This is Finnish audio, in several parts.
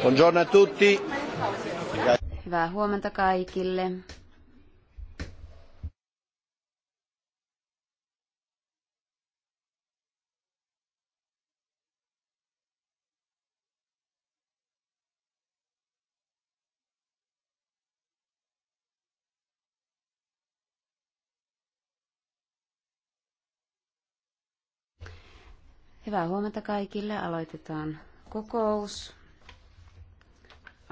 Buongiorno a tutti. Hyvää huomenta kaikille. Hyvää huomenta kaikille. Aloitetaan kokous.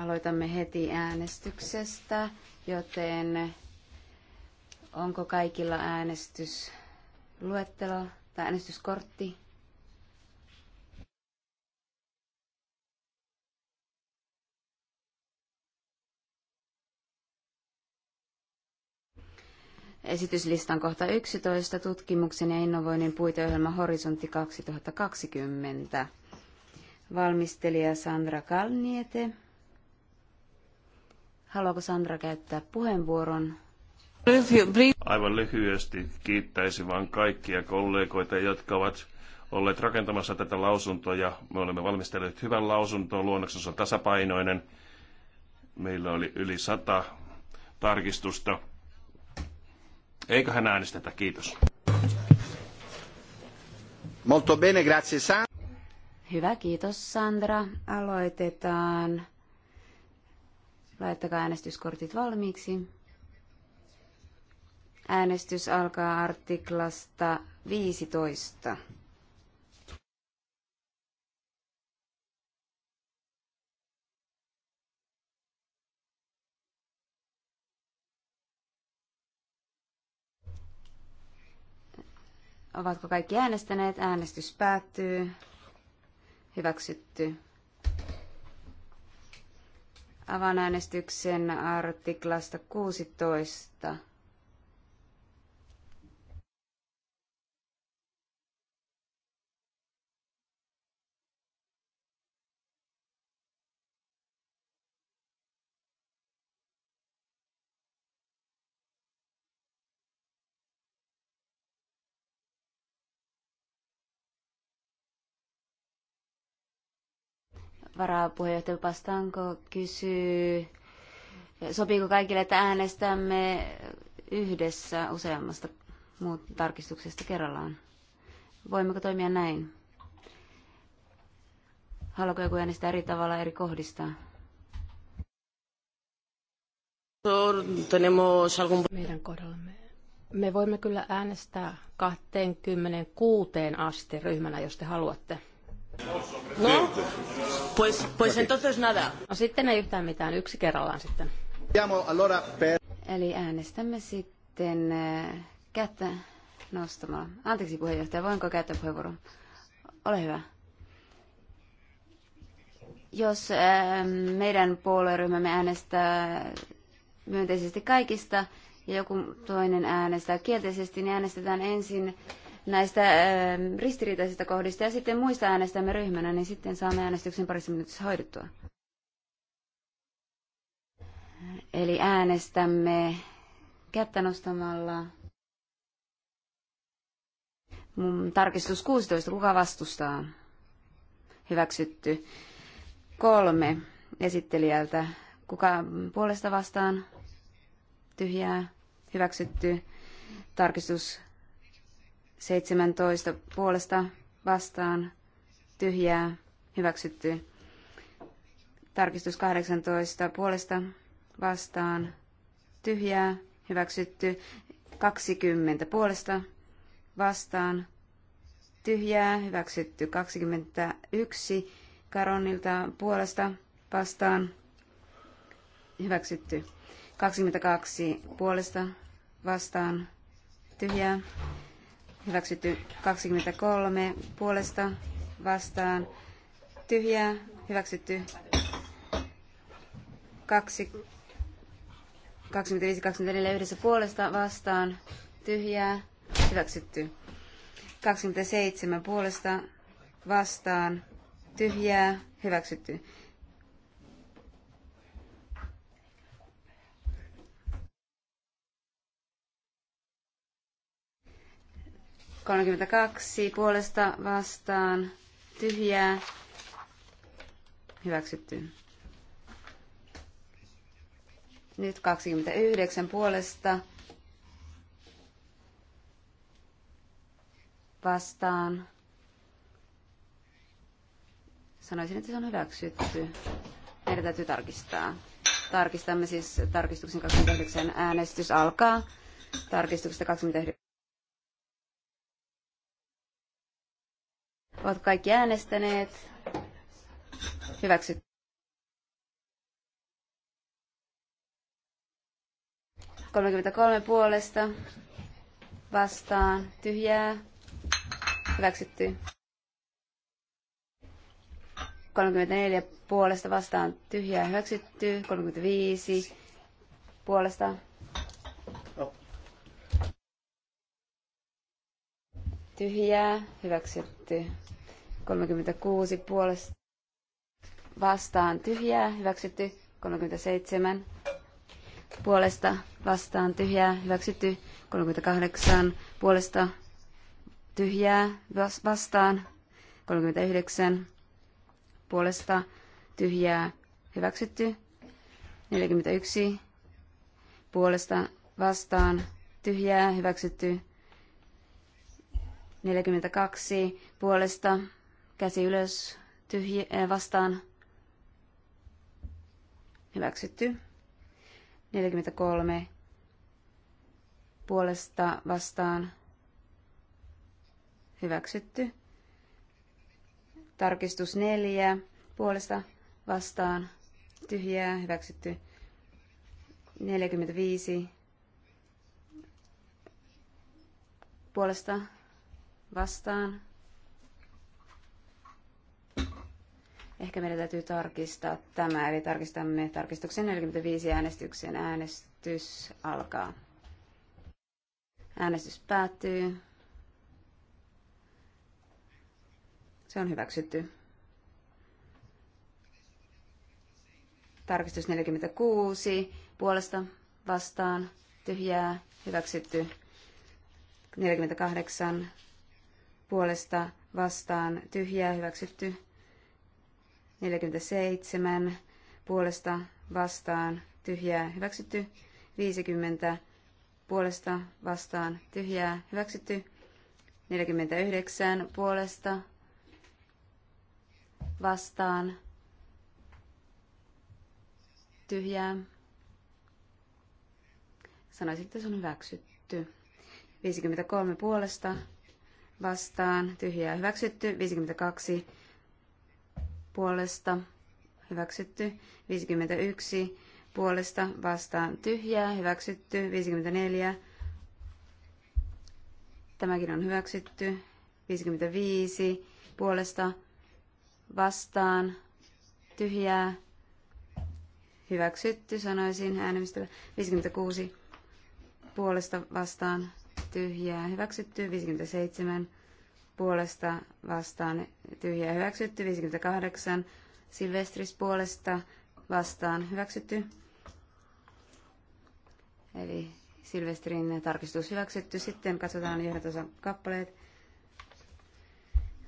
Aloitamme heti äänestyksestä, joten onko kaikilla äänestysluettelo tai äänestyskortti? Esityslistan kohta 11, tutkimuksen ja innovoinnin puiteohjelma Horisontti 2020. Valmistelija Sandra Kalniete. Haluaako Sandra käyttää puheenvuoron? Aivan lyhyesti kiittäisin vain kaikkia kollegoita, jotka ovat olleet rakentamassa tätä lausuntoa ja me olemme valmistelleet hyvän lausuntoon. Luonnoksessa on tasapainoinen. Meillä oli yli sata tarkistusta. Eiköhän äänestetä. Kiitos. Molto bene, grazie Sandra. Hyvä, kiitos Sandra. Aloitetaan Laittakaa äänestyskortit valmiiksi. Äänestys alkaa artiklasta 15. Ovatko kaikki äänestäneet? Äänestys päättyy. Hyväksytty. Avaanäänestyksen artiklasta 16. Varapuheenjohtaja Pastanko kysyy, sopiiko kaikille, että äänestämme yhdessä useammasta muut tarkistuksesta kerrallaan? Voimmeko toimia näin? Haluatko joku äänestää eri tavalla eri kohdista? Meidän kohdallamme. Me voimme kyllä äänestää 26 asti ryhmänä, jos te haluatte. No, pues, pues entonces nada. No sitten ei yhtään mitään, yksi kerrallaan sitten. Eli äänestämme sitten eh, kättä nostamalla. Anteeksi puheenjohtaja, voinko käyttää puheenvuoron? Ole hyvä. Jos eh, meidän puolueryhmämme äänestää myönteisesti kaikista ja joku toinen äänestää kielteisesti, niin äänestetään ensin näistä ähm, ristiriitaisista kohdista ja sitten muista äänestämme ryhmänä, niin sitten saamme äänestyksen parissa minuutissa hoidettua. Eli äänestämme kättä nostamalla. Tarkistus 16. Kuka vastustaa? Hyväksytty. Kolme esittelijältä. Kuka puolesta vastaan? Tyhjää. Hyväksytty. Tarkistus 17 puolesta vastaan tyhjää hyväksytty. Tarkistus 18 puolesta vastaan tyhjää hyväksytty. 20 puolesta vastaan tyhjää hyväksytty. 21 Karonilta puolesta vastaan hyväksytty. 22 puolesta vastaan tyhjää hyväksytty 23 puolesta vastaan, tyhjää, hyväksytty kaksi 25, 24 yhdessä puolesta vastaan, tyhjää, hyväksytty 27 puolesta vastaan, tyhjää, hyväksytty 32 puolesta vastaan tyhjää hyväksytty. Nyt 29 puolesta vastaan. Sanoisin, että se on hyväksytty. Meidän täytyy tarkistaa. Tarkistamme siis tarkistuksen 29 äänestys alkaa. Tarkistuksesta 29. Ovat kaikki äänestäneet. Hyväksytty. Kolmekymmentäkolme puolesta vastaan tyhjää. Hyväksytty. 34 puolesta vastaan tyhjää hyväksytty. 35 puolesta tyhjää hyväksytty. 36 puolesta vastaan tyhjää, hyväksytty 37 puolesta vastaan tyhjää, hyväksytty 38 puolesta tyhjää vastaan 39 puolesta tyhjää, hyväksytty 41 puolesta vastaan tyhjää, hyväksytty 42 puolesta Käsi ylös tyhjä vastaan. Hyväksytty. 43 puolesta vastaan. Hyväksytty. Tarkistus 4 puolesta vastaan. Tyhjää. Hyväksytty. 45 puolesta vastaan Ehkä meidän täytyy tarkistaa tämä, eli tarkistamme tarkistuksen 45 äänestyksen. Äänestys alkaa. Äänestys päättyy. Se on hyväksytty. Tarkistus 46. Puolesta vastaan. Tyhjää. Hyväksytty. 48. Puolesta vastaan. Tyhjää. Hyväksytty. 47 puolesta vastaan tyhjää hyväksytty. 50 puolesta vastaan tyhjää hyväksytty. 49 puolesta vastaan tyhjää. Sanoisin, että se on hyväksytty. 53 puolesta vastaan tyhjää hyväksytty. 52 puolesta hyväksytty, 51 puolesta vastaan tyhjää hyväksytty, 54 tämäkin on hyväksytty, 55 puolesta vastaan tyhjää hyväksytty, sanoisin äänemistöllä, 56 puolesta vastaan tyhjää hyväksytty, 57 puolesta vastaan tyhjä hyväksytty, 58 Silvestris puolesta vastaan hyväksytty. Eli Silvestrin tarkistus hyväksytty. Sitten katsotaan johdatosan kappaleet.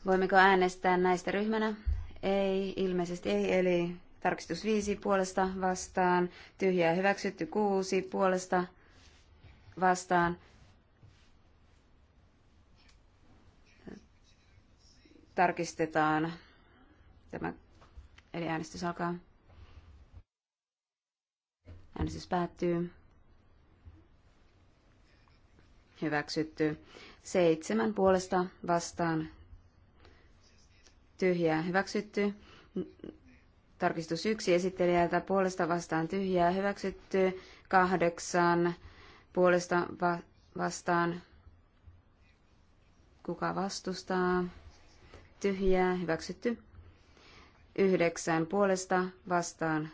Voimmeko äänestää näistä ryhmänä? Ei, ilmeisesti ei. Eli tarkistus 5 puolesta vastaan, tyhjää hyväksytty 6 puolesta vastaan, tarkistetaan. Tämä, eli äänestys alkaa. Äänestys päättyy. Hyväksytty. Seitsemän puolesta vastaan. Tyhjää hyväksytty. Tarkistus yksi esittelijältä puolesta vastaan tyhjää hyväksytty. Kahdeksan puolesta va- vastaan. Kuka vastustaa? tyhjää, hyväksytty. Yhdeksän puolesta vastaan,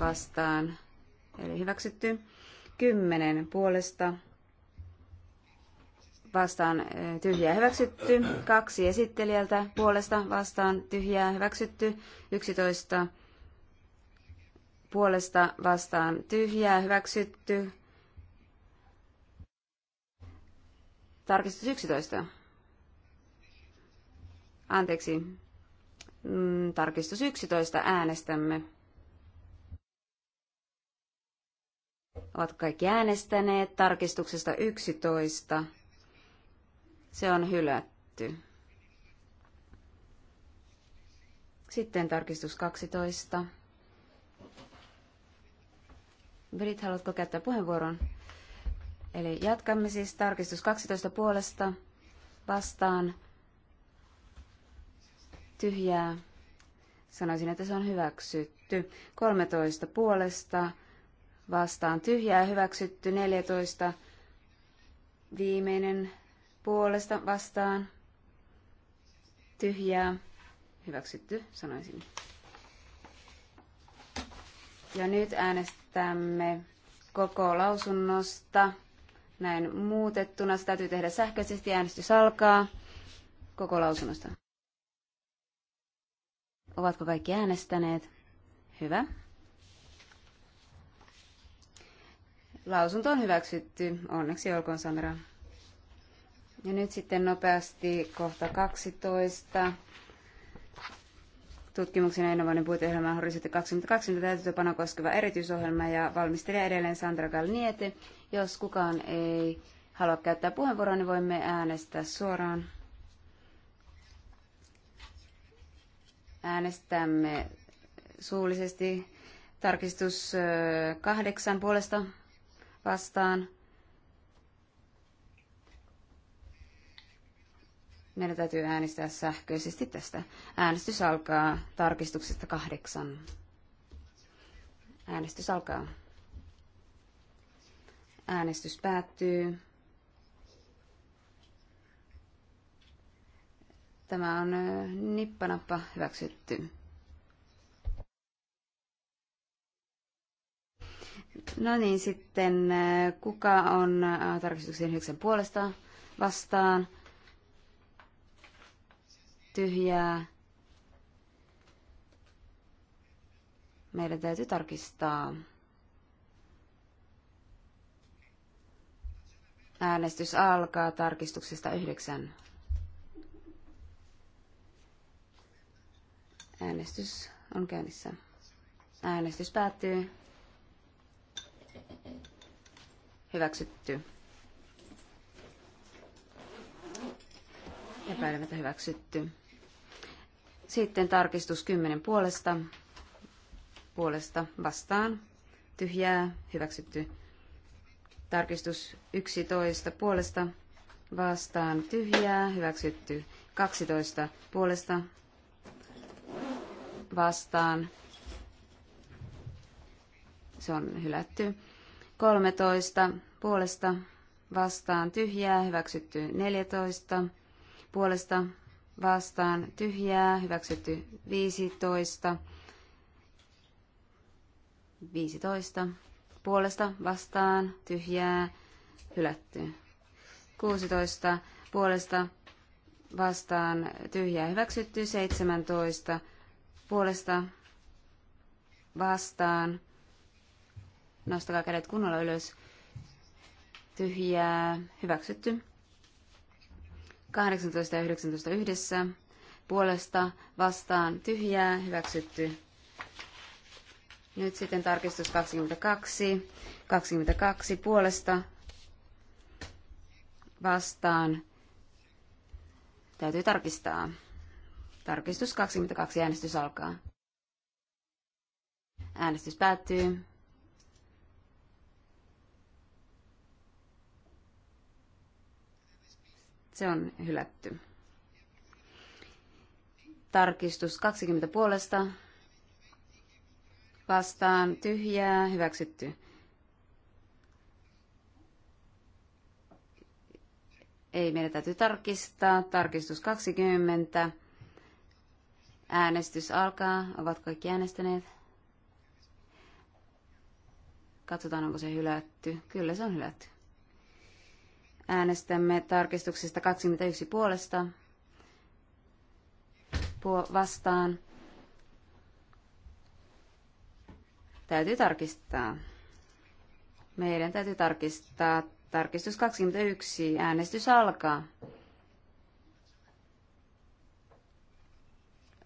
vastaan, eli hyväksytty. Kymmenen puolesta vastaan e, tyhjää hyväksytty, kaksi esittelijältä puolesta vastaan tyhjää hyväksytty, yksitoista puolesta vastaan tyhjää hyväksytty, tarkistus yksitoista Anteeksi, mm, tarkistus 11 äänestämme. Ovat kaikki äänestäneet tarkistuksesta 11. Se on hylätty. Sitten tarkistus 12. Brit, haluatko käyttää puheenvuoron? Eli jatkamme siis tarkistus 12 puolesta vastaan tyhjää. Sanoisin, että se on hyväksytty. 13 puolesta vastaan tyhjää hyväksytty. 14 viimeinen puolesta vastaan tyhjää hyväksytty, sanoisin. Ja nyt äänestämme koko lausunnosta. Näin muutettuna se täytyy tehdä sähköisesti. Äänestys alkaa koko lausunnosta. Ovatko kaikki äänestäneet? Hyvä. Lausunto on hyväksytty. Onneksi olkoon Samira. Ja nyt sitten nopeasti kohta 12. Tutkimuksen ja innovoinnin puiteohjelma Horisontti 2020 täytäntöpano koskeva erityisohjelma ja valmistelija edelleen Sandra Galniete. Jos kukaan ei halua käyttää puheenvuoroa, niin voimme äänestää suoraan. Äänestämme suullisesti tarkistus kahdeksan puolesta vastaan. Meidän täytyy äänestää sähköisesti tästä. Äänestys alkaa tarkistuksesta kahdeksan. Äänestys alkaa. Äänestys päättyy. Tämä on nippanappa hyväksytty. No niin, sitten kuka on tarkistuksen 9 puolesta vastaan? Tyhjää. Meidän täytyy tarkistaa. Äänestys alkaa tarkistuksesta 9. Äänestys on käynnissä. Äänestys päättyy. Hyväksytty. Epäilemättä hyväksytty. Sitten tarkistus 10 puolesta. Puolesta vastaan. Tyhjää. Hyväksytty. Tarkistus 11 puolesta vastaan. Tyhjää. Hyväksytty. 12 puolesta vastaan. Se on hylätty. 13 puolesta vastaan tyhjää, hyväksytty 14 puolesta vastaan tyhjää, hyväksytty 15 15 puolesta vastaan tyhjää, hylätty 16 puolesta vastaan tyhjää, hyväksytty 17 puolesta vastaan. Nostakaa kädet kunnolla ylös. Tyhjää. Hyväksytty. 18 ja 19 yhdessä. Puolesta vastaan. Tyhjää. Hyväksytty. Nyt sitten tarkistus 22. 22 puolesta vastaan. Täytyy tarkistaa. Tarkistus 22. Äänestys alkaa. Äänestys päättyy. Se on hylätty. Tarkistus 20 puolesta. Vastaan tyhjää. Hyväksytty. Ei, meidän täytyy tarkistaa. Tarkistus 20. Äänestys alkaa. Ovat kaikki äänestäneet? Katsotaan, onko se hylätty. Kyllä se on hylätty. Äänestämme tarkistuksesta 21 puolesta. Puo- vastaan. Täytyy tarkistaa. Meidän täytyy tarkistaa. Tarkistus 21. Äänestys alkaa.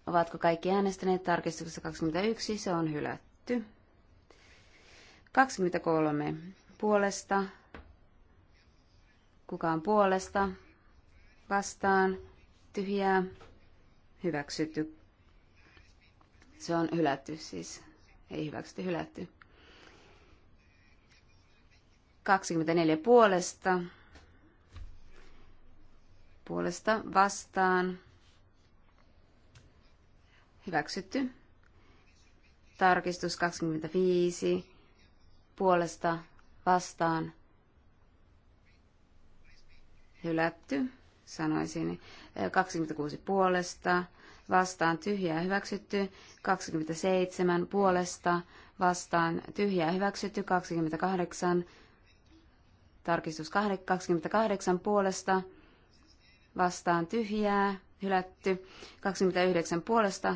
Ovatko kaikki äänestäneet tarkistuksessa 21? Se on hylätty. 23 puolesta. Kukaan puolesta? Vastaan. Tyhjää. Hyväksytty. Se on hylätty siis. Ei hyväksytty, hylätty. 24 puolesta. Puolesta vastaan. Hyväksytty. Tarkistus 25. Puolesta vastaan. Hylätty, sanoisin. 26 puolesta. Vastaan tyhjää hyväksytty. 27 puolesta. Vastaan tyhjää hyväksytty. 28. Tarkistus 28 puolesta. Vastaan tyhjää hylätty. 29 puolesta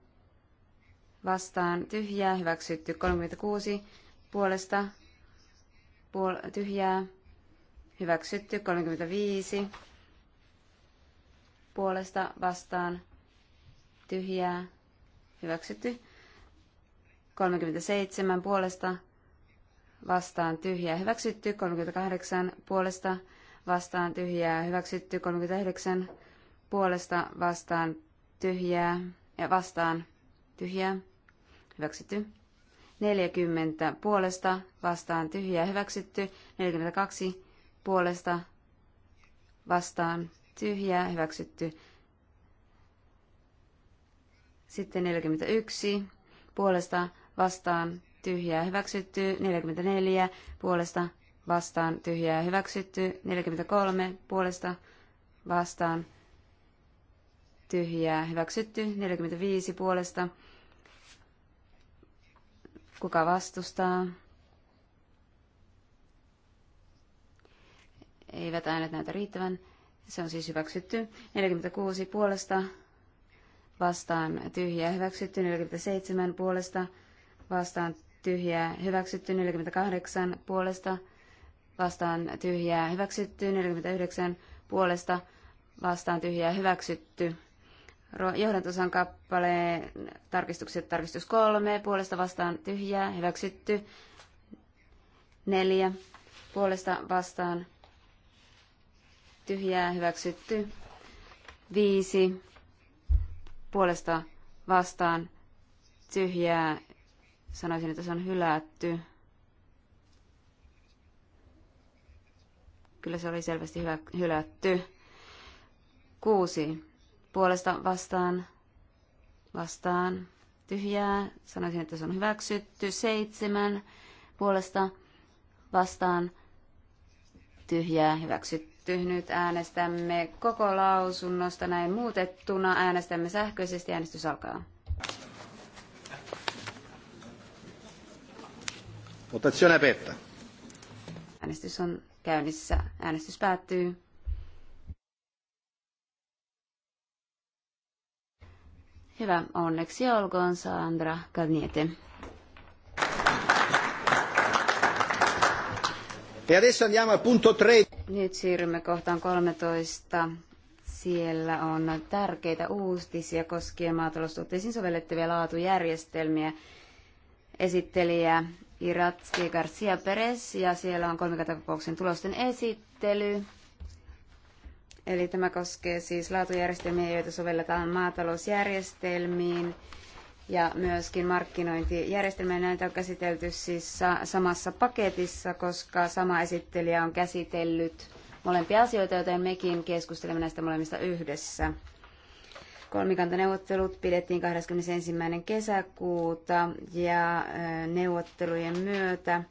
vastaan tyhjää, hyväksytty 36 puolesta puol- tyhjää, hyväksytty 35 puolesta vastaan tyhjää, hyväksytty 37 puolesta vastaan tyhjää, hyväksytty 38 puolesta vastaan tyhjää, hyväksytty 39 puolesta vastaan tyhjää ja vastaan tyhjää hyväksytty. 40 puolesta vastaan tyhjä hyväksytty. 42 puolesta vastaan tyhjä hyväksytty. Sitten 41 puolesta vastaan tyhjää hyväksytty. 44 puolesta vastaan tyhjää hyväksytty. 43 puolesta vastaan tyhjää hyväksytty. 45 puolesta Kuka vastustaa? Eivät äänet näytä riittävän. Se on siis hyväksytty. 46 puolesta vastaan tyhjää hyväksytty. 47 puolesta vastaan tyhjää hyväksytty. 48 puolesta vastaan tyhjää hyväksytty. 49 puolesta vastaan tyhjää hyväksytty johdantosan kappaleen tarkistukset, tarkistus kolme, puolesta vastaan tyhjää, hyväksytty, neljä, puolesta vastaan tyhjää, hyväksytty, viisi, puolesta vastaan tyhjää, sanoisin, että se on hylätty. Kyllä se oli selvästi hyvä, hylätty. Kuusi puolesta vastaan, vastaan, tyhjää. Sanoisin, että se on hyväksytty. Seitsemän puolesta vastaan, tyhjää, hyväksytty. Nyt äänestämme koko lausunnosta näin muutettuna. Äänestämme sähköisesti. Äänestys alkaa. Votazione aperta. Äänestys on käynnissä. Äänestys päättyy. Hyvä, onneksi olkoon Sandra E adesso andiamo al punto 3. Nyt siirrymme kohtaan 13. Siellä on tärkeitä uutisia koskien maataloustuotteisiin sovellettavia laatujärjestelmiä. Esittelijä Iratski Garcia Perez ja siellä on kolmikantakokouksen tulosten esittely. Eli tämä koskee siis laatujärjestelmiä, joita sovelletaan maatalousjärjestelmiin ja myöskin markkinointijärjestelmiä. Näitä on käsitelty siis samassa paketissa, koska sama esittelijä on käsitellyt molempia asioita, joten mekin keskustelemme näistä molemmista yhdessä. Kolmikantaneuvottelut pidettiin 21. kesäkuuta ja neuvottelujen myötä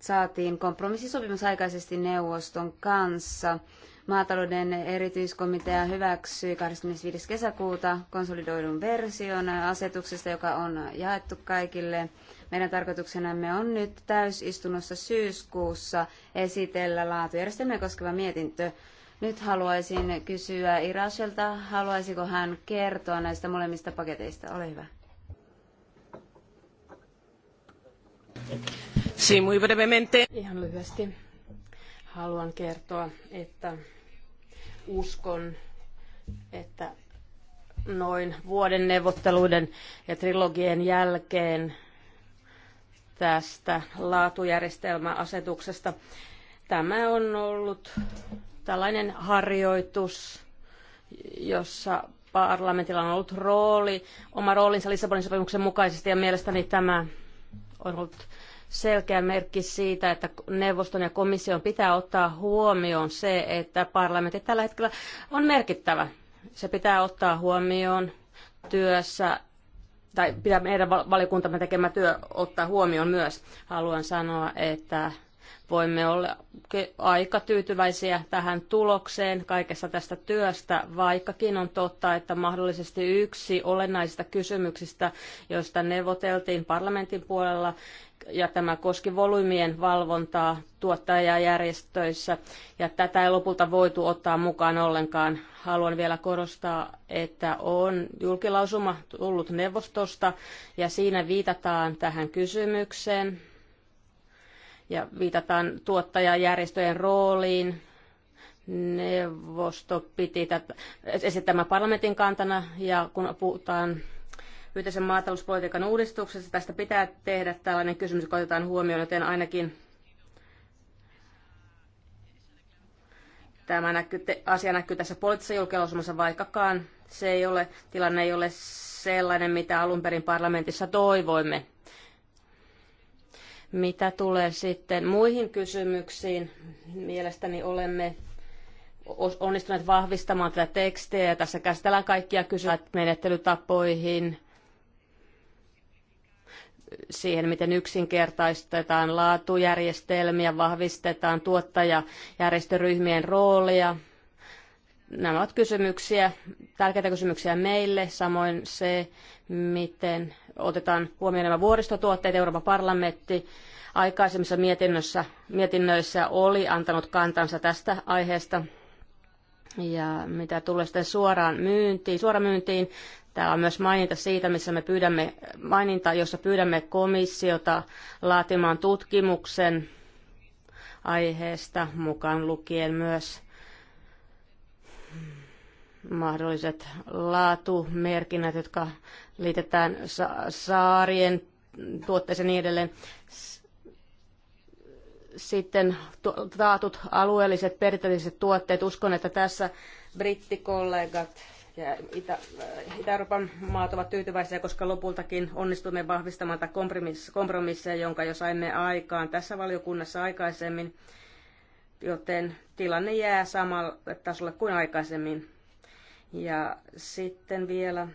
saatiin kompromissisopimus aikaisesti neuvoston kanssa Maatalouden erityiskomitea hyväksyi 25. kesäkuuta konsolidoidun version asetuksesta, joka on jaettu kaikille. Meidän tarkoituksenamme on nyt täysistunnossa syyskuussa esitellä laatujärjestelmää koskeva mietintö. Nyt haluaisin kysyä Irasilta, haluaisiko hän kertoa näistä molemmista paketeista. Ole hyvä. Sí, muy brevemente. Ihan lyhyesti haluan kertoa, että uskon, että noin vuoden neuvotteluiden ja trilogien jälkeen tästä laatujärjestelmäasetuksesta. Tämä on ollut tällainen harjoitus, jossa parlamentilla on ollut rooli, oma roolinsa Lissabonin sopimuksen mukaisesti ja mielestäni tämä on ollut selkeä merkki siitä, että neuvoston ja komission pitää ottaa huomioon se, että parlamentti tällä hetkellä on merkittävä. Se pitää ottaa huomioon työssä tai pitää meidän valiokuntamme tekemä työ ottaa huomioon myös. Haluan sanoa, että voimme olla aika tyytyväisiä tähän tulokseen kaikessa tästä työstä, vaikkakin on totta, että mahdollisesti yksi olennaisista kysymyksistä, joista neuvoteltiin parlamentin puolella ja tämä koski volyymien valvontaa tuottajajärjestöissä, ja tätä ei lopulta voitu ottaa mukaan ollenkaan. Haluan vielä korostaa, että on julkilausuma tullut neuvostosta, ja siinä viitataan tähän kysymykseen, ja viitataan tuottajajärjestöjen rooliin, neuvosto piti tätä esittämään parlamentin kantana ja kun puhutaan yhteisen maatalouspolitiikan uudistuksessa. Tästä pitää tehdä tällainen kysymys, joka otetaan huomioon, joten ainakin tämä näkyy, asia näkyy tässä poliittisessa julkilausumassa, vaikkakaan se ei ole, tilanne ei ole sellainen, mitä alun perin parlamentissa toivoimme. Mitä tulee sitten muihin kysymyksiin, mielestäni olemme onnistuneet vahvistamaan tätä tekstiä ja tässä käsitellään kaikkia kysymyksiä menettelytapoihin, siihen, miten yksinkertaistetaan laatujärjestelmiä, vahvistetaan tuottajajärjestöryhmien roolia. Nämä ovat kysymyksiä, tärkeitä kysymyksiä meille, samoin se, miten otetaan huomioon nämä vuoristotuotteet. Euroopan parlamentti aikaisemmissa mietinnöissä, mietinnöissä oli antanut kantansa tästä aiheesta. Ja mitä tulee sitten suoraan myyntiin, suoraan myyntiin, Täällä on myös maininta siitä, missä me pyydämme, maininta, jossa pyydämme komissiota laatimaan tutkimuksen aiheesta, mukaan lukien myös mahdolliset laatumerkinnät, jotka liitetään sa- saarien tuotteeseen niin edelleen. Sitten taatut alueelliset perinteiset tuotteet. Uskon, että tässä brittikollegat ja Itä, Itä-Euroopan maat ovat tyytyväisiä, koska lopultakin onnistumme vahvistamaan kompromisseja, jonka jo saimme aikaan tässä valiokunnassa aikaisemmin, joten tilanne jää samalle tasolle kuin aikaisemmin. Ja sitten vielä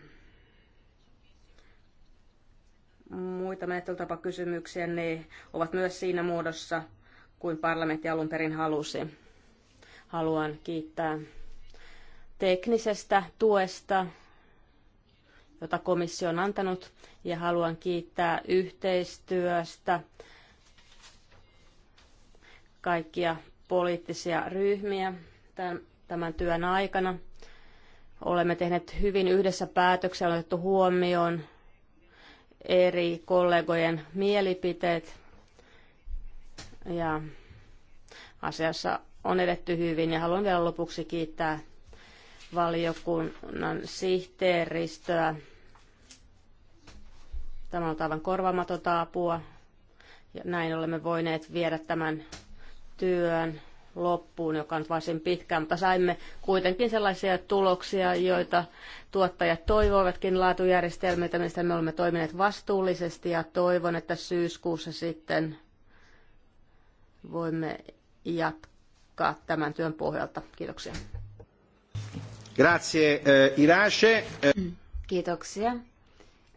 muita menettelytapakysymyksiä, ne ovat myös siinä muodossa kuin parlamentti alun perin halusi. Haluan kiittää teknisestä tuesta, jota komissio on antanut, ja haluan kiittää yhteistyöstä kaikkia poliittisia ryhmiä tämän työn aikana. Olemme tehneet hyvin yhdessä päätöksiä, on otettu huomioon eri kollegojen mielipiteet ja asiassa on edetty hyvin ja haluan vielä lopuksi kiittää valiokunnan sihteeristöä. Tämä on aivan korvaamatonta apua. Ja näin olemme voineet viedä tämän työn loppuun, joka on varsin pitkä, mutta saimme kuitenkin sellaisia tuloksia, joita tuottajat toivoivatkin laatujärjestelmiltä, mistä me olemme toimineet vastuullisesti ja toivon, että syyskuussa sitten voimme jatkaa tämän työn pohjalta. Kiitoksia. Eh, Kiitoksia.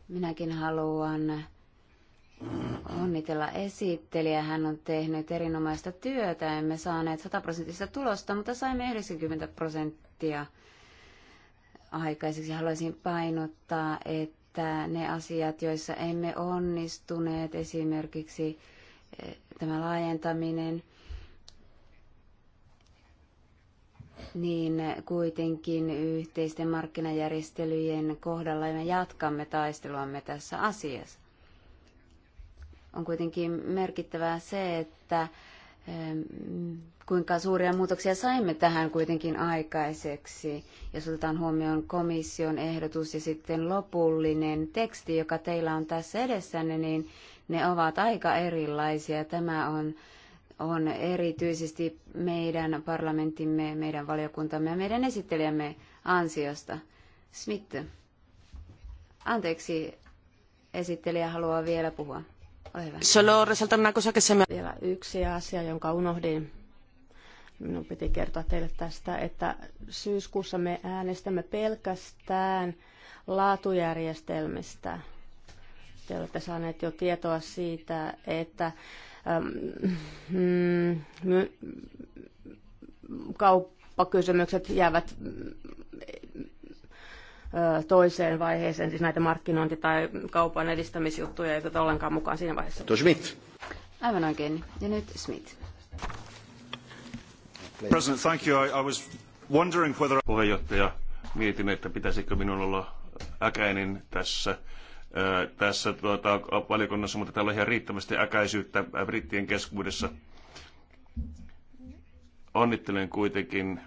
Minäkin haluan onnitella esittelijä. Hän on tehnyt erinomaista työtä. Emme saaneet 100 prosenttista tulosta, mutta saimme 90 prosenttia aikaiseksi. Haluaisin painottaa, että ne asiat, joissa emme onnistuneet, esimerkiksi eh, tämä laajentaminen, niin kuitenkin yhteisten markkinajärjestelyjen kohdalla me jatkamme taisteluamme tässä asiassa. On kuitenkin merkittävää se, että kuinka suuria muutoksia saimme tähän kuitenkin aikaiseksi, jos otetaan huomioon komission ehdotus ja sitten lopullinen teksti, joka teillä on tässä edessänne, niin ne ovat aika erilaisia. Tämä on on erityisesti meidän parlamenttimme, meidän valiokuntamme ja meidän esittelijämme ansiosta. Smith, anteeksi, esittelijä haluaa vielä puhua. Ole hyvä. Solo resaltar una cosa que se me... Vielä yksi asia, jonka unohdin. Minun piti kertoa teille tästä, että syyskuussa me äänestämme pelkästään laatujärjestelmistä. Te olette saaneet jo tietoa siitä, että Ähm, mm, kauppakysymykset jäävät äh, toiseen vaiheeseen, siis näitä markkinointi- tai kaupan edistämisjuttuja ei ole ollenkaan mukaan siinä vaiheessa. To Schmidt. Aivan oikein. Ja nyt Smith. President, thank you. I, I was wondering whether... Puheenjohtaja, mietin, että pitäisikö minun olla äkäinen tässä tässä tuota, valiokunnassa, mutta täällä on ihan riittävästi äkäisyyttä brittien keskuudessa. Onnittelen kuitenkin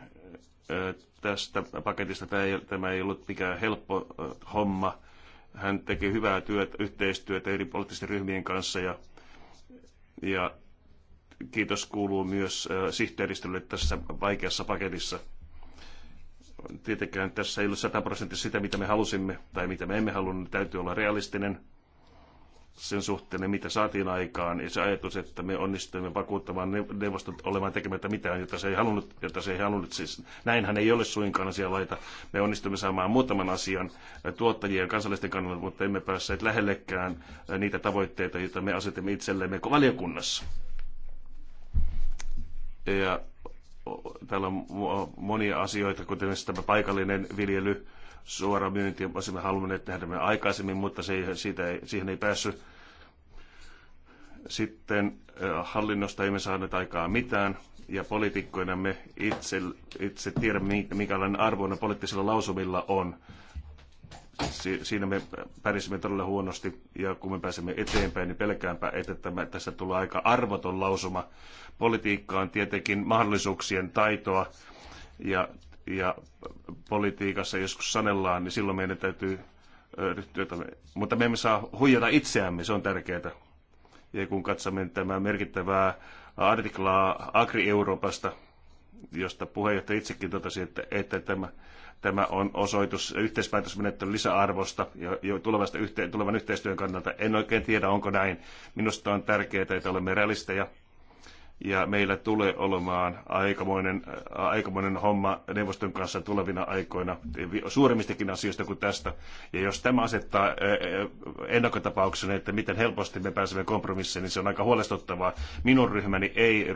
tästä paketista. Tämä ei, tämä ei ollut mikään helppo homma. Hän teki hyvää työtä yhteistyötä eri poliittisten ryhmien kanssa ja, ja kiitos kuuluu myös sihteeristölle tässä vaikeassa paketissa tietenkään tässä ei ole sataprosenttisesti sitä, mitä me halusimme tai mitä me emme halunnut. Niin täytyy olla realistinen sen suhteen, mitä saatiin aikaan. Ja se ajatus, että me onnistuimme vakuuttamaan neuvostot olemaan tekemättä mitään, jota se ei halunnut. Jota se ei halunnut. Siis näinhän ei ole suinkaan asia laita. Me onnistuimme saamaan muutaman asian tuottajien ja kansallisten kannalta, mutta emme päässeet lähellekään niitä tavoitteita, joita me asetimme itsellemme valiokunnassa. Ja täällä on monia asioita, kuten tämä paikallinen viljely, suora myynti, olisimme halunneet tehdä aikaisemmin, mutta se ei, siitä ei, siihen ei päässyt. Sitten hallinnosta emme saaneet aikaa mitään, ja poliitikkoina me itse, itse tiedämme, minkälainen arvoinen poliittisilla lausumilla on siinä me pärjäsimme todella huonosti ja kun me pääsemme eteenpäin, niin pelkäänpä, että tämä, tässä tulee aika arvoton lausuma. Politiikka on tietenkin mahdollisuuksien taitoa ja, ja politiikassa joskus sanellaan, niin silloin meidän täytyy ryhtyä, mutta me emme saa huijata itseämme, se on tärkeää. Ja kun katsomme tämä merkittävää artiklaa Agri-Euroopasta, josta puheenjohtaja itsekin totesi, että, että tämä Tämä on osoitus yhteispäätösmenettelyn lisäarvosta ja jo tulevasta yhteen, tulevan yhteistyön kannalta. En oikein tiedä, onko näin. Minusta on tärkeää, että olemme realisteja ja meillä tulee olemaan aikamoinen, äh, aikamoinen homma neuvoston kanssa tulevina aikoina suuremmistakin asioista kuin tästä. Ja jos tämä asettaa äh, äh, ennakkotapauksena, että miten helposti me pääsemme kompromissiin, niin se on aika huolestuttavaa. Minun ryhmäni ei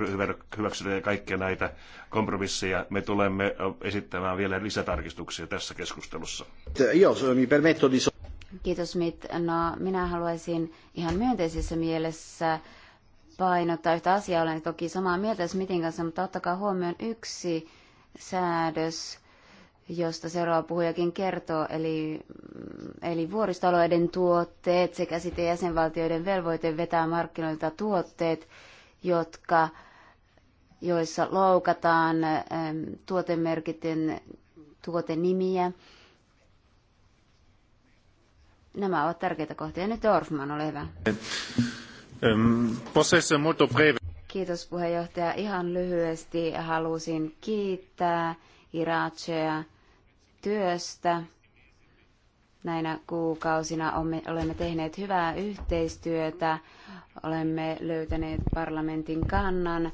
hyväksy kaikkia näitä kompromisseja. Me tulemme esittämään vielä lisätarkistuksia tässä keskustelussa. Niin Kiitos Mit. No, minä haluaisin ihan myönteisessä mielessä painottaa yhtä asiaa. Olen toki samaa mieltä Smithin kanssa, mutta ottakaa huomioon yksi säädös, josta seuraava puhujakin kertoo, eli, mm, eli vuoristaloiden tuotteet sekä sitten jäsenvaltioiden velvoite vetää markkinoilta tuotteet, jotka, joissa loukataan tuotemerkitten tuotenimiä. Nämä ovat tärkeitä kohtia. Nyt Orfman, ole hyvä. Eh, Kiitos puheenjohtaja. Ihan lyhyesti halusin kiittää Iracea työstä. Näinä kuukausina olemme tehneet hyvää yhteistyötä, olemme löytäneet parlamentin kannan,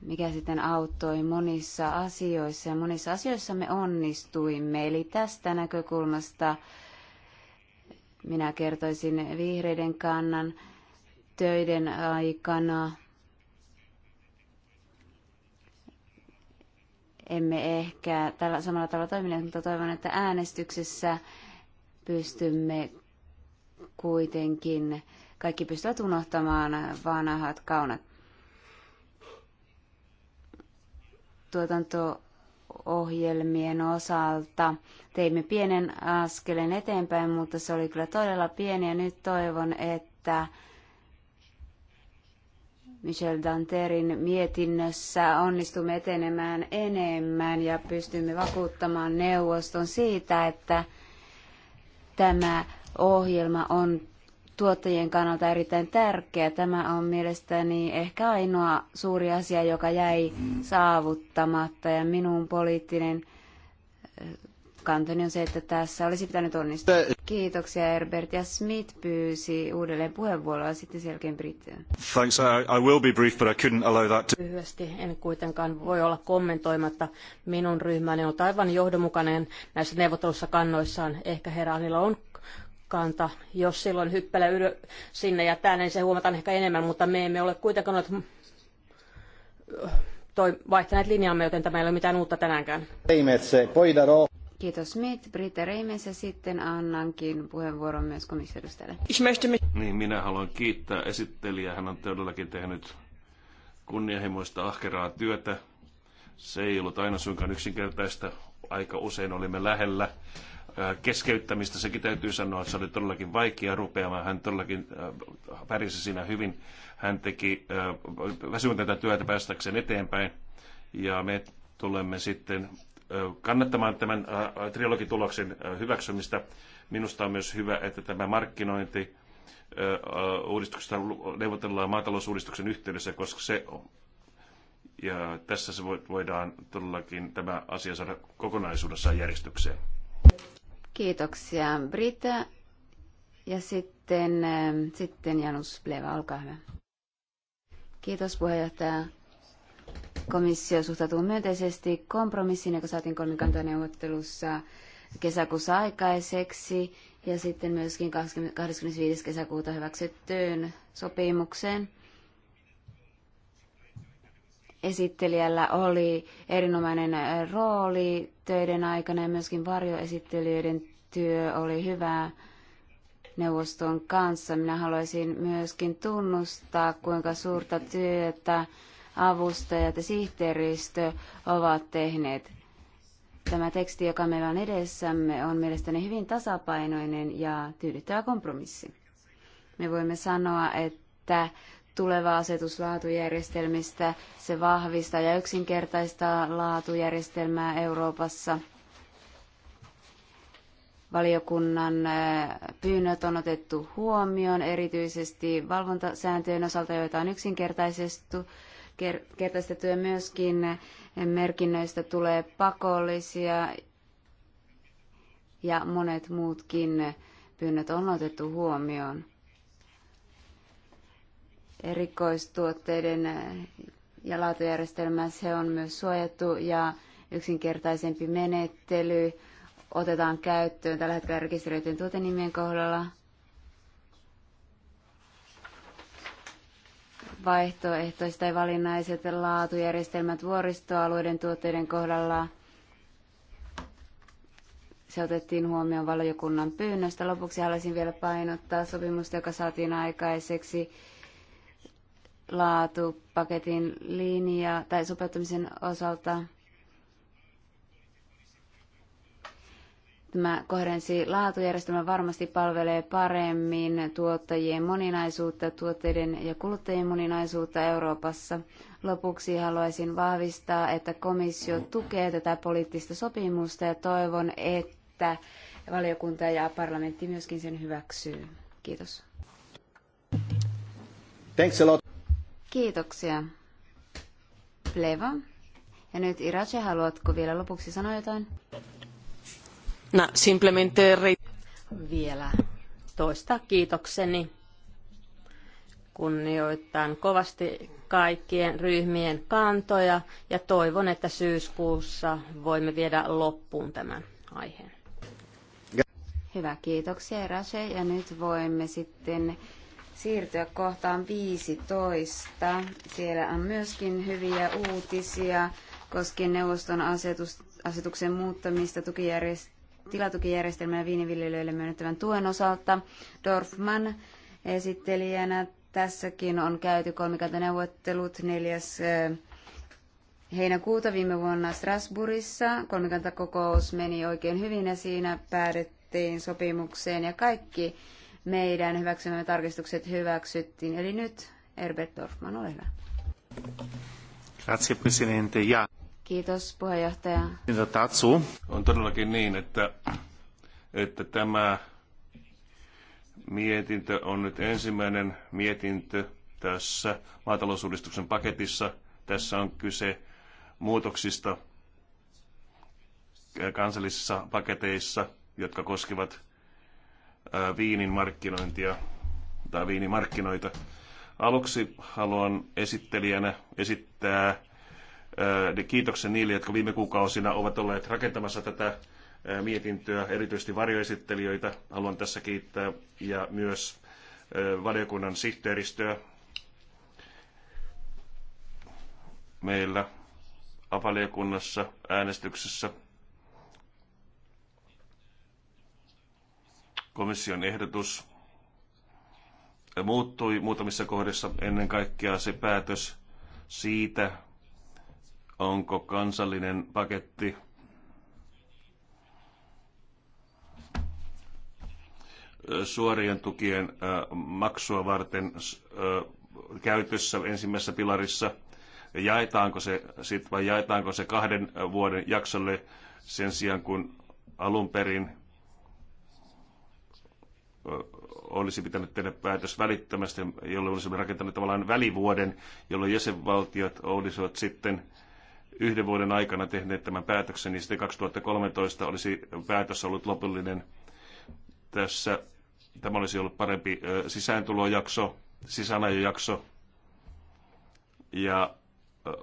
mikä sitten auttoi monissa asioissa. Ja monissa asioissa me onnistuimme, eli tästä näkökulmasta minä kertoisin vihreiden kannan töiden aikana. Emme ehkä tällä samalla tavalla toimineet, mutta toivon, että äänestyksessä pystymme kuitenkin, kaikki pystyvät unohtamaan vanhat kaunat tuotantoohjelmien osalta. Teimme pienen askelen eteenpäin, mutta se oli kyllä todella pieni ja nyt toivon, että Michel Danterin mietinnössä onnistumme etenemään enemmän ja pystymme vakuuttamaan neuvoston siitä, että tämä ohjelma on tuottajien kannalta erittäin tärkeä. Tämä on mielestäni ehkä ainoa suuri asia, joka jäi saavuttamatta ja minun poliittinen kantoni on se, että tässä olisi pitänyt onnistua. Kiitoksia Herbert ja Smith pyysi uudelleen puheenvuoroa sitten sen jälkeen Thanks, I, I will be brief, but I couldn't allow that to... Lyhyesti en kuitenkaan voi olla kommentoimatta. Minun ryhmäni on aivan johdonmukainen näissä neuvottelussa kannoissaan. Ehkä herranilla on kanta. Jos silloin hyppelee ylö, sinne ja tänne, niin se huomataan ehkä enemmän, mutta me emme ole kuitenkaan olet toi, vaihtaneet linjaamme, joten tämä ei ole mitään uutta tänäänkään. Kiitos Mit, Britta Reimes sitten annankin puheenvuoron myös komissiodustajalle. Niin, minä haluan kiittää esittelijää. Hän on todellakin tehnyt kunnianhimoista ahkeraa työtä. Se ei ollut aina suinkaan yksinkertaista. Aika usein olimme lähellä äh, keskeyttämistä, sekin täytyy sanoa, että se oli todellakin vaikea rupeamaan. Hän todellakin äh, pärjäsi siinä hyvin. Hän teki äh, väsymätöntä työtä päästäkseen eteenpäin. Ja me tulemme sitten kannattamaan tämän trilogituloksen hyväksymistä. Minusta on myös hyvä, että tämä markkinointi uudistuksesta neuvotellaan maatalousuudistuksen yhteydessä, koska se ja tässä se voidaan todellakin tämä asia saada kokonaisuudessaan järjestykseen. Kiitoksia Brita. Ja sitten, sitten Janus Pleva, olkaa hyvä. Kiitos puheenjohtaja. Komissio suhtautuu myönteisesti kompromissiin, joka saatiin kolmikantaneuvottelussa kesäkuussa aikaiseksi ja sitten myöskin 25. kesäkuuta hyväksyttyyn sopimukseen. Esittelijällä oli erinomainen rooli töiden aikana ja myöskin varjoesittelijöiden työ oli hyvää neuvoston kanssa. Minä haluaisin myöskin tunnustaa, kuinka suurta työtä avustajat ja sihteeristö ovat tehneet. Tämä teksti, joka meillä on edessämme, on mielestäni hyvin tasapainoinen ja tyydyttävä kompromissi. Me voimme sanoa, että tuleva asetus laatujärjestelmistä, se vahvistaa ja yksinkertaistaa laatujärjestelmää Euroopassa. Valiokunnan pyynnöt on otettu huomioon erityisesti valvontasääntöjen osalta, joita on yksinkertaistettu yksinkertaistettuja myöskin merkinnöistä tulee pakollisia ja monet muutkin pyynnöt on otettu huomioon. Erikoistuotteiden ja laatujärjestelmä se on myös suojattu ja yksinkertaisempi menettely otetaan käyttöön tällä hetkellä rekisteröityjen tuotenimien kohdalla – vaihtoehtoiset tai valinnaiset laatujärjestelmät vuoristoalueiden tuotteiden kohdalla. Se otettiin huomioon valiokunnan pyynnöstä. Lopuksi haluaisin vielä painottaa sopimusta, joka saatiin aikaiseksi laatupaketin linja tai sopeuttamisen osalta Tämä koherenssi laatujärjestelmä varmasti palvelee paremmin tuottajien moninaisuutta, tuotteiden ja kuluttajien moninaisuutta Euroopassa. Lopuksi haluaisin vahvistaa, että komissio tukee tätä poliittista sopimusta ja toivon, että valiokunta ja parlamentti myöskin sen hyväksyy. Kiitos. Thanks a lot. Kiitoksia. Pleva. Ja nyt Irache, haluatko vielä lopuksi sanoa jotain? No, simplemente Vielä toista kiitokseni. Kunnioitan kovasti kaikkien ryhmien kantoja ja toivon, että syyskuussa voimme viedä loppuun tämän aiheen. Hyvä, kiitoksia Rase. Ja nyt voimme sitten siirtyä kohtaan 15. Siellä on myöskin hyviä uutisia koskien neuvoston asetus, asetuksen muuttamista tukijärjestelmää tilatukijärjestelmän ja viiniviljelijöille myönnettävän tuen osalta. Dorfman esittelijänä tässäkin on käyty kolmikantaneuvottelut neljäs eh, heinäkuuta viime vuonna Strasbourgissa. Kolmikantakokous meni oikein hyvin ja siinä päädyttiin sopimukseen ja kaikki meidän hyväksymämme tarkistukset hyväksyttiin. Eli nyt Herbert Dorfman, ole hyvä. Grazie Presidente. Ja. Kiitos puheenjohtaja. Tatsu. On todellakin niin, että, että tämä mietintö on nyt ensimmäinen mietintö tässä maatalousuudistuksen paketissa. Tässä on kyse muutoksista kansallisissa paketeissa, jotka koskevat viinin markkinointia tai viinimarkkinoita. Aluksi haluan esittelijänä esittää ne niin kiitoksen niille, jotka viime kuukausina ovat olleet rakentamassa tätä mietintöä, erityisesti varjoesittelijöitä haluan tässä kiittää ja myös valiokunnan sihteeristöä. Meillä valiokunnassa äänestyksessä komission ehdotus muuttui muutamissa kohdissa ennen kaikkea se päätös siitä, Onko kansallinen paketti suorien tukien maksua varten käytössä ensimmäisessä pilarissa? Jaetaanko se, sit, vai jaetaanko se kahden vuoden jaksolle sen sijaan, kun alun perin olisi pitänyt tehdä päätös välittömästi, jolloin olisimme rakentaneet tavallaan välivuoden, jolloin jäsenvaltiot olisivat sitten yhden vuoden aikana tehneet tämän päätöksen, niin sitten 2013 olisi päätös ollut lopullinen. Tässä tämä olisi ollut parempi sisääntulojakso, sisäänajojakso ja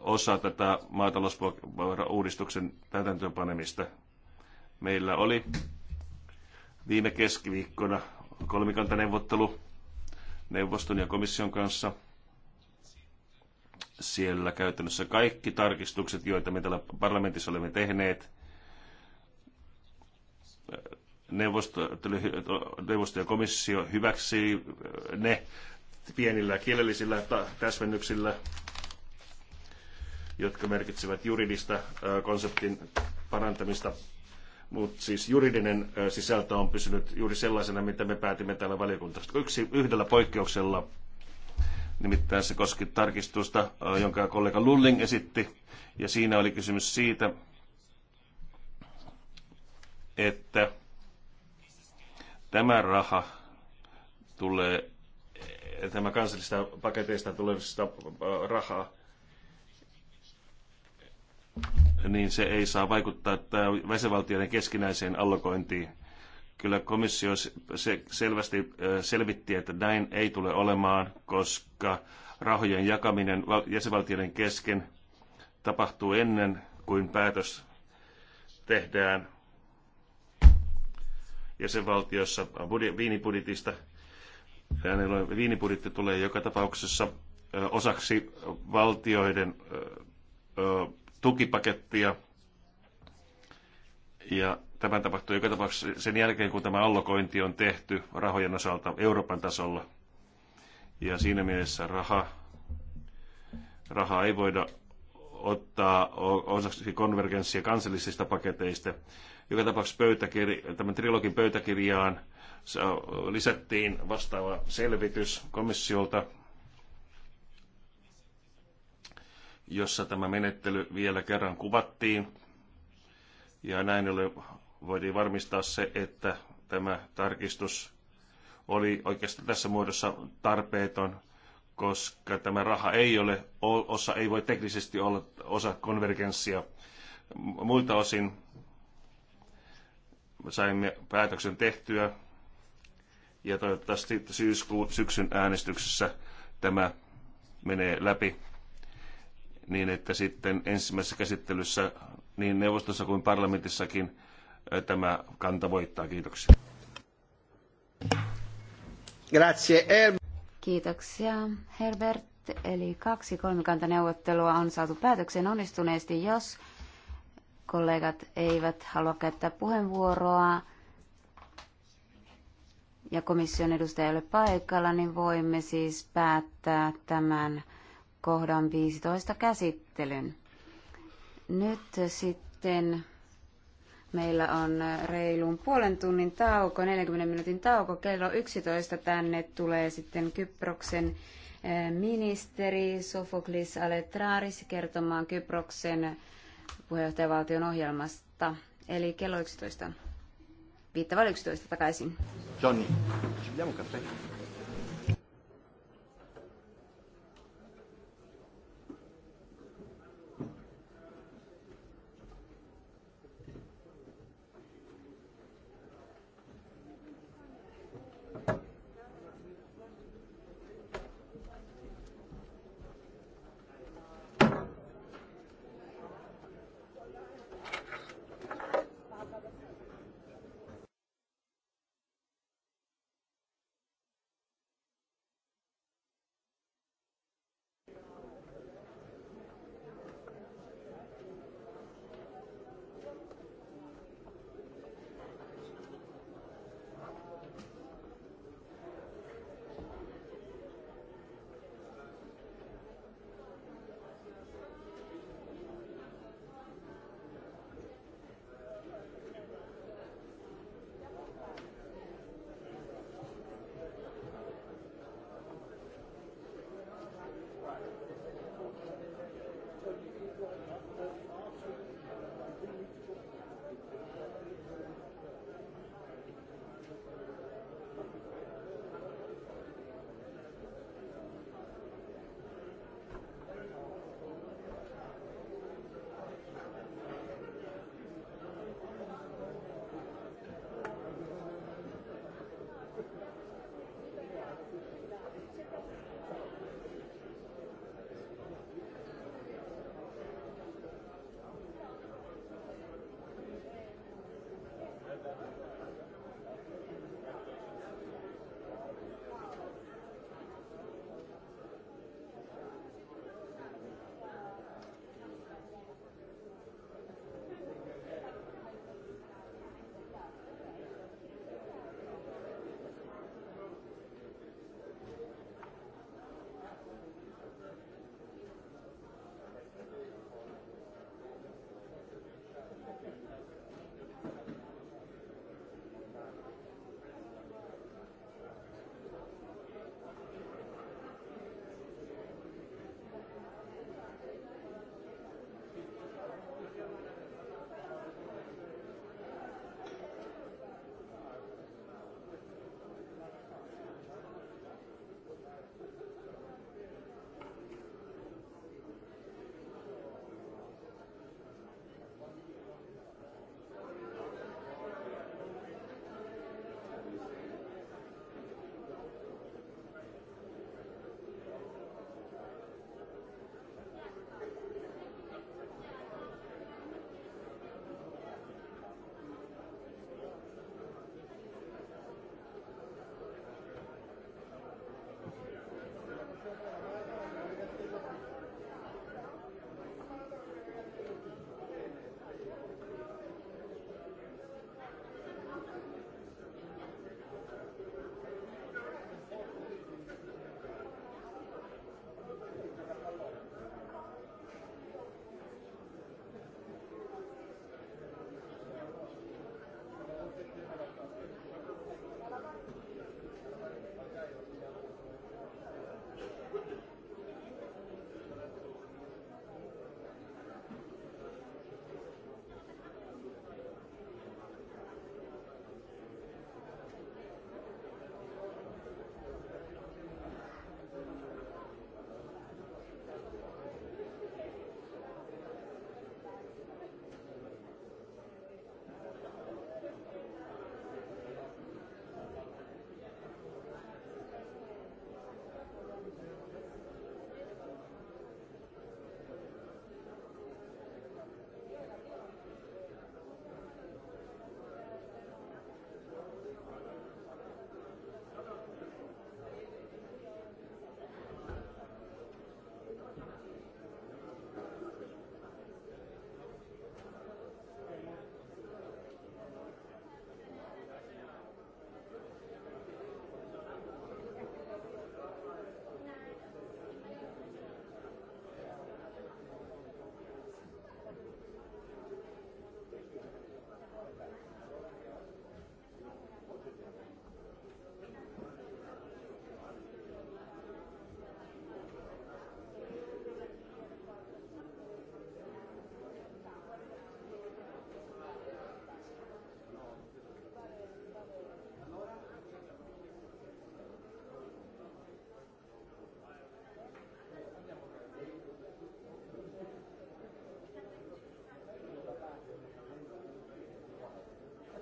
osa tätä maatalousuudistuksen täytäntöönpanemista. Meillä oli viime keskiviikkona kolmikantaneuvottelu neuvoston ja komission kanssa – siellä käytännössä kaikki tarkistukset, joita me täällä parlamentissa olemme tehneet, neuvosto, neuvosto ja komissio hyväksi äh, ne pienillä kielellisillä täsmennyksillä, jotka merkitsevät juridista äh, konseptin parantamista. Mutta siis juridinen äh, sisältö on pysynyt juuri sellaisena, mitä me päätimme täällä valiokunnassa. Yksi, yhdellä poikkeuksella Nimittäin se koski tarkistusta, jonka kollega Lulling esitti, ja siinä oli kysymys siitä, että tämä raha tulee, tämä kansallisista paketeista tulevista rahaa, niin se ei saa vaikuttaa väsevaltioiden keskinäiseen allokointiin Kyllä komissio se selvästi selvitti, että näin ei tule olemaan, koska rahojen jakaminen jäsenvaltioiden kesken tapahtuu ennen kuin päätös tehdään jäsenvaltiossa viinipuditista. Viinibudjetti tulee joka tapauksessa osaksi valtioiden tukipakettia. Ja Tämä tapahtuu joka tapauksessa sen jälkeen, kun tämä allokointi on tehty rahojen osalta Euroopan tasolla. Ja siinä mielessä raha, raha ei voida ottaa osaksi konvergenssia kansallisista paketeista. Joka tapauksessa pöytäkir, tämän trilogin pöytäkirjaan lisättiin vastaava selvitys komissiolta, jossa tämä menettely vielä kerran kuvattiin. Ja näin ollen voitiin varmistaa se, että tämä tarkistus oli oikeastaan tässä muodossa tarpeeton, koska tämä raha ei ole, osa ei voi teknisesti olla osa konvergenssia. Muilta osin saimme päätöksen tehtyä ja toivottavasti syyskuun syksyn äänestyksessä tämä menee läpi niin, että sitten ensimmäisessä käsittelyssä niin neuvostossa kuin parlamentissakin tämä kanta voittaa. Kiitoksia. Grazie, Kiitoksia, Herbert. Eli kaksi kolmikantaneuvottelua on saatu päätökseen onnistuneesti, jos kollegat eivät halua käyttää puheenvuoroa ja komission edustaja ei ole paikalla, niin voimme siis päättää tämän kohdan 15 käsittelyn. Nyt sitten Meillä on reilun puolen tunnin tauko, 40 minuutin tauko. Kello 11 tänne tulee sitten Kyproksen eh, ministeri Sofoklis Aletraris kertomaan Kyproksen puheenjohtajavaltion ohjelmasta. Eli kello 11. Viittava 11 takaisin. Johnny,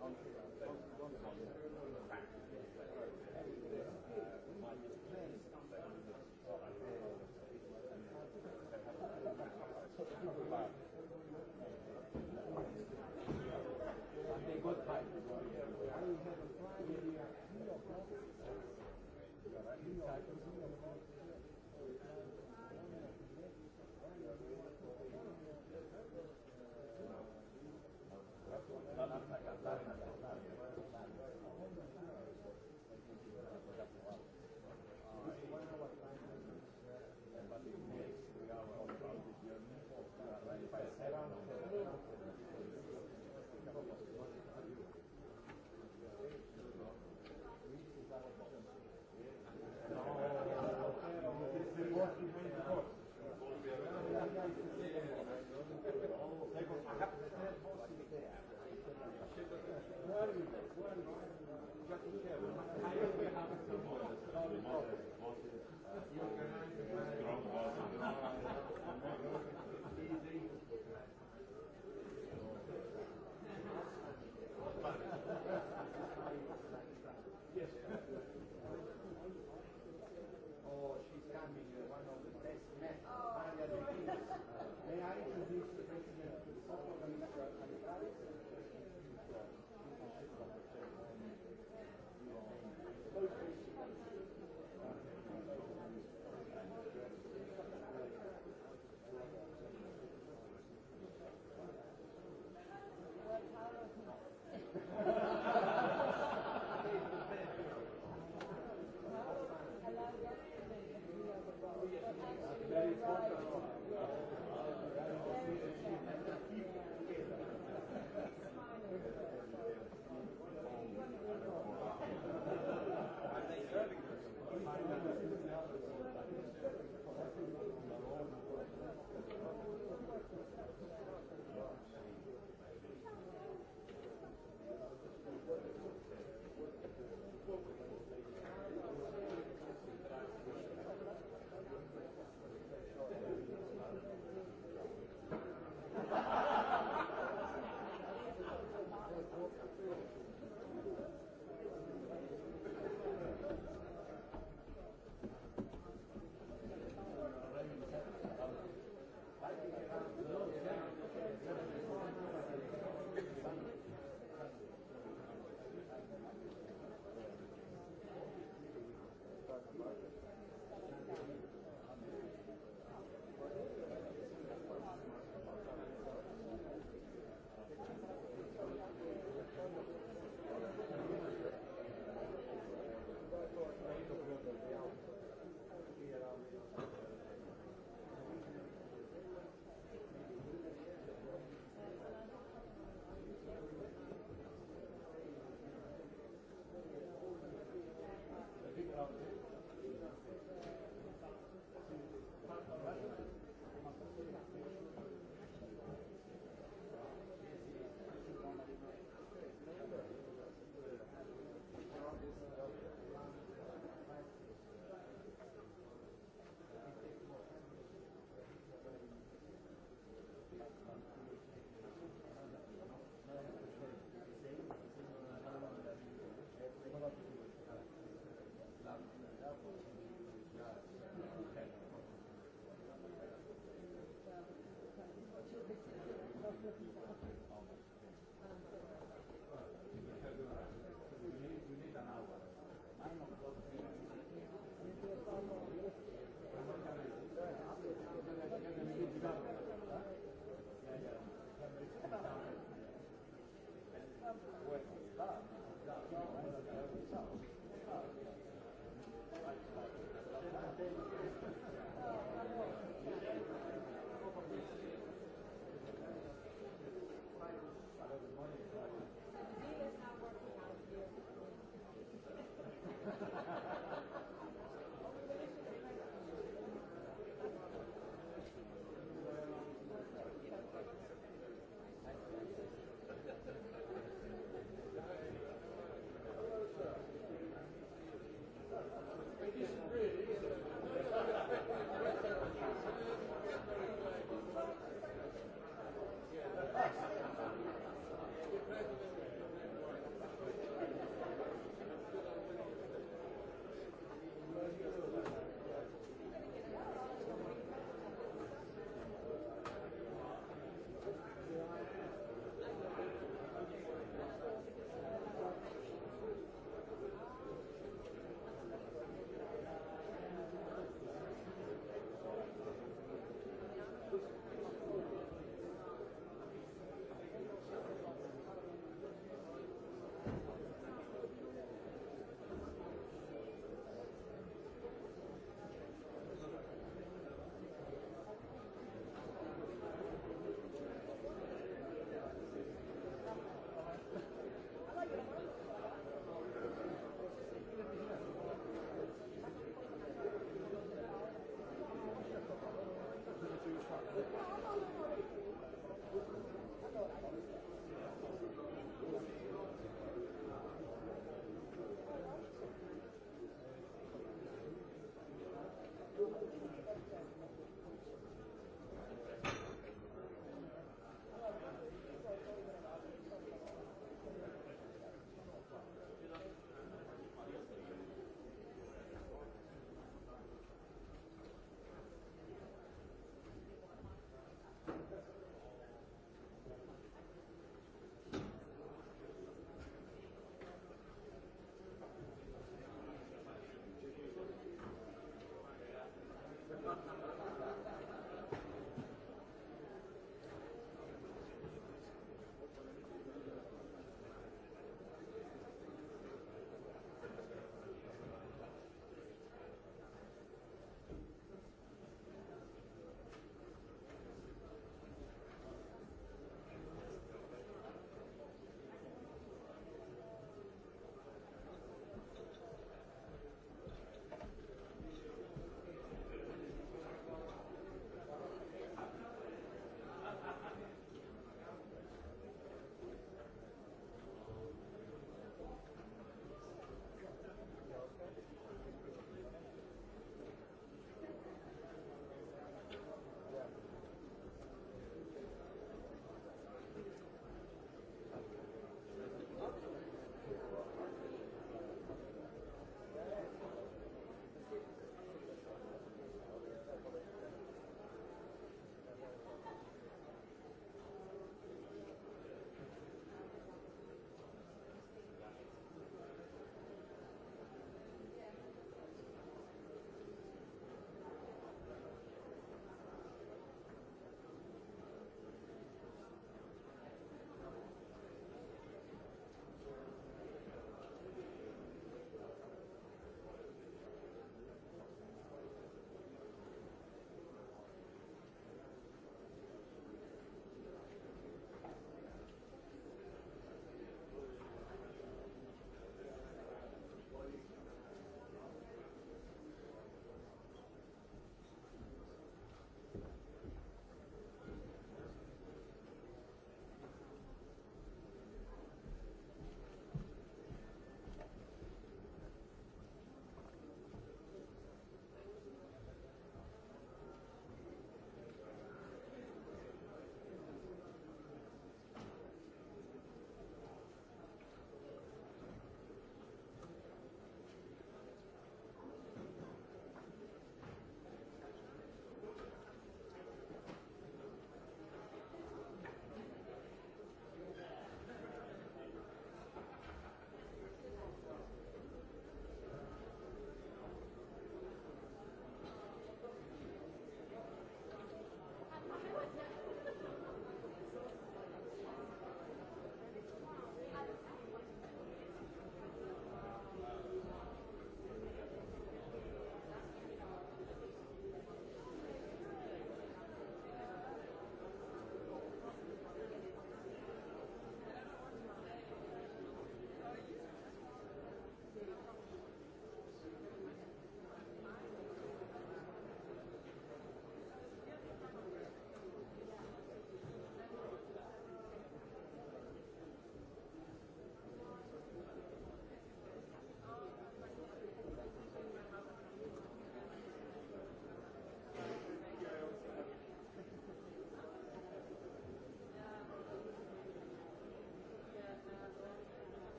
on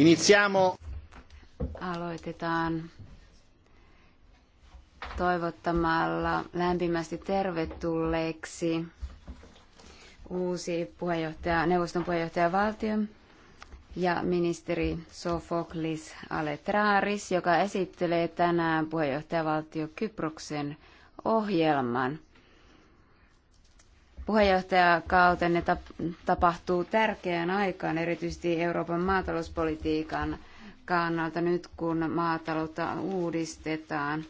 Iniziamo. Aloitetaan toivottamalla lämpimästi tervetulleeksi uusi puheenjohtaja, neuvoston puheenjohtaja valtio ja ministeri Sofoklis Aletraris, joka esittelee tänään puheenjohtajavaltio Kyproksen ohjelman – puheenjohtajakautenne tapahtuu tärkeään aikaan, erityisesti Euroopan maatalouspolitiikan kannalta nyt, kun maataloutta uudistetaan.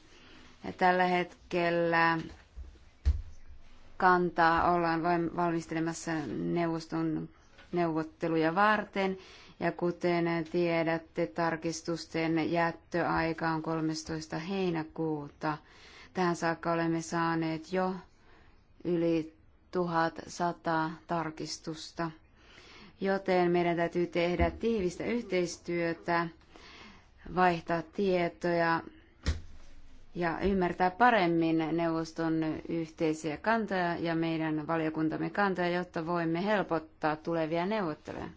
Tällä hetkellä kantaa ollaan vain valmistelemassa neuvoston neuvotteluja varten. Ja kuten tiedätte, tarkistusten jättöaika on 13. heinäkuuta. Tähän saakka olemme saaneet jo yli 1100 tarkistusta. Joten meidän täytyy tehdä tiivistä yhteistyötä, vaihtaa tietoja ja ymmärtää paremmin neuvoston yhteisiä kantoja ja meidän valiokuntamme kantoja, jotta voimme helpottaa tulevia neuvotteluja.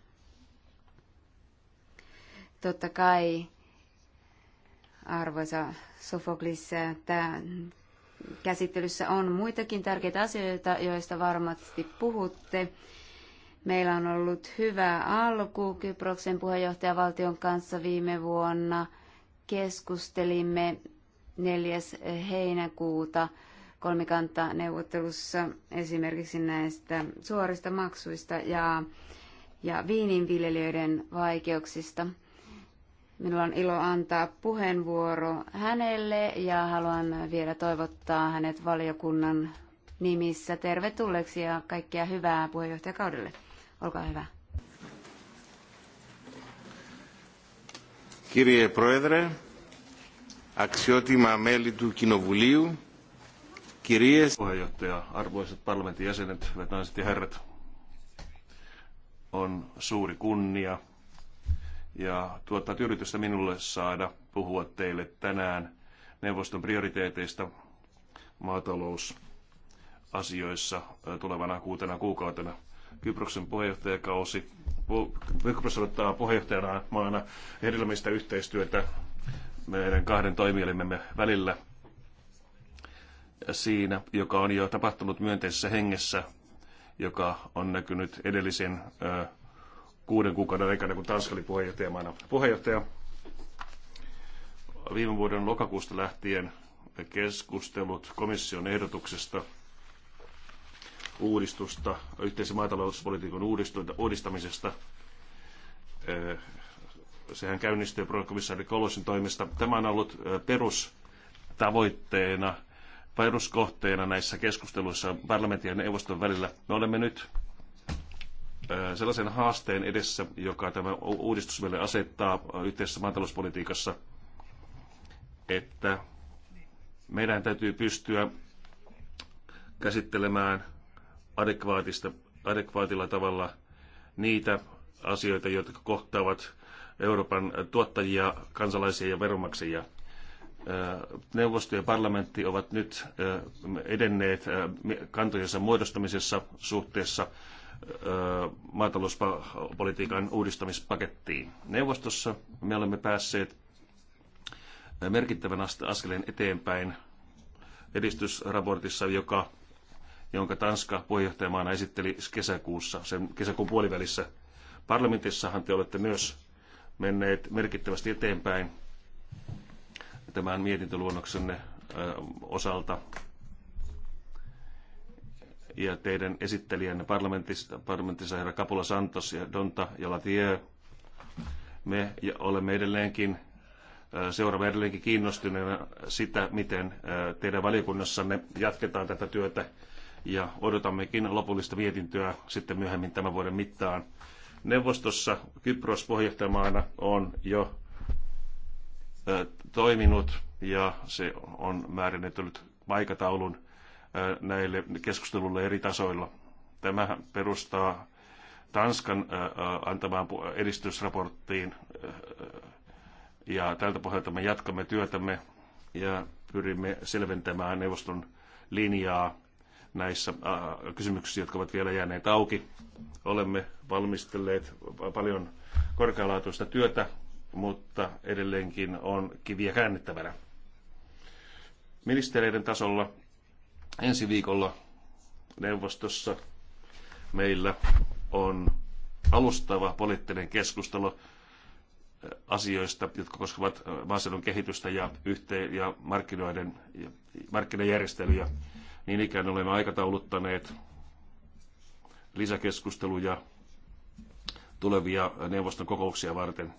Totta kai, arvoisa Sofoklis, tämä käsittelyssä on muitakin tärkeitä asioita, joista varmasti puhutte. Meillä on ollut hyvä alku Kyproksen puheenjohtajavaltion kanssa viime vuonna. Keskustelimme 4. heinäkuuta kolmikanta neuvottelussa esimerkiksi näistä suorista maksuista ja, ja viininviljelijöiden vaikeuksista. Minulla on ilo antaa puheenvuoro hänelle ja haluan vielä toivottaa hänet valiokunnan nimissä tervetulleeksi ja kaikkia hyvää puheenjohtajakaudelle. Olkaa hyvä. Kirje Proedre, aksiotima μέλη του Κοινοβουλίου, Puheenjohtaja, arvoisat parlamentin jäsenet, vetäiset ja herrat, on suuri kunnia ja tuottaa tyydytystä minulle saada puhua teille tänään neuvoston prioriteeteista maatalousasioissa tulevana kuutena kuukautena. Kyproksen puheenjohtajakausi. Kypros ottaa puheenjohtajana maana erilaisista yhteistyötä meidän kahden toimielimemme välillä siinä, joka on jo tapahtunut myönteisessä hengessä, joka on näkynyt edellisen kuuden kuukauden aikana, kun Tanska oli puheenjohtajamaana. Puheenjohtaja viime vuoden lokakuusta lähtien keskustelut komission ehdotuksesta uudistusta, yhteisen maatalouspolitiikan uudistamisesta. Eh, sehän käynnistyi komissaari Kolosin toimesta. Tämä on ollut eh, perustavoitteena, peruskohteena näissä keskusteluissa parlamentin ja neuvoston välillä. Me olemme nyt sellaisen haasteen edessä, joka tämä uudistus meille asettaa yhteisessä maatalouspolitiikassa, että meidän täytyy pystyä käsittelemään adekvaatista, adekvaatilla tavalla niitä asioita, jotka kohtaavat Euroopan tuottajia, kansalaisia ja veronmaksajia. Neuvosto ja parlamentti ovat nyt edenneet kantojensa muodostamisessa suhteessa maatalouspolitiikan uudistamispakettiin. Neuvostossa me olemme päässeet merkittävän askeleen eteenpäin edistysraportissa, joka, jonka Tanska puheenjohtajamaana esitteli kesäkuussa, sen kesäkuun puolivälissä. Parlamentissahan te olette myös menneet merkittävästi eteenpäin tämän mietintöluonnoksenne osalta ja teidän esittelijänne parlamentissa, parlamentissa herra Kapula Santos ja Donta ja Latie. Me olemme edelleenkin seuraava edelleenkin kiinnostuneena sitä, miten teidän valiokunnassanne jatketaan tätä työtä ja odotammekin lopullista mietintöä sitten myöhemmin tämän vuoden mittaan. Neuvostossa Kypros puheenjohtajamaana on jo toiminut ja se on määrinnetty aikataulun näille keskustelulle eri tasoilla. Tämä perustaa Tanskan antamaan edistysraporttiin ja tältä pohjalta me jatkamme työtämme ja pyrimme selventämään neuvoston linjaa näissä kysymyksissä, jotka ovat vielä jääneet auki. Olemme valmistelleet paljon korkealaatuista työtä, mutta edelleenkin on kiviä käännettävänä. Ministereiden tasolla Ensi viikolla neuvostossa meillä on alustava poliittinen keskustelu eh, asioista, jotka koskevat eh, maaseudun kehitystä ja, yhteen, ja markkinoiden ja markkinajärjestelyjä. Niin ikään olemme aikatauluttaneet lisäkeskusteluja tulevia neuvoston kokouksia varten.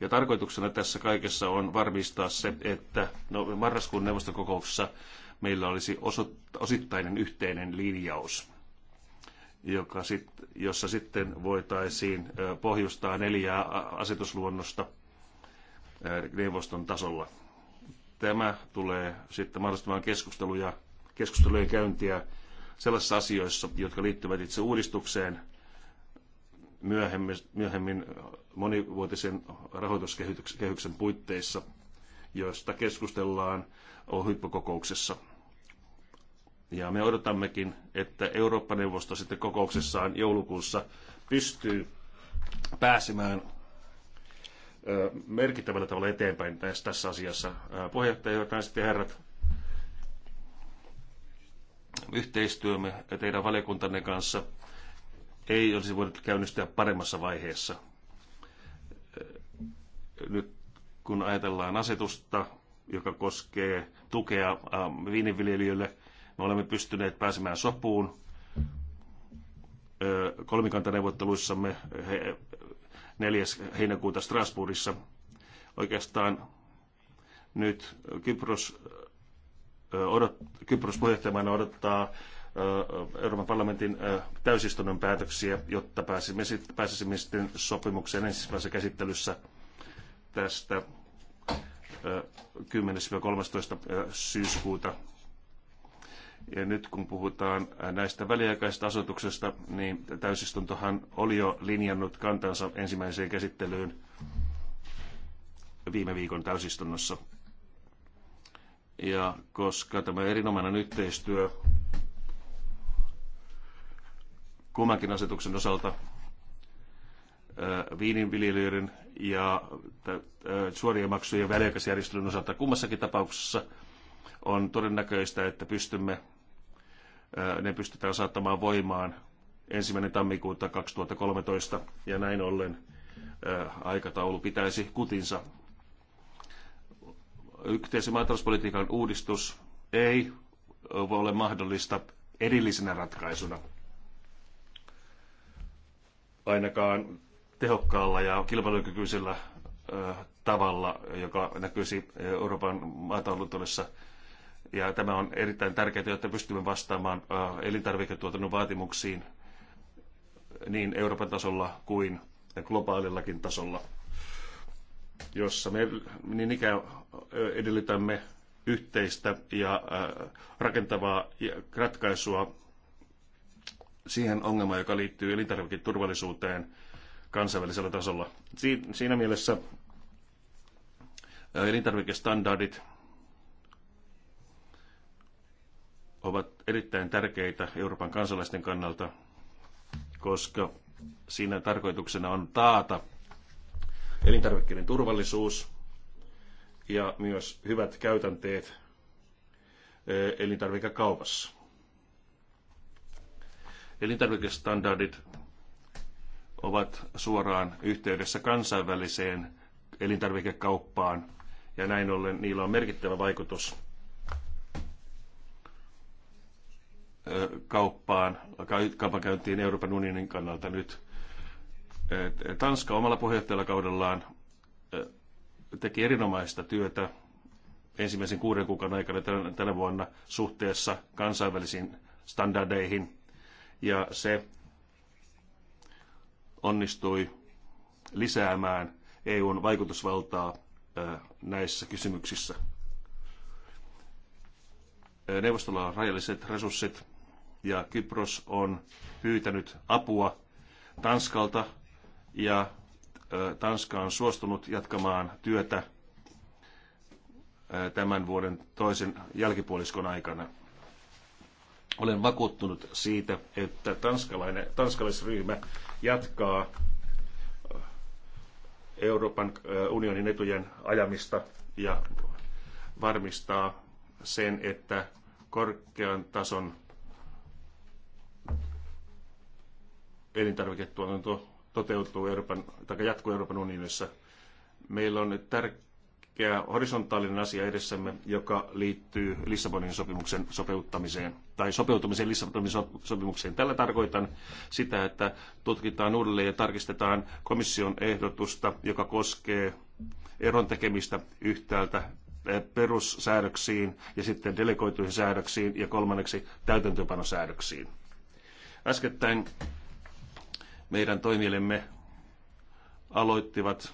Ja tarkoituksena tässä kaikessa on varmistaa se, että no, marraskuun neuvoston kokouksessa meillä olisi osittainen yhteinen linjaus, joka sit, jossa sitten voitaisiin pohjustaa neljää asetusluonnosta neuvoston tasolla. Tämä tulee sitten mahdollistamaan keskusteluja, keskustelujen käyntiä sellaisissa asioissa, jotka liittyvät itse uudistukseen, myöhemmin, myöhemmin monivuotisen rahoituskehyksen puitteissa, joista keskustellaan huippukokouksessa. Ja me odotammekin, että Eurooppa-neuvosto sitten kokouksessaan joulukuussa pystyy pääsemään merkittävällä tavalla eteenpäin tässä, tässä asiassa. Puheenjohtaja, naiset ja herrat, yhteistyömme teidän valiokuntanne kanssa ei olisi voinut käynnistyä paremmassa vaiheessa. Nyt kun ajatellaan asetusta, joka koskee tukea viininviljelijöille, me olemme pystyneet pääsemään sopuun kolmikantaneuvotteluissamme 4. heinäkuuta Strasbourgissa. Oikeastaan nyt Kypros, odot, Kypros puheenjohtajamaana odottaa Euroopan parlamentin täysistunnon päätöksiä, jotta pääsisimme, pääsisimme sitten sopimukseen ensimmäisessä käsittelyssä tästä 10-13. syyskuuta ja nyt kun puhutaan äh, näistä väliaikaisista asetuksesta, niin täysistuntohan oli jo linjannut kantansa ensimmäiseen käsittelyyn viime viikon täysistunnossa. Ja koska tämä erinomainen yhteistyö kummankin asetuksen osalta äh, viininviljelijöiden ja äh, suorien maksujen väliaikaisjärjestelyn osalta kummassakin tapauksessa on todennäköistä, että pystymme ne pystytään saattamaan voimaan ensimmäinen tammikuuta 2013 ja näin ollen aikataulu pitäisi kutinsa. Yhteisen maatalouspolitiikan uudistus ei voi olla mahdollista erillisenä ratkaisuna. Ainakaan tehokkaalla ja kilpailukykyisellä tavalla, joka näkyisi Euroopan maataloudessa ja tämä on erittäin tärkeää, jotta pystymme vastaamaan äh, elintarviketuotannon vaatimuksiin niin Euroopan tasolla kuin globaalillakin tasolla, jossa me niin ikään äh, edellytämme yhteistä ja äh, rakentavaa ratkaisua siihen ongelmaan, joka liittyy elintarviketurvallisuuteen kansainvälisellä tasolla. Siinä mielessä elintarvikestandardit ovat erittäin tärkeitä Euroopan kansalaisten kannalta, koska siinä tarkoituksena on taata elintarvikkeiden turvallisuus ja myös hyvät käytänteet eh, elintarvikekaupassa. Elintarvikestandardit ovat suoraan yhteydessä kansainväliseen elintarvikekauppaan ja näin ollen niillä on merkittävä vaikutus kauppaan, kaupankäyntiin Euroopan unionin kannalta nyt. Tanska omalla puheenjohtajakaudellaan teki erinomaista työtä ensimmäisen kuuden kuukauden aikana tänä vuonna suhteessa kansainvälisiin standardeihin. Ja se onnistui lisäämään EUn vaikutusvaltaa näissä kysymyksissä. Neuvostolla on rajalliset resurssit ja Kypros on pyytänyt apua Tanskalta ja Tanska on suostunut jatkamaan työtä tämän vuoden toisen jälkipuoliskon aikana. Olen vakuuttunut siitä, että tanskalainen, tanskalaisryhmä jatkaa Euroopan unionin etujen ajamista ja varmistaa sen, että korkean tason elintarviketuotanto toteutuu Euroopan, tai jatkuu Euroopan unionissa. Meillä on tärkeä horisontaalinen asia edessämme, joka liittyy Lissabonin sopimuksen sopeuttamiseen tai sopeutumiseen Lissabonin sopimukseen. Tällä tarkoitan sitä, että tutkitaan uudelleen ja tarkistetaan komission ehdotusta, joka koskee eron tekemistä yhtäältä eh, perussäädöksiin ja sitten delegoituihin säädöksiin ja kolmanneksi täytäntöönpanosäädöksiin. Äskettäin meidän toimielimme aloittivat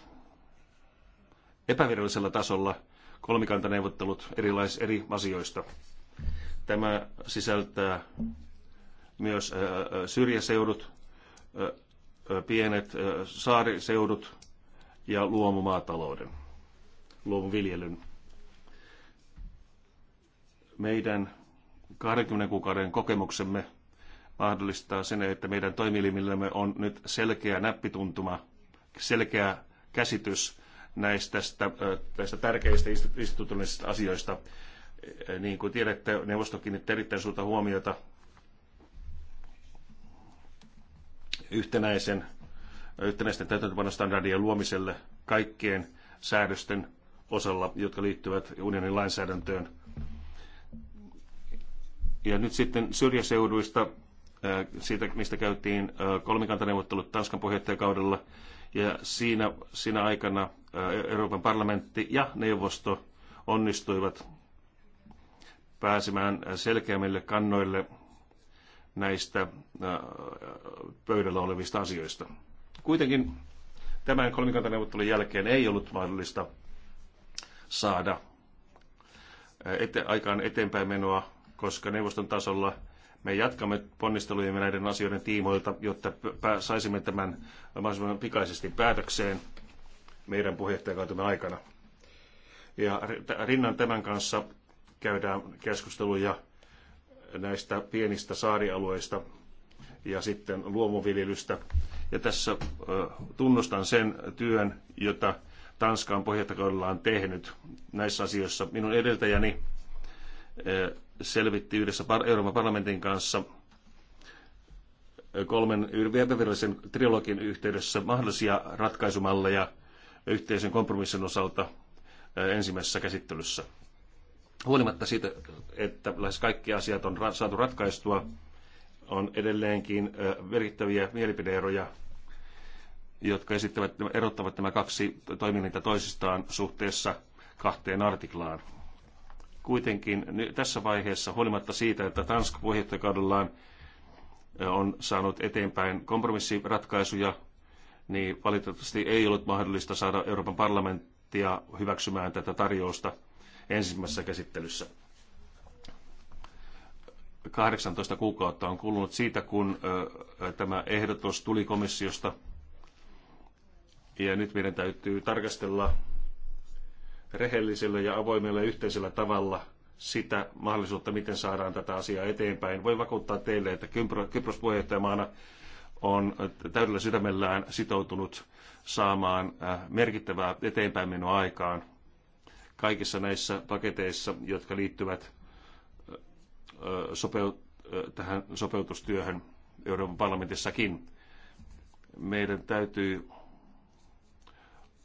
epävirallisella tasolla kolmikantaneuvottelut erilais, eri asioista. Tämä sisältää myös äh, äh, syrjäseudut, äh, pienet saariseudut ja luomumaatalouden, luomuviljelyn. Meidän 20 kuukauden kokemuksemme mahdollistaa sen, että meidän toimielimillämme on nyt selkeä näppituntuma, selkeä käsitys näistä, äh, tästä tärkeistä instituutioista asioista. Äh, niin kuin tiedätte, neuvosto kiinnitti erittäin suurta huomiota yhtenäisen, yhtenäisten täytäntöpanostandardien luomiselle kaikkien säädösten osalla, jotka liittyvät unionin lainsäädäntöön. Ja nyt sitten syrjäseuduista siitä, mistä käytiin kolmikantaneuvottelut Tanskan puheenjohtajakaudella. Ja siinä, siinä aikana Euroopan parlamentti ja neuvosto onnistuivat pääsemään selkeämmille kannoille näistä pöydällä olevista asioista. Kuitenkin tämän kolmikantaneuvottelun jälkeen ei ollut mahdollista saada ete, aikaan eteenpäin menoa, koska neuvoston tasolla – me jatkamme ponnisteluja näiden asioiden tiimoilta, jotta saisimme tämän mahdollisimman pikaisesti päätökseen meidän puheenjohtajakautemme aikana. Ja rinnan tämän kanssa käydään keskusteluja näistä pienistä saarialueista ja sitten luomuviljelystä. Ja tässä tunnustan sen työn, jota Tanskan pohjattakaudella on tehnyt näissä asioissa. Minun edeltäjäni selvitti yhdessä Euroopan parlamentin kanssa kolmen epävirallisen trilogin yhteydessä mahdollisia ratkaisumalleja yhteisen kompromissin osalta ensimmäisessä käsittelyssä. Huolimatta siitä, että lähes kaikki asiat on saatu ratkaistua, on edelleenkin merkittäviä mielipideeroja, jotka esittävät, erottavat nämä kaksi toimintaa toisistaan suhteessa kahteen artiklaan kuitenkin tässä vaiheessa, huolimatta siitä, että Tanska puheenjohtajakaudellaan on saanut eteenpäin kompromissiratkaisuja, niin valitettavasti ei ollut mahdollista saada Euroopan parlamenttia hyväksymään tätä tarjousta ensimmäisessä käsittelyssä. 18 kuukautta on kulunut siitä, kun tämä ehdotus tuli komissiosta. Ja nyt meidän täytyy tarkastella rehellisellä ja avoimella yhteisellä tavalla sitä mahdollisuutta, miten saadaan tätä asiaa eteenpäin. Voin vakuuttaa teille, että Kypros puheenjohtajamaana on täydellä sydämellään sitoutunut saamaan äh, merkittävää eteenpäin menoa aikaan kaikissa näissä paketeissa, jotka liittyvät äh, äh, tähän sopeutustyöhön Euroopan parlamentissakin. Meidän täytyy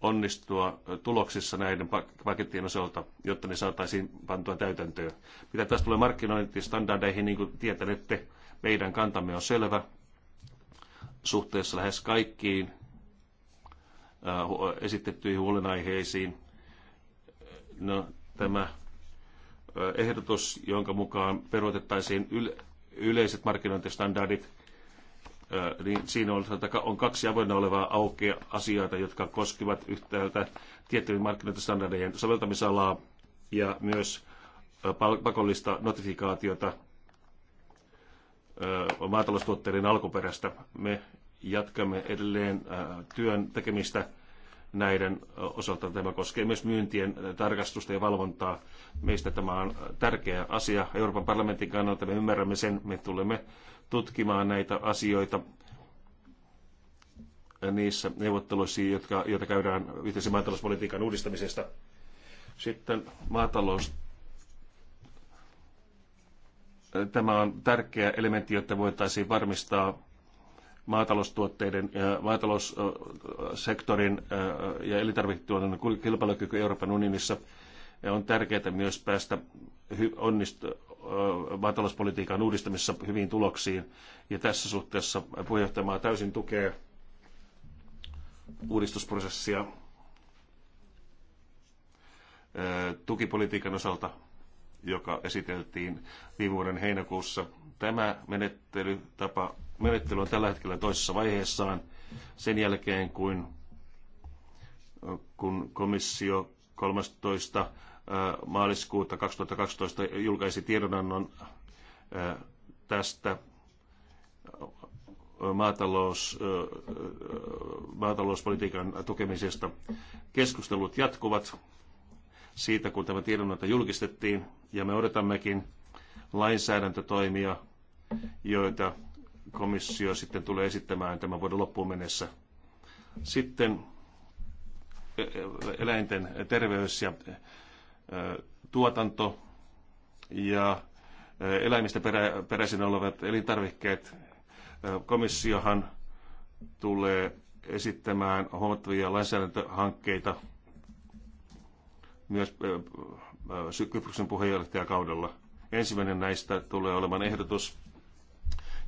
onnistua tuloksissa näiden pakettien osalta, jotta ne saataisiin pantua täytäntöön. Mitä taas tulee markkinointistandardeihin, niin kuin tietänette, meidän kantamme on selvä suhteessa lähes kaikkiin esitettyihin huolenaiheisiin. No, tämä ehdotus, jonka mukaan peruutettaisiin yleiset markkinointistandardit, niin siinä on, on kaksi avoinna olevaa aukea asioita, jotka koskivat yhtäältä tiettyjen markkinointistandardien soveltamisalaa ja myös pakollista notifikaatiota maataloustuotteiden alkuperästä. Me jatkamme edelleen työn tekemistä näiden osalta. Tämä koskee myös myyntien tarkastusta ja valvontaa. Meistä tämä on tärkeä asia Euroopan parlamentin kannalta. Me ymmärrämme sen, me tulemme tutkimaan näitä asioita niissä neuvotteluissa, jotka, joita käydään yhteisen maatalouspolitiikan uudistamisesta. Sitten maatalous. Tämä on tärkeä elementti, jotta voitaisiin varmistaa maataloustuotteiden, maataloussektorin ja elintarviketuotannon kilpailukyky Euroopan unionissa. Ja on tärkeää myös päästä onnistu, maatalouspolitiikan uudistamisessa hyviin tuloksiin. Ja tässä suhteessa puheenjohtajamaa täysin tukee uudistusprosessia tukipolitiikan osalta, joka esiteltiin viime vuoden heinäkuussa. Tämä menettelytapa menettely on tällä hetkellä toisessa vaiheessaan sen jälkeen, kuin, kun komissio 13. maaliskuuta 2012 julkaisi tiedonannon tästä maatalous, maatalouspolitiikan tukemisesta. Keskustelut jatkuvat siitä, kun tämä tiedonanto julkistettiin, ja me odotammekin lainsäädäntötoimia, joita komissio sitten tulee esittämään tämän vuoden loppuun mennessä. Sitten e, e, eläinten terveys ja e, tuotanto ja eläimistä perä, peräisin olevat elintarvikkeet. Komissiohan tulee esittämään huomattavia lainsäädäntöhankkeita myös Kyproksen puheenjohtajakaudella. Ensimmäinen näistä tulee olemaan ehdotus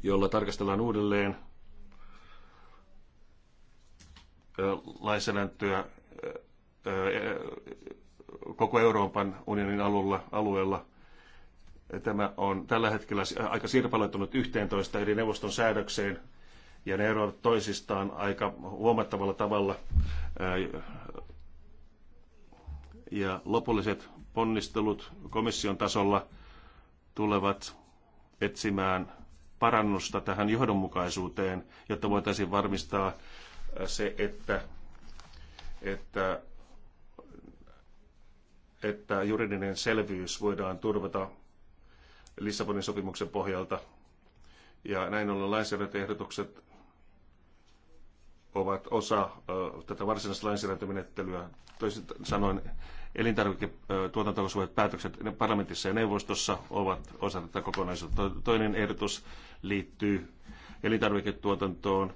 jolla tarkastellaan uudelleen lainsäädäntöä koko Euroopan unionin alueella, alueella. Tämä on tällä hetkellä aika sirpaloitunut 11 eri neuvoston säädökseen, ja ne eroavat toisistaan aika huomattavalla tavalla. Ja lopulliset ponnistelut komission tasolla tulevat etsimään parannusta tähän johdonmukaisuuteen, jotta voitaisiin varmistaa äh, se, että, että, että juridinen selvyys voidaan turvata Lissabonin sopimuksen pohjalta. Ja näin ollen lainsäädäntöehdotukset ovat osa äh, tätä varsinaista lainsäädäntömenettelyä. Toisin sanoen elintarviketuotantokosuvat päätökset parlamentissa ja neuvostossa ovat osa tätä kokonaisuutta. Toinen ehdotus liittyy elintarviketuotantoon,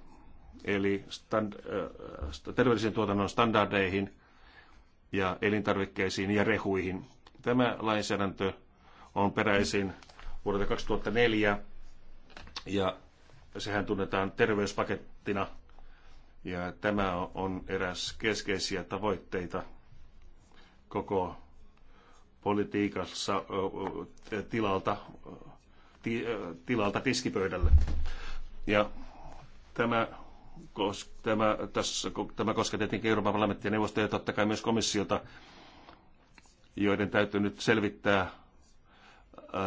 eli stand, äh, terveellisen tuotannon standardeihin ja elintarvikkeisiin ja rehuihin. Tämä lainsäädäntö on peräisin vuodelta 2004 ja sehän tunnetaan terveyspakettina ja tämä on eräs keskeisiä tavoitteita koko politiikassa tilalta, tilalta tiskipöydälle. Ja tämä, kos, tämä, tässä, tämä koskee tietenkin Euroopan parlamenttia neuvostoja ja totta kai myös komissiota, joiden täytyy nyt selvittää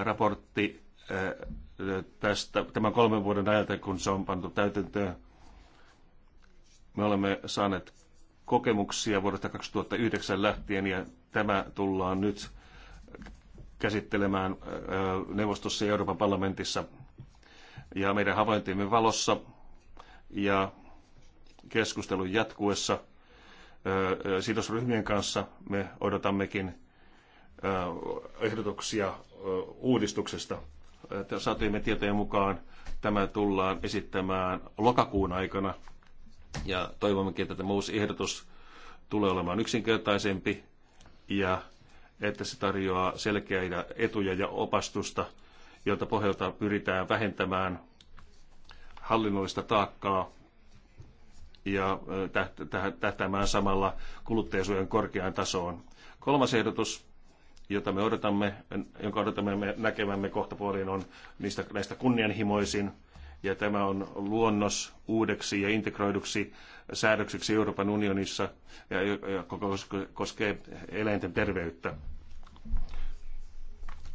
raportti tästä, tämän kolmen vuoden ajalta, kun se on pantu täytäntöön. Me olemme saaneet kokemuksia vuodesta 2009 lähtien ja tämä tullaan nyt käsittelemään neuvostossa ja Euroopan parlamentissa ja meidän havaintimme valossa ja keskustelun jatkuessa sidosryhmien kanssa me odotammekin ehdotuksia uudistuksesta. Saatuimme tietojen mukaan tämä tullaan esittämään lokakuun aikana ja toivommekin, että tämä uusi ehdotus tulee olemaan yksinkertaisempi ja että se tarjoaa selkeitä etuja ja opastusta, jota pohjalta pyritään vähentämään hallinnollista taakkaa ja äh, tähtäämään samalla kuluttajasuojan korkeaan tasoon. Kolmas ehdotus, jota me odotamme, jonka odotamme näkemämme kohtapuoliin, on niistä, näistä kunnianhimoisin ja tämä on luonnos uudeksi ja integroiduksi säädökseksi Euroopan unionissa, ja koskee eläinten terveyttä.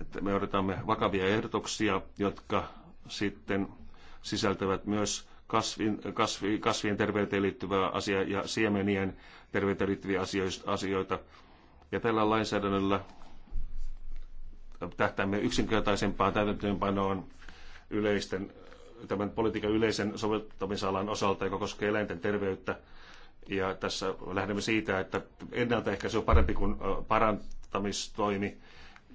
Että me odotamme vakavia ehdotuksia, jotka sitten sisältävät myös kasvin, kasvi, kasvien terveyteen liittyvää asiaa ja siemenien terveyteen liittyviä asioita. Ja tällä lainsäädännöllä tähtäämme yksinkertaisempaan täytäntöönpanoon yleisten tämän politiikan yleisen soveltamisalan osalta, joka koskee eläinten terveyttä. Ja tässä lähdemme siitä, että ennaltaehkäisy on parempi kuin parantamistoimi.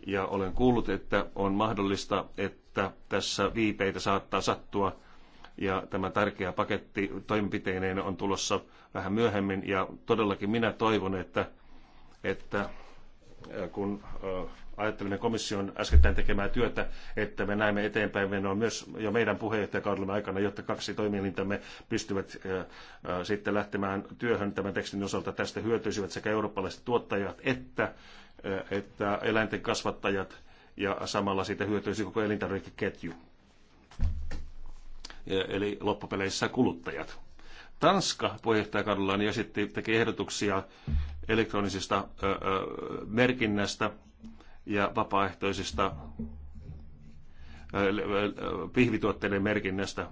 Ja olen kuullut, että on mahdollista, että tässä viipeitä saattaa sattua. Ja tämä tärkeä paketti toimenpiteineen on tulossa vähän myöhemmin. Ja todellakin minä toivon, että, että kun ajattelemme komission äskettäin tekemää työtä, että me näemme eteenpäin menoa myös jo meidän puheenjohtajakaudellemme aikana, jotta kaksi toimielintämme pystyvät sitten lähtemään työhön tämän tekstin osalta. Tästä hyötyisivät sekä eurooppalaiset tuottajat että, että eläinten kasvattajat ja samalla siitä hyötyisi koko elintarvikeketju. Eli loppupeleissä kuluttajat. Tanska puheenjohtajakaudellaan niin esitti, teki ehdotuksia elektronisesta ö, ö, merkinnästä ja vapaaehtoisista pihvituotteiden merkinnästä.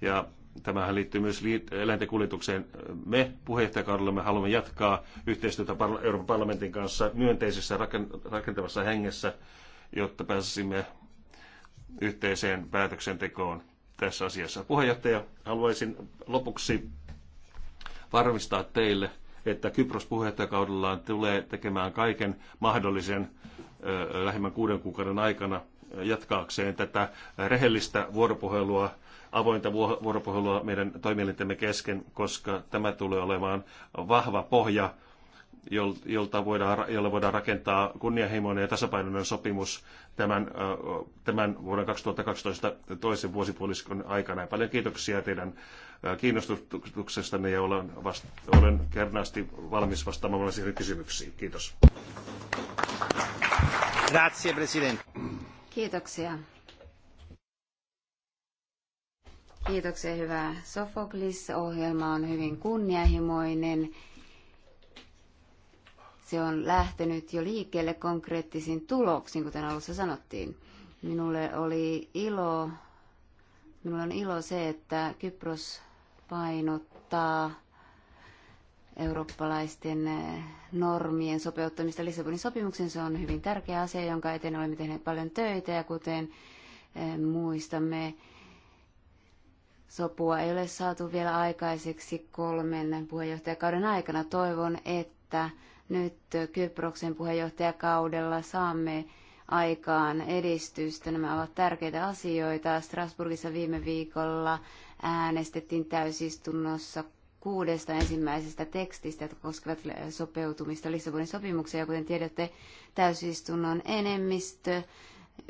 Ja tämähän liittyy myös eläinten kuljetukseen. Me puheenjohtajakaudella me haluamme jatkaa yhteistyötä Euroopan parlamentin kanssa myönteisessä rakentavassa hengessä, jotta pääsisimme yhteiseen päätöksentekoon tässä asiassa. Puheenjohtaja, haluaisin lopuksi varmistaa teille, että Kypros puheenjohtajakaudellaan tulee tekemään kaiken mahdollisen lähimmän kuuden kuukauden aikana jatkaakseen tätä rehellistä vuoropuhelua, avointa vuoropuhelua meidän toimielintemme kesken, koska tämä tulee olemaan vahva pohja jolta voidaan, jolla voidaan rakentaa kunnianhimoinen ja tasapainoinen sopimus tämän, tämän vuoden 2012 toisen vuosipuoliskon aikana. Paljon kiitoksia teidän kiinnostuksestanne ja olen, vasta, olen kernaasti valmis vastaamaan siihen kysymyksiin. Kiitos. Grazie, president. Kiitoksia. Kiitoksia, hyvä Sofoklis. Ohjelma on hyvin kunnianhimoinen se on lähtenyt jo liikkeelle konkreettisiin tuloksiin, kuten alussa sanottiin. Minulle oli ilo, minulla on ilo se, että Kypros painottaa eurooppalaisten eh, normien sopeuttamista Lissabonin sopimuksen. Se on hyvin tärkeä asia, jonka eteen olemme tehneet paljon töitä ja kuten eh, muistamme, sopua ei ole saatu vielä aikaiseksi kolmen puheenjohtajakauden aikana. Toivon, että nyt Kyproksen puheenjohtajakaudella saamme aikaan edistystä. Nämä ovat tärkeitä asioita. Strasbourgissa viime viikolla äänestettiin täysistunnossa kuudesta ensimmäisestä tekstistä, jotka koskevat sopeutumista Lissabonin sopimukseen. Ja kuten tiedätte, täysistunnon enemmistö,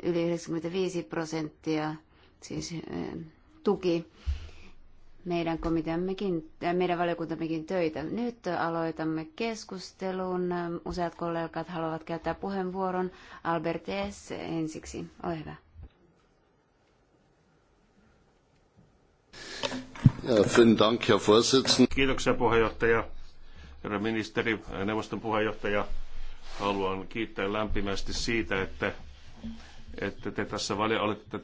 yli 95 prosenttia, siis eh, tuki meidän komiteammekin, äh, meidän valiokuntammekin töitä. Nyt aloitamme keskustelun. Useat kollegat haluavat käyttää puheenvuoron. Albert S. ensiksi. Ole hyvä. Kiitoksia puheenjohtaja, herra ministeri, neuvoston puheenjohtaja. Haluan kiittää lämpimästi siitä, että että te tässä valio, olette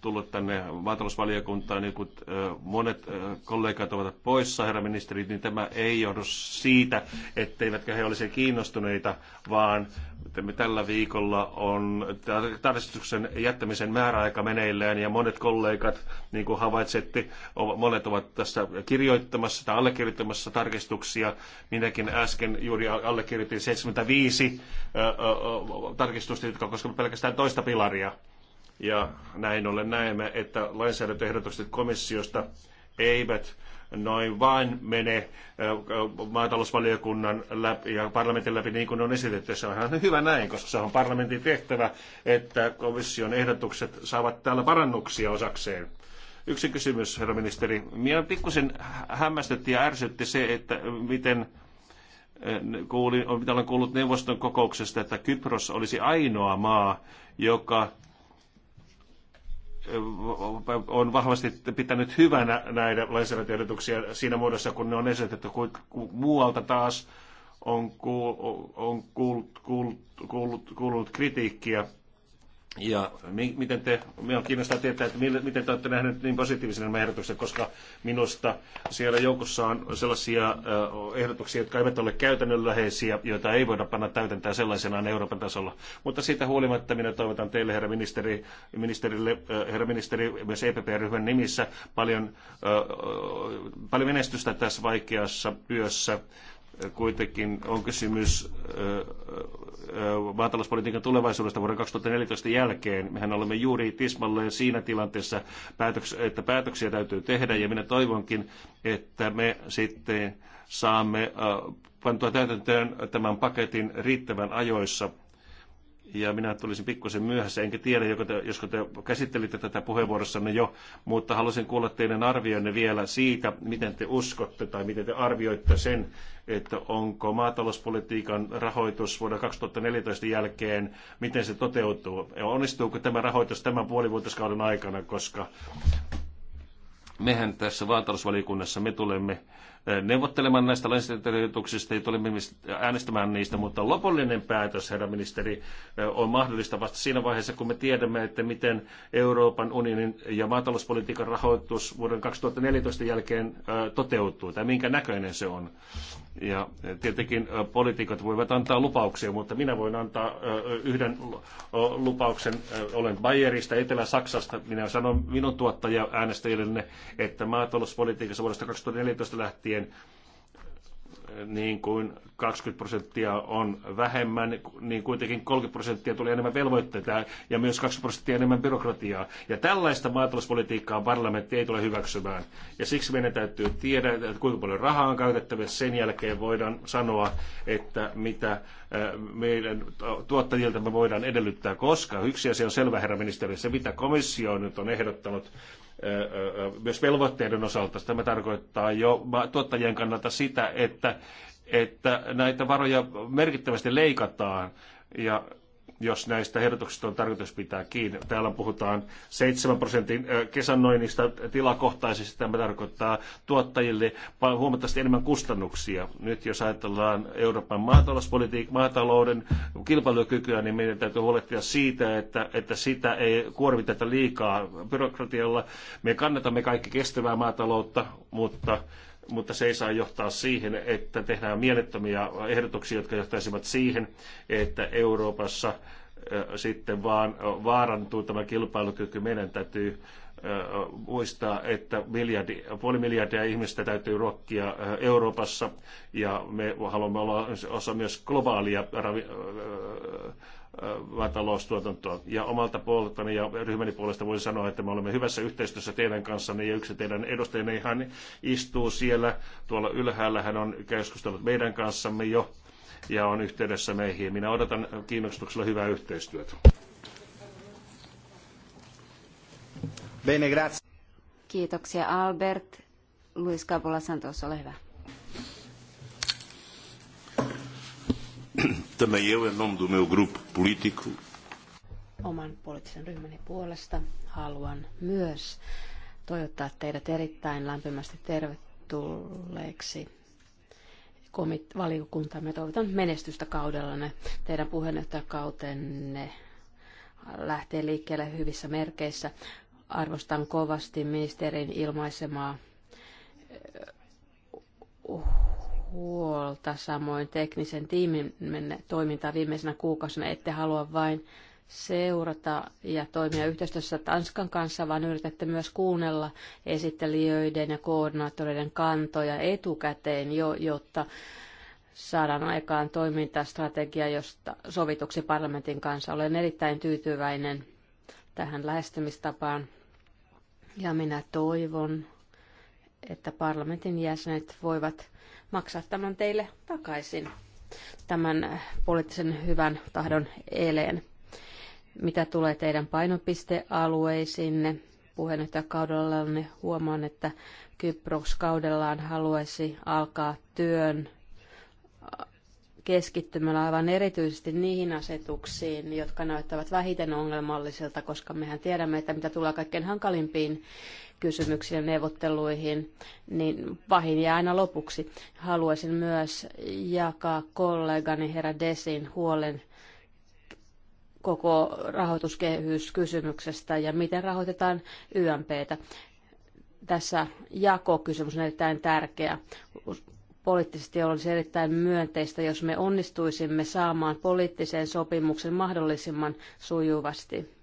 tullut tänne maatalousvaliokuntaan, niin kun monet kollegat ovat poissa, herra ministeri, niin tämä ei johdu siitä, etteivätkö he olisi kiinnostuneita, vaan tällä viikolla on tarkistuksen jättämisen määräaika meneillään ja monet kollegat, niin kuin havaitsette, monet ovat tässä kirjoittamassa tai allekirjoittamassa tarkistuksia. Minäkin äsken juuri allekirjoitin 75 tarkistusta, jotka koskevat pelkästään toista pilaria. Ja näin ollen näemme, että lainsäädäntöehdotukset komissiosta eivät noin vain mene maatalousvaliokunnan läpi ja parlamentin läpi niin kuin on esitetty. Se on ihan hyvä näin, koska se on parlamentin tehtävä, että komission ehdotukset saavat täällä parannuksia osakseen. Yksi kysymys, herra ministeri. Minä pikkusen hämmästytti ja ärsytti se, että miten kuulin, mitä olen kuullut neuvoston kokouksesta, että Kypros olisi ainoa maa, joka on vahvasti pitänyt hyvänä näitä lainsäädäntöehdotuksia siinä muodossa, kun ne on esitetty, kun muualta taas on, kuul, kritiikkiä ja mi- miten te, on kiinnostaa tietää, että mille, miten te olette nähneet niin positiivisena nämä ehdotukset, koska minusta siellä joukossa on sellaisia äh, ehdotuksia, jotka eivät ole käytännönläheisiä, joita ei voida panna täytäntää sellaisenaan Euroopan tasolla. Mutta siitä huolimatta minä toivotan teille, herra ministeri, ministerille, äh, herra ministeri myös EPP-ryhmän nimissä paljon, äh, paljon menestystä tässä vaikeassa työssä Kuitenkin on kysymys maatalouspolitiikan tulevaisuudesta vuoden 2014 jälkeen. Mehän olemme juuri tismalleen siinä tilanteessa, että päätöksiä täytyy tehdä ja minä toivonkin, että me sitten saamme pantua täytäntöön tämän paketin riittävän ajoissa – ja minä tulisin pikkusen myöhässä, enkä tiedä, joko te, josko te käsittelitte tätä puheenvuorossanne jo, mutta halusin kuulla teidän arvioinne vielä siitä, miten te uskotte tai miten te arvioitte sen, että onko maatalouspolitiikan rahoitus vuoden 2014 jälkeen, miten se toteutuu. Ja onnistuuko tämä rahoitus tämän puolivuotiskauden aikana, koska mehän tässä maatalousvaliokunnassa me tulemme neuvottelemaan näistä lainsäädäntöehdotuksista ja tulemme äänestämään niistä, mutta lopullinen päätös, herra ministeri, on mahdollista vasta siinä vaiheessa, kun me tiedämme, että miten Euroopan unionin ja maatalouspolitiikan rahoitus vuoden 2014 jälkeen toteutuu tai minkä näköinen se on. Ja tietenkin poliitikot voivat antaa lupauksia, mutta minä voin antaa yhden lupauksen. Olen Bayerista, Etelä-Saksasta. Minä sanon minun tuottaja äänestäjillenne, että maatalouspolitiikassa vuodesta 2014 lähtien niin kuin 20 prosenttia on vähemmän, niin kuitenkin 30 prosenttia tuli enemmän velvoitteita ja myös 20 prosenttia enemmän byrokratiaa. Ja tällaista maatalouspolitiikkaa parlamentti ei tule hyväksymään. Ja siksi meidän täytyy tiedä, että kuinka paljon rahaa on käytettävissä. Sen jälkeen voidaan sanoa, että mitä meidän tuottajilta me voidaan edellyttää, koska yksi asia on selvä, herra ministeri, se mitä komissio nyt on ehdottanut myös velvoitteiden osalta, tämä tarkoittaa jo tuottajien kannalta sitä, että, että näitä varoja merkittävästi leikataan ja jos näistä ehdotuksista on tarkoitus pitää kiinni. Täällä puhutaan 7 prosentin kesannoinnista tilakohtaisesti. Tämä tarkoittaa tuottajille huomattavasti enemmän kustannuksia. Nyt jos ajatellaan Euroopan maatalouden kilpailukykyä, niin meidän täytyy huolehtia siitä, että, että sitä ei kuormiteta liikaa byrokratialla. Me kannatamme kaikki kestävää maataloutta, mutta mutta se ei saa johtaa siihen, että tehdään mielettömiä ehdotuksia, jotka johtaisivat siihen, että Euroopassa sitten vaan vaarantuu tämä kilpailukyky. Meidän täytyy muistaa, että miljardi, puoli miljardia ihmistä täytyy ruokkia Euroopassa ja me haluamme olla osa myös globaalia maataloustuotantoa. Ja omalta puoleltani ja ryhmäni puolesta voisi sanoa, että me olemme hyvässä yhteistyössä teidän kanssanne ja yksi teidän edustajanne ihan istuu siellä. Tuolla ylhäällä hän on keskustellut meidän kanssamme jo ja on yhteydessä meihin. Minä odotan kiinnostuksella hyvää yhteistyötä. Bene, grazie. Kiitoksia Albert. Luis Capola Santos, ole hyvä. Também eu, em nome do meu grupo político. Oman poliittisen ryhmäni puolesta haluan myös toivottaa teidät erittäin lämpimästi tervetulleeksi komit- Me Toivotan menestystä kaudellanne. Teidän puheenjohtajakautenne lähtee liikkeelle hyvissä merkeissä. Arvostan kovasti ministerin ilmaisemaa eh, huolta, samoin teknisen tiimin toimintaa viimeisenä kuukausina. Ette halua vain seurata ja toimia yhteistyössä Tanskan kanssa, vaan yritätte myös kuunnella esittelijöiden ja koordinaattoreiden kantoja etukäteen, jo, jotta saadaan aikaan toimintastrategia, josta sovituksi parlamentin kanssa. Olen erittäin tyytyväinen tähän lähestymistapaan ja minä toivon, että parlamentin jäsenet voivat maksaa tämän teille takaisin, tämän poliittisen hyvän tahdon eleen. Mitä tulee teidän painopistealueisinne, puheenjohtajakaudellanne huomaan, että Kypros kaudellaan haluaisi alkaa työn keskittymällä aivan erityisesti niihin asetuksiin, jotka näyttävät vähiten ongelmallisilta, koska mehän tiedämme, että mitä tulee kaikkein hankalimpiin kysymyksiin ja neuvotteluihin, niin pahin jää aina lopuksi. Haluaisin myös jakaa kollegani herra Desin huolen koko rahoituskehyskysymyksestä ja miten rahoitetaan YMPtä. Tässä jakokysymys on erittäin tärkeä. Poliittisesti olisi erittäin myönteistä, jos me onnistuisimme saamaan poliittiseen sopimuksen mahdollisimman sujuvasti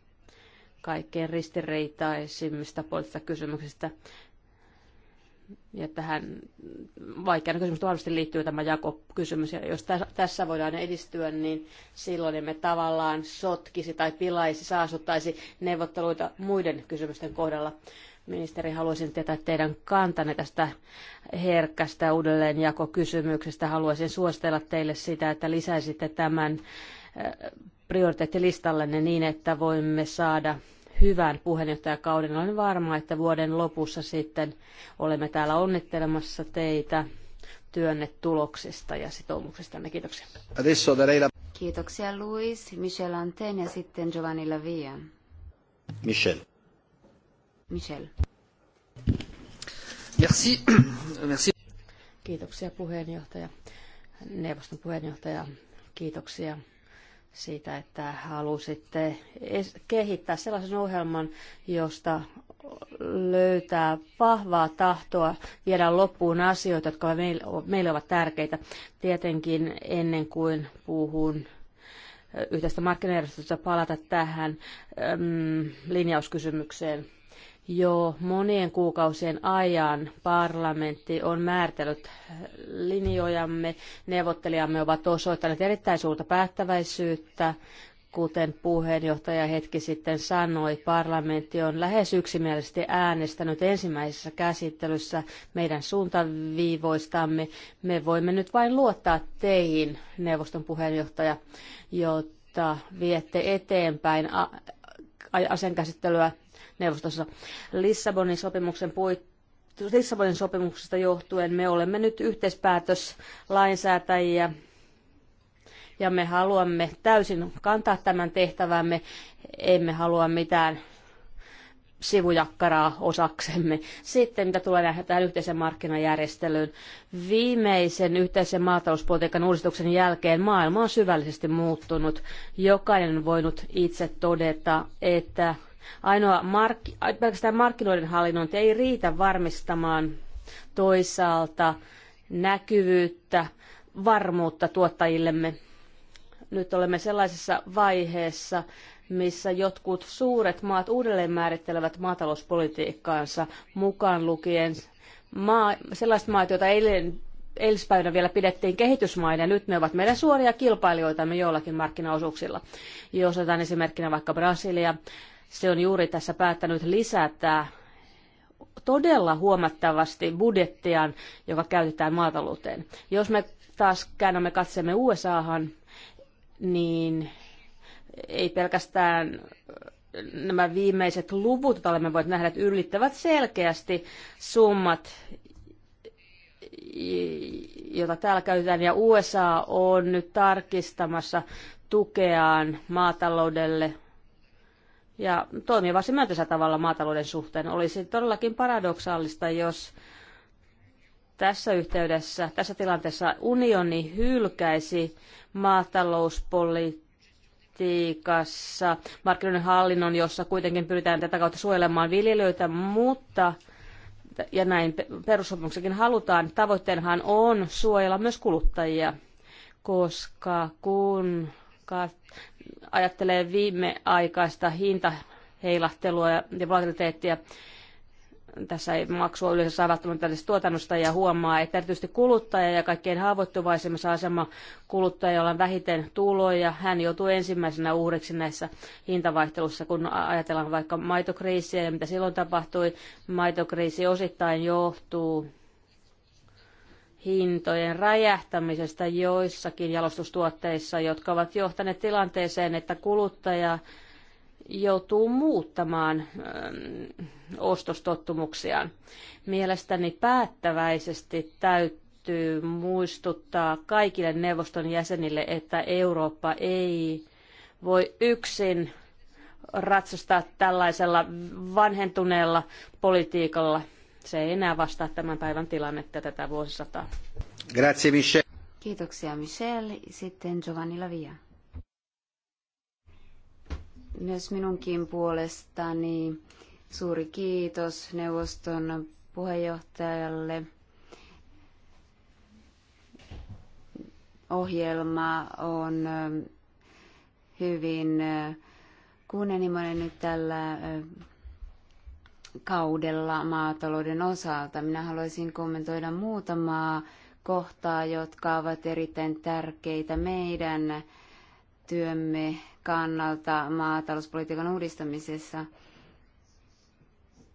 kaikkein ristireitaisimmista poliittisista kysymyksistä. Ja tähän vaikeana kysymystä varmasti liittyy tämä jakokysymys. Ja jos tässä voidaan edistyä, niin silloin emme tavallaan sotkisi tai pilaisi, saasuttaisi neuvotteluita muiden kysymysten kohdalla. Ministeri, haluaisin tietää teidän kantanne tästä herkkästä uudelleenjakokysymyksestä. Haluaisin suositella teille sitä, että lisäisitte tämän prioriteettilistallenne niin, että voimme saada hyvän puheenjohtajakauden. Olen varma, että vuoden lopussa sitten olemme täällä onnittelemassa teitä työnne tuloksista ja sitoumuksista. Kiitoksia. Kiitoksia Luis, Michel Anten ja sitten Giovanni Lavia. Michel. Michel. Merci. Merci. Kiitoksia puheenjohtaja, neuvoston puheenjohtaja. Kiitoksia siitä, että halusitte kehittää sellaisen ohjelman, josta löytää vahvaa tahtoa viedä loppuun asioita, jotka meille ovat tärkeitä. Tietenkin ennen kuin puhun yhteistä markkinajärjestöstä palata tähän linjauskysymykseen jo monien kuukausien ajan parlamentti on määritellyt linjojamme. Neuvottelijamme ovat osoittaneet erittäin suurta päättäväisyyttä. Kuten puheenjohtaja hetki sitten sanoi, parlamentti on lähes yksimielisesti äänestänyt ensimmäisessä käsittelyssä meidän suuntaviivoistamme. Me voimme nyt vain luottaa teihin, neuvoston puheenjohtaja, jotta viette eteenpäin asiankäsittelyä neuvostossa. Lissabonin sopimuksen puit Lissabonin sopimuksesta johtuen me olemme nyt yhteispäätös lainsäätäjiä ja me haluamme täysin kantaa tämän tehtävämme. Emme halua mitään sivujakkaraa osaksemme. Sitten mitä tulee nähdä tähän yhteisen markkinajärjestelyyn. Viimeisen yhteisen maatalouspolitiikan uudistuksen jälkeen maailma on syvällisesti muuttunut. Jokainen on voinut itse todeta, että Ainoa mark, pelkästään markkinoiden hallinnointi ei riitä varmistamaan toisaalta näkyvyyttä, varmuutta tuottajillemme. Nyt olemme sellaisessa vaiheessa, missä jotkut suuret maat uudelleen määrittelevät maatalouspolitiikkaansa mukaan lukien maa, sellaiset maat, joita eilen eilispäivänä vielä pidettiin kehitysmaiden, nyt ne ovat meidän suoria kilpailijoitamme joillakin markkinaosuuksilla. Jos otetaan esimerkkinä vaikka Brasilia, se on juuri tässä päättänyt lisätä todella huomattavasti budjettiaan, joka käytetään maatalouteen. Jos me taas käännämme katsemme USAhan, niin ei pelkästään nämä viimeiset luvut, joita olemme voineet nähdä, että ylittävät selkeästi summat, joita täällä käytetään. Ja USA on nyt tarkistamassa tukeaan maataloudelle ja toimii varsin myönteisellä tavalla maatalouden suhteen. Olisi todellakin paradoksaalista, jos tässä yhteydessä, tässä tilanteessa unioni hylkäisi maatalouspolitiikassa markkinoiden hallinnon, jossa kuitenkin pyritään tätä kautta suojelemaan viljelijöitä, mutta ja näin perussopimuksenkin halutaan, tavoitteenhan on suojella myös kuluttajia, koska kun kat- ajattelee viimeaikaista hintaheilahtelua ja volatiliteettia, tässä ei maksua yleensä saa välttämättä tästä tuotannosta ja huomaa, että erityisesti kuluttaja ja kaikkein haavoittuvaisemmassa asema jolla on vähiten tuloja. Hän joutuu ensimmäisenä uhriksi näissä hintavaihteluissa, kun ajatellaan vaikka maitokriisiä ja mitä silloin tapahtui. Maitokriisi osittain johtuu hintojen räjähtämisestä joissakin jalostustuotteissa, jotka ovat johtaneet tilanteeseen, että kuluttaja joutuu muuttamaan ähm, ostostottumuksiaan. Mielestäni päättäväisesti täytyy muistuttaa kaikille neuvoston jäsenille, että Eurooppa ei voi yksin ratsastaa tällaisella vanhentuneella politiikalla – se ei enää vastaa tämän päivän tilannetta tätä vuosisataa. Grazie, Michel. Kiitoksia, Michel. Sitten Giovanni Lavia. Myös minunkin puolestani suuri kiitos neuvoston puheenjohtajalle. Ohjelma on hyvin kunnianhimoinen nyt tällä kaudella maatalouden osalta. Minä haluaisin kommentoida muutamaa kohtaa, jotka ovat erittäin tärkeitä meidän työmme kannalta maatalouspolitiikan uudistamisessa.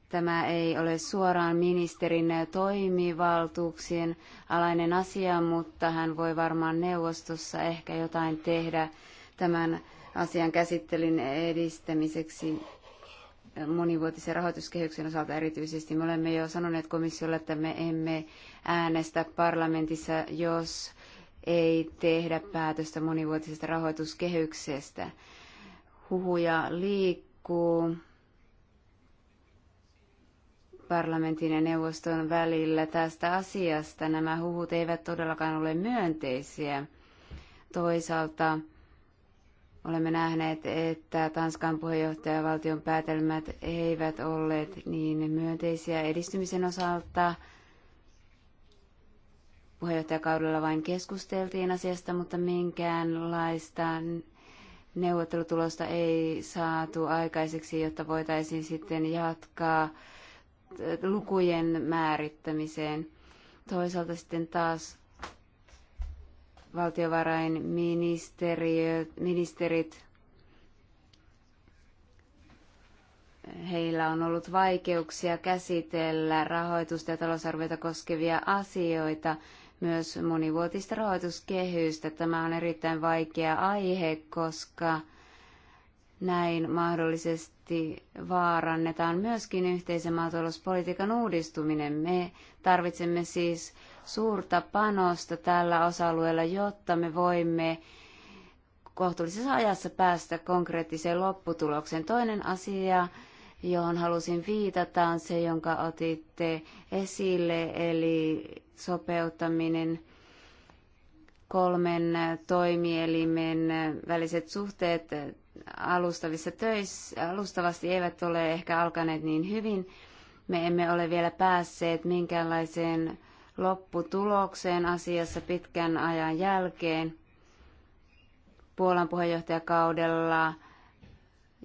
Tämä ei ole suoraan ministerin toimivaltuuksien alainen asia, mutta hän voi varmaan neuvostossa ehkä jotain tehdä tämän asian käsittelyn edistämiseksi monivuotisen rahoituskehyksen osalta erityisesti. Me olemme jo sanoneet komissiolle, että me emme äänestä parlamentissa, jos ei tehdä päätöstä monivuotisesta rahoituskehyksestä. Huhuja liikkuu parlamentin ja neuvoston välillä tästä asiasta. Nämä huhut eivät todellakaan ole myönteisiä. Toisaalta Olemme nähneet, että Tanskan puheenjohtajavaltion päätelmät eivät olleet niin myönteisiä edistymisen osalta. Puheenjohtajakaudella vain keskusteltiin asiasta, mutta minkäänlaista neuvottelutulosta ei saatu aikaiseksi, jotta voitaisiin sitten jatkaa lukujen määrittämiseen. Toisaalta sitten taas valtiovarainministerit, heillä on ollut vaikeuksia käsitellä rahoitusta ja talousarviota koskevia asioita, myös monivuotista rahoituskehystä. Tämä on erittäin vaikea aihe, koska näin mahdollisesti vaarannetaan myöskin yhteisen maatalouspolitiikan uudistuminen. Me tarvitsemme siis suurta panosta tällä osa-alueella, jotta me voimme kohtuullisessa ajassa päästä konkreettiseen lopputulokseen. Toinen asia, johon halusin viitata, on se, jonka otitte esille, eli sopeuttaminen kolmen toimielimen väliset suhteet alustavissa töissä, alustavasti eivät ole ehkä alkaneet niin hyvin. Me emme ole vielä päässeet minkäänlaiseen lopputulokseen asiassa pitkän ajan jälkeen. Puolan puheenjohtajakaudella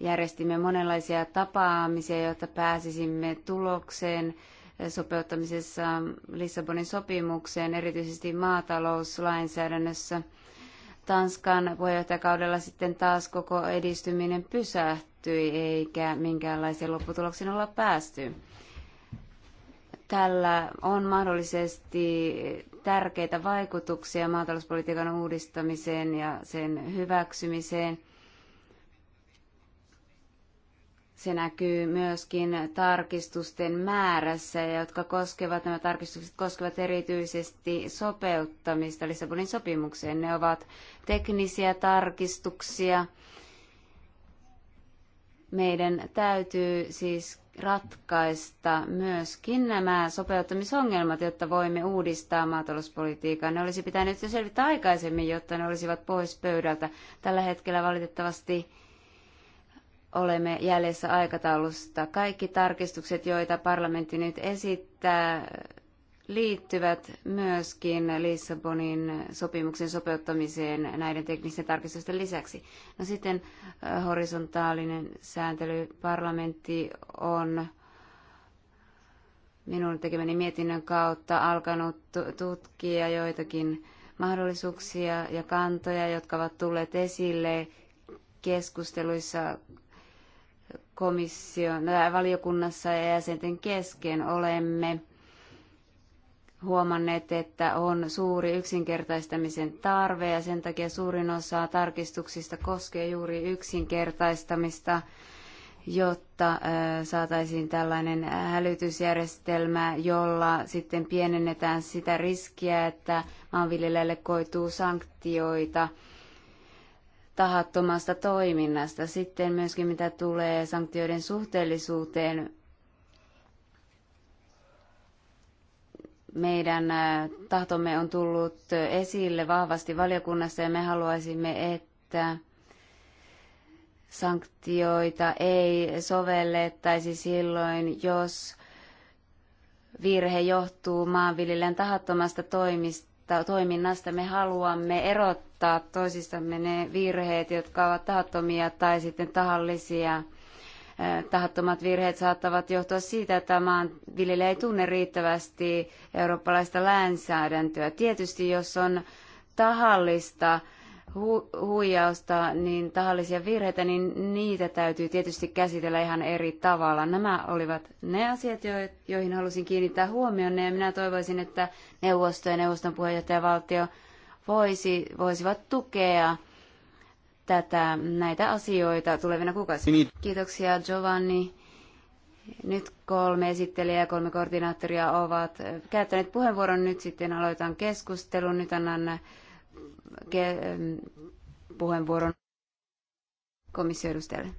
järjestimme monenlaisia tapaamisia, jotta pääsisimme tulokseen sopeuttamisessa Lissabonin sopimukseen, erityisesti maatalouslainsäädännössä. Tanskan puheenjohtajakaudella sitten taas koko edistyminen pysähtyi, eikä minkäänlaisen lopputuloksen olla päästy tällä on mahdollisesti tärkeitä vaikutuksia maatalouspolitiikan uudistamiseen ja sen hyväksymiseen. Se näkyy myöskin tarkistusten määrässä, jotka koskevat, nämä tarkistukset koskevat erityisesti sopeuttamista Lissabonin sopimukseen. Ne ovat teknisiä tarkistuksia. Meidän täytyy siis ratkaista myöskin nämä sopeuttamisongelmat, jotta voimme uudistaa maatalouspolitiikkaa. Ne olisi pitänyt jo selvittää aikaisemmin, jotta ne olisivat pois pöydältä. Tällä hetkellä valitettavasti olemme jäljessä aikataulusta. Kaikki tarkistukset, joita parlamentti nyt esittää, liittyvät myöskin Lissabonin sopimuksen sopeuttamiseen näiden teknisten tarkistusten lisäksi. No sitten horisontaalinen sääntely. Parlamentti on minun tekemäni mietinnön kautta alkanut tutkia joitakin mahdollisuuksia ja kantoja, jotka ovat tulleet esille keskusteluissa komission, valiokunnassa ja jäsenten kesken. Olemme huomanneet, että on suuri yksinkertaistamisen tarve ja sen takia suurin osa tarkistuksista koskee juuri yksinkertaistamista, jotta saataisiin tällainen hälytysjärjestelmä, jolla sitten pienennetään sitä riskiä, että maanviljelijälle koituu sanktioita tahattomasta toiminnasta. Sitten myöskin mitä tulee sanktioiden suhteellisuuteen, meidän äh, tahtomme on tullut esille vahvasti valiokunnassa ja me haluaisimme, että sanktioita ei sovellettaisi silloin, jos virhe johtuu maanviljelijän tahattomasta toimista, toiminnasta. Me haluamme erottaa toisistamme ne virheet, jotka ovat tahattomia tai sitten tahallisia – Äh, tahattomat virheet saattavat johtua siitä, että maanviljelijä ei tunne riittävästi eurooppalaista lainsäädäntöä. Tietysti jos on tahallista hu- huijausta, niin tahallisia virheitä, niin niitä täytyy tietysti käsitellä ihan eri tavalla. Nämä olivat ne asiat, jo- joihin halusin kiinnittää huomioon, ja minä toivoisin, että neuvosto ja neuvoston puheenjohtajavaltio voisi, voisivat tukea tätä, näitä asioita tulevina kuukausina. Niin. Kiitoksia Giovanni. Nyt kolme esittelijää ja kolme koordinaattoria ovat käyttäneet puheenvuoron. Nyt sitten aloitan keskustelun. Nyt annan ke- mm, puheenvuoron komissioedustajalle.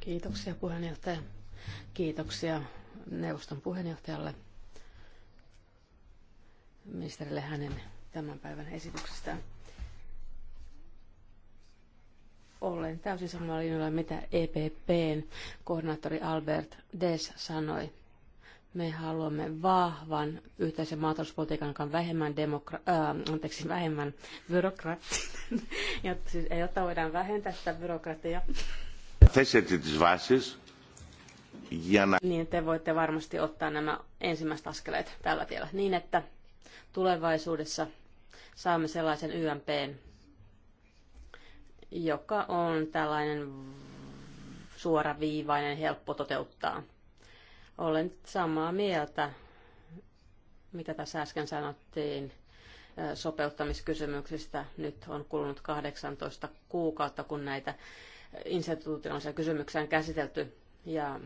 Kiitoksia puheenjohtaja. Kiitoksia neuvoston puheenjohtajalle, ministerille hänen tämän päivän esityksestään. Olen täysin samalla linjalla, mitä EPPn koordinaattori Albert Des sanoi. Me haluamme vahvan yhteisen maatalouspolitiikan, joka on vähemmän, demokra- äh, anteeksi, vähemmän byrokraattinen, jotta, siis, jotta voidaan vähentää sitä byrokratiaa. Θέσετε τις βάσεις για να... Niin, te voitte varmasti ottaa nämä ensimmäiset askeleet tällä tiellä, niin että tulevaisuudessa saamme sellaisen YMPn, joka on tällainen suoraviivainen, helppo toteuttaa. Olen samaa mieltä, mitä tässä äsken sanottiin sopeuttamiskysymyksistä. Nyt on kulunut 18 kuukautta, kun näitä instituutionaalisia kysymyksiä on käsitelty. Ja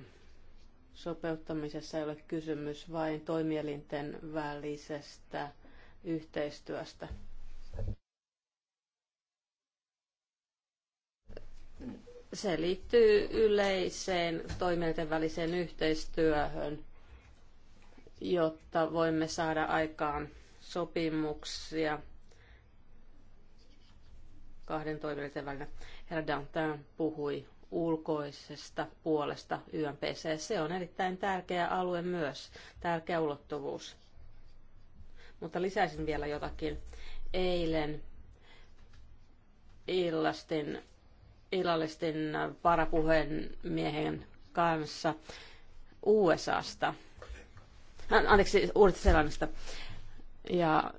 sopeuttamisessa ei ole kysymys vain toimielinten välisestä yhteistyöstä. se liittyy yleiseen toimijoiden väliseen yhteistyöhön, jotta voimme saada aikaan sopimuksia kahden toimijoiden välillä. Herra Dantin puhui ulkoisesta puolesta YMPC. Se on erittäin tärkeä alue myös, tärkeä ulottuvuus. Mutta lisäisin vielä jotakin. Eilen illastin Ilallisten varapuheenmiehen kanssa USAsta, anteeksi, Uudesta-Seelannista. Ja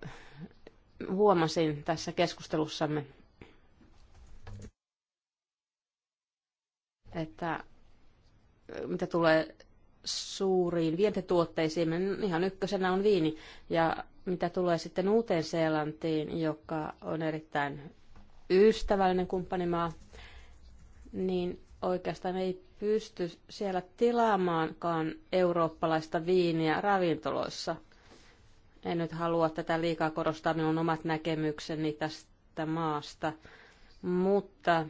huomasin tässä keskustelussamme, että mitä tulee suuriin vientituotteisiin, niin ihan ykkösenä on viini. Ja mitä tulee sitten Uuteen Seelantiin, joka on erittäin ystävällinen kumppanimaa, niin oikeastaan ei pysty siellä tilaamaankaan eurooppalaista viiniä ravintoloissa. En nyt halua tätä liikaa korostaa minun omat näkemykseni tästä maasta, mutta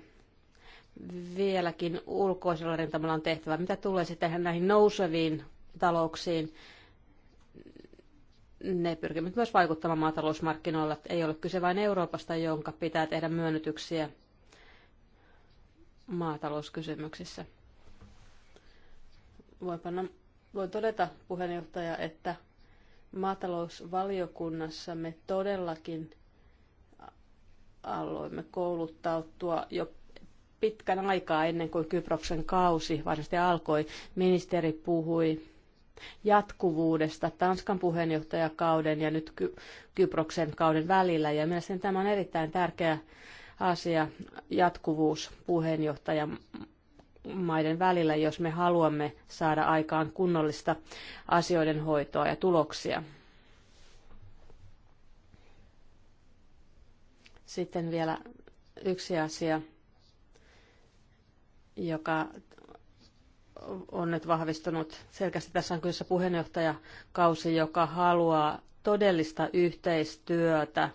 vieläkin ulkoisella rintamalla on tehtävä. Mitä tulee sitten näihin nouseviin talouksiin, ne pyrkivät myös vaikuttamaan maatalousmarkkinoilla. Ei ole kyse vain Euroopasta, jonka pitää tehdä myönnytyksiä maatalouskysymyksissä. Voin, panna, voin todeta puheenjohtaja, että maatalousvaliokunnassa me todellakin aloimme kouluttautua jo pitkän aikaa ennen kuin Kyproksen kausi varsinaisesti alkoi. Ministeri puhui jatkuvuudesta Tanskan puheenjohtajakauden ja nyt Ky- Kyproksen kauden välillä. Ja mielestäni tämä on erittäin tärkeä asia, jatkuvuus puheenjohtajan maiden välillä, jos me haluamme saada aikaan kunnollista asioiden hoitoa ja tuloksia. Sitten vielä yksi asia, joka on nyt vahvistunut. Selkeästi tässä on kyseessä puheenjohtajakausi, joka haluaa todellista yhteistyötä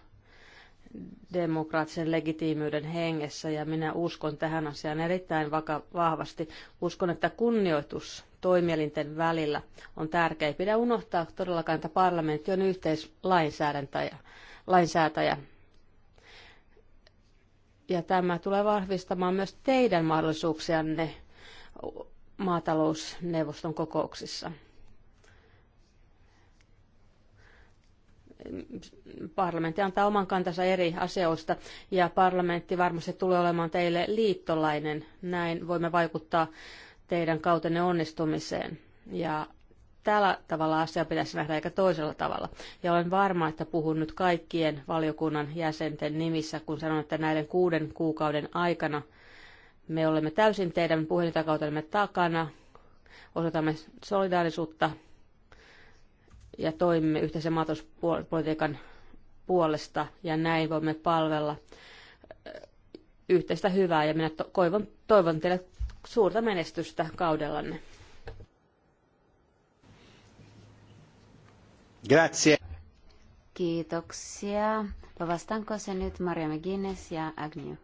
demokraattisen legitiimiyden hengessä ja minä uskon tähän asiaan erittäin vaka- vahvasti. Uskon, että kunnioitus toimielinten välillä on tärkeä. Ei pidä unohtaa todellakaan, että parlamentti on yhteislainsäädäntäjä, lainsäätäjä. Ja tämä tulee vahvistamaan myös teidän mahdollisuuksianne maatalousneuvoston kokouksissa. parlamentti antaa oman kantansa eri asioista ja parlamentti varmasti tulee olemaan teille liittolainen. Näin voimme vaikuttaa teidän kautenne onnistumiseen. Ja tällä tavalla asia pitäisi nähdä eikä toisella tavalla. Ja olen varma, että puhun nyt kaikkien valiokunnan jäsenten nimissä, kun sanon, että näiden kuuden kuukauden aikana me olemme täysin teidän puhelintakautelemme takana, osoitamme solidaarisuutta ja toimimme yhteisen maatalouspolitiikan puolesta ja näin voimme palvella yhteistä hyvää ja minä toivon, toivon teille suurta menestystä kaudellanne. Grazie. Kiitoksia. Vastaanko se nyt Maria McGuinness ja Agnew?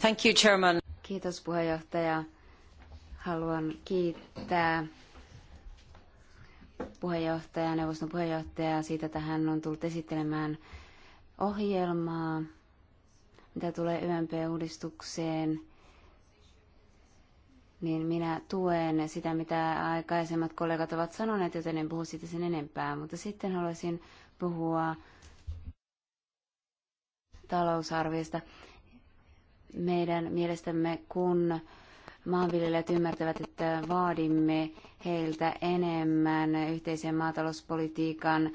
Thank you, Chairman. Kiitos puheenjohtaja. Haluan kiittää puheenjohtaja, neuvoston puheenjohtaja, siitä tähän on tullut esittelemään ohjelmaa, mitä tulee YMP-uudistukseen, niin minä tuen sitä, mitä aikaisemmat kollegat ovat sanoneet, joten en puhu siitä sen enempää. Mutta sitten haluaisin puhua talousarviosta. Meidän mielestämme, kun maanviljelijät ymmärtävät, että vaadimme heiltä enemmän yhteisen maatalouspolitiikan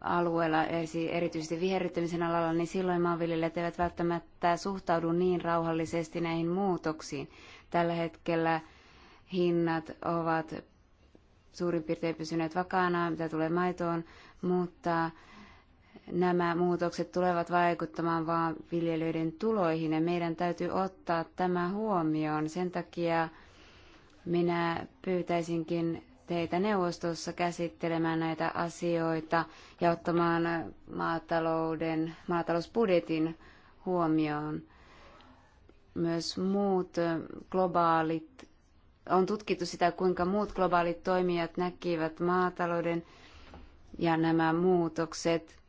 alueella, erityisesti viherryttämisen alalla, niin silloin maanviljelijät eivät välttämättä suhtaudu niin rauhallisesti näihin muutoksiin. Tällä hetkellä hinnat ovat suurin piirtein pysyneet vakaana, mitä tulee maitoon, mutta nämä muutokset tulevat vaikuttamaan vaan viljelijöiden tuloihin ja meidän täytyy ottaa tämä huomioon. Sen takia minä pyytäisinkin teitä neuvostossa käsittelemään näitä asioita ja ottamaan maatalouden, maatalousbudjetin huomioon. Myös muut globaalit, on tutkittu sitä, kuinka muut globaalit toimijat näkivät maatalouden ja nämä muutokset.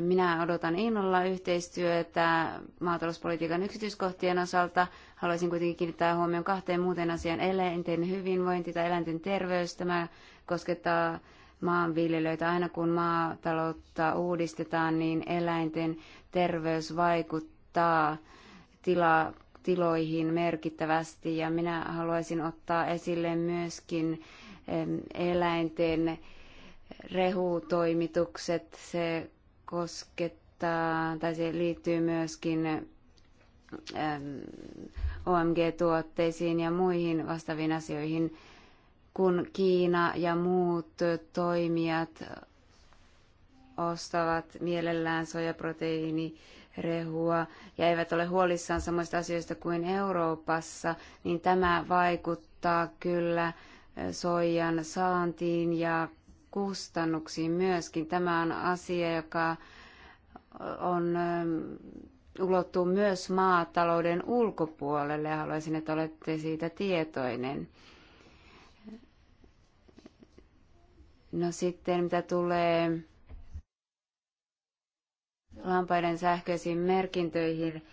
Minä odotan innolla yhteistyötä maatalouspolitiikan yksityiskohtien osalta. Haluaisin kuitenkin kiinnittää huomioon kahteen muuten asiaan. Eläinten hyvinvointi tai eläinten terveys. Tämä koskettaa maanviljelijöitä. Aina kun maataloutta uudistetaan, niin eläinten terveys vaikuttaa tila, tiloihin merkittävästi. Ja minä haluaisin ottaa esille myöskin eläinten rehutoimitukset. Se koskettaa, tai se liittyy myöskin OMG-tuotteisiin ja muihin vastaaviin asioihin, kun Kiina ja muut toimijat ostavat mielellään sojaproteiinirehua ja eivät ole huolissaan samoista asioista kuin Euroopassa, niin tämä vaikuttaa kyllä soijan saantiin ja kustannuksiin myöskin. Tämä on asia, joka on, ähm, ulottuu myös maatalouden ulkopuolelle haluaisin, että olette siitä tietoinen. No sitten mitä tulee lampaiden sähköisiin merkintöihin,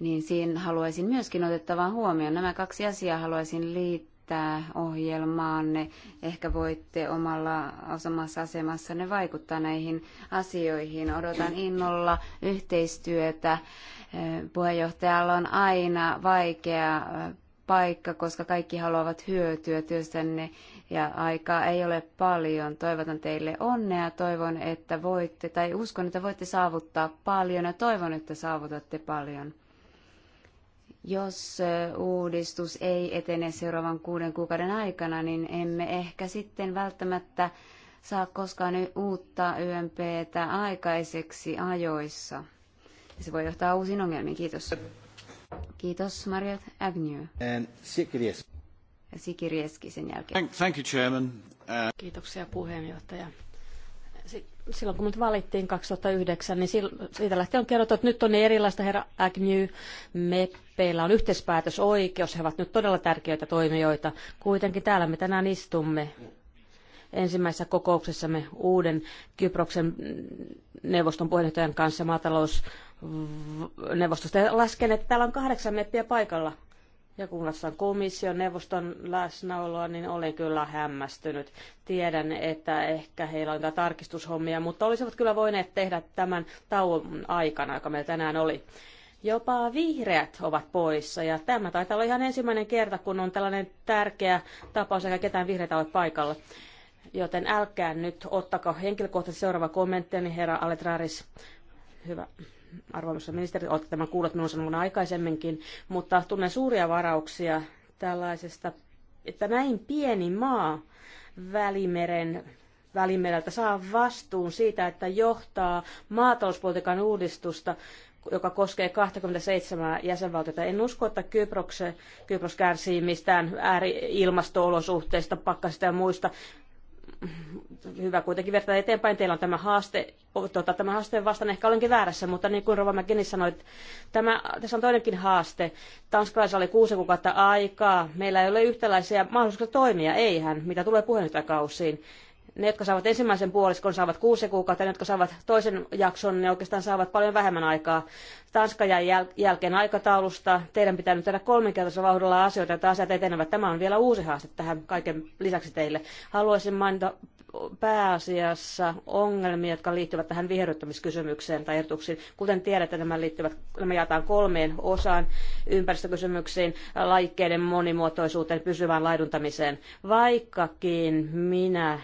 niin siinä haluaisin myöskin otettavan huomioon. Nämä kaksi asiaa haluaisin liittää liittää ohjelmaanne. Ehkä voitte omalla osamassa asemassanne vaikuttaa näihin asioihin. Odotan innolla yhteistyötä. Eh, puheenjohtajalla on aina vaikea eh, paikka, koska kaikki haluavat hyötyä työstänne ja aikaa ei ole paljon. Toivotan teille onnea, toivon, että voitte, tai uskon, että voitte saavuttaa paljon ja toivon, että saavutatte paljon. Jos uudistus ei etene seuraavan kuuden kuukauden aikana, niin emme ehkä sitten välttämättä saa koskaan uutta YMPtä aikaiseksi ajoissa. Se voi johtaa uusiin ongelmiin. Kiitos. Kiitos, Marriott Agnew. Sikirieski. sen jälkeen. Thank, you, Chairman. Uh, Kiitoksia puheenjohtaja silloin kun mut valittiin 2009, niin siitä lähtien on kerrottu, että nyt on niin erilaista herra Agnew, meppeillä on yhteispäätösoikeus, he ovat nyt todella tärkeitä toimijoita. Kuitenkin täällä me tänään istumme ensimmäisessä kokouksessamme uuden Kyproksen neuvoston puheenjohtajan kanssa maatalousneuvostosta. Ja lasken, että täällä on kahdeksan meppiä paikalla. Ja kun katsotaan komission neuvoston läsnäoloa, niin olen kyllä hämmästynyt. Tiedän, että ehkä heillä on jotain tarkistushommia, mutta olisivat kyllä voineet tehdä tämän tauon aikana, joka meillä tänään oli. Jopa vihreät ovat poissa ja tämä taitaa olla ihan ensimmäinen kerta, kun on tällainen tärkeä tapaus eikä ketään vihreitä ole paikalla. Joten älkää nyt ottako henkilökohtaisesti seuraava kommentti, niin herra Aletraris, hyvä arvoisa ministeri, olette tämän kuullut minun sanomana aikaisemminkin, mutta tunnen suuria varauksia tällaisesta, että näin pieni maa Välimeren Välimereltä saa vastuun siitä, että johtaa maatalouspolitiikan uudistusta, joka koskee 27 jäsenvaltiota. En usko, että Kyprokse, Kypros kärsii mistään ääri-ilmasto-olosuhteista, pakkasista ja muista hyvä kuitenkin vertaa eteenpäin. Teillä on tämä haaste, tota, tämä haaste vastaan ehkä olenkin väärässä, mutta niin kuin Rova McKinney sanoi, tämä, tässä on toinenkin haaste. Tanskalaisilla oli kuusi kuukautta aikaa. Meillä ei ole yhtäläisiä mahdollisuuksia toimia, eihän, mitä tulee puheenjohtajakausiin. Ne, jotka saavat ensimmäisen puoliskon, saavat kuusi kuukautta, ne, jotka saavat toisen jakson, ne oikeastaan saavat paljon vähemmän aikaa. Tanska jäi jäl- jälkeen aikataulusta. Teidän pitää nyt tehdä kolminkertaisella vauhdilla asioita, että asiat etenevät. Tämä on vielä uusi haaste tähän kaiken lisäksi teille. Haluaisin mainita pääasiassa ongelmia, jotka liittyvät tähän viherryttämiskysymykseen tai ehdotuksiin. Kuten tiedätte, nämä, liittyvät, nämä jaetaan kolmeen osaan, ympäristökysymyksiin, lajikkeiden monimuotoisuuteen, pysyvään laiduntamiseen. Vaikkakin minä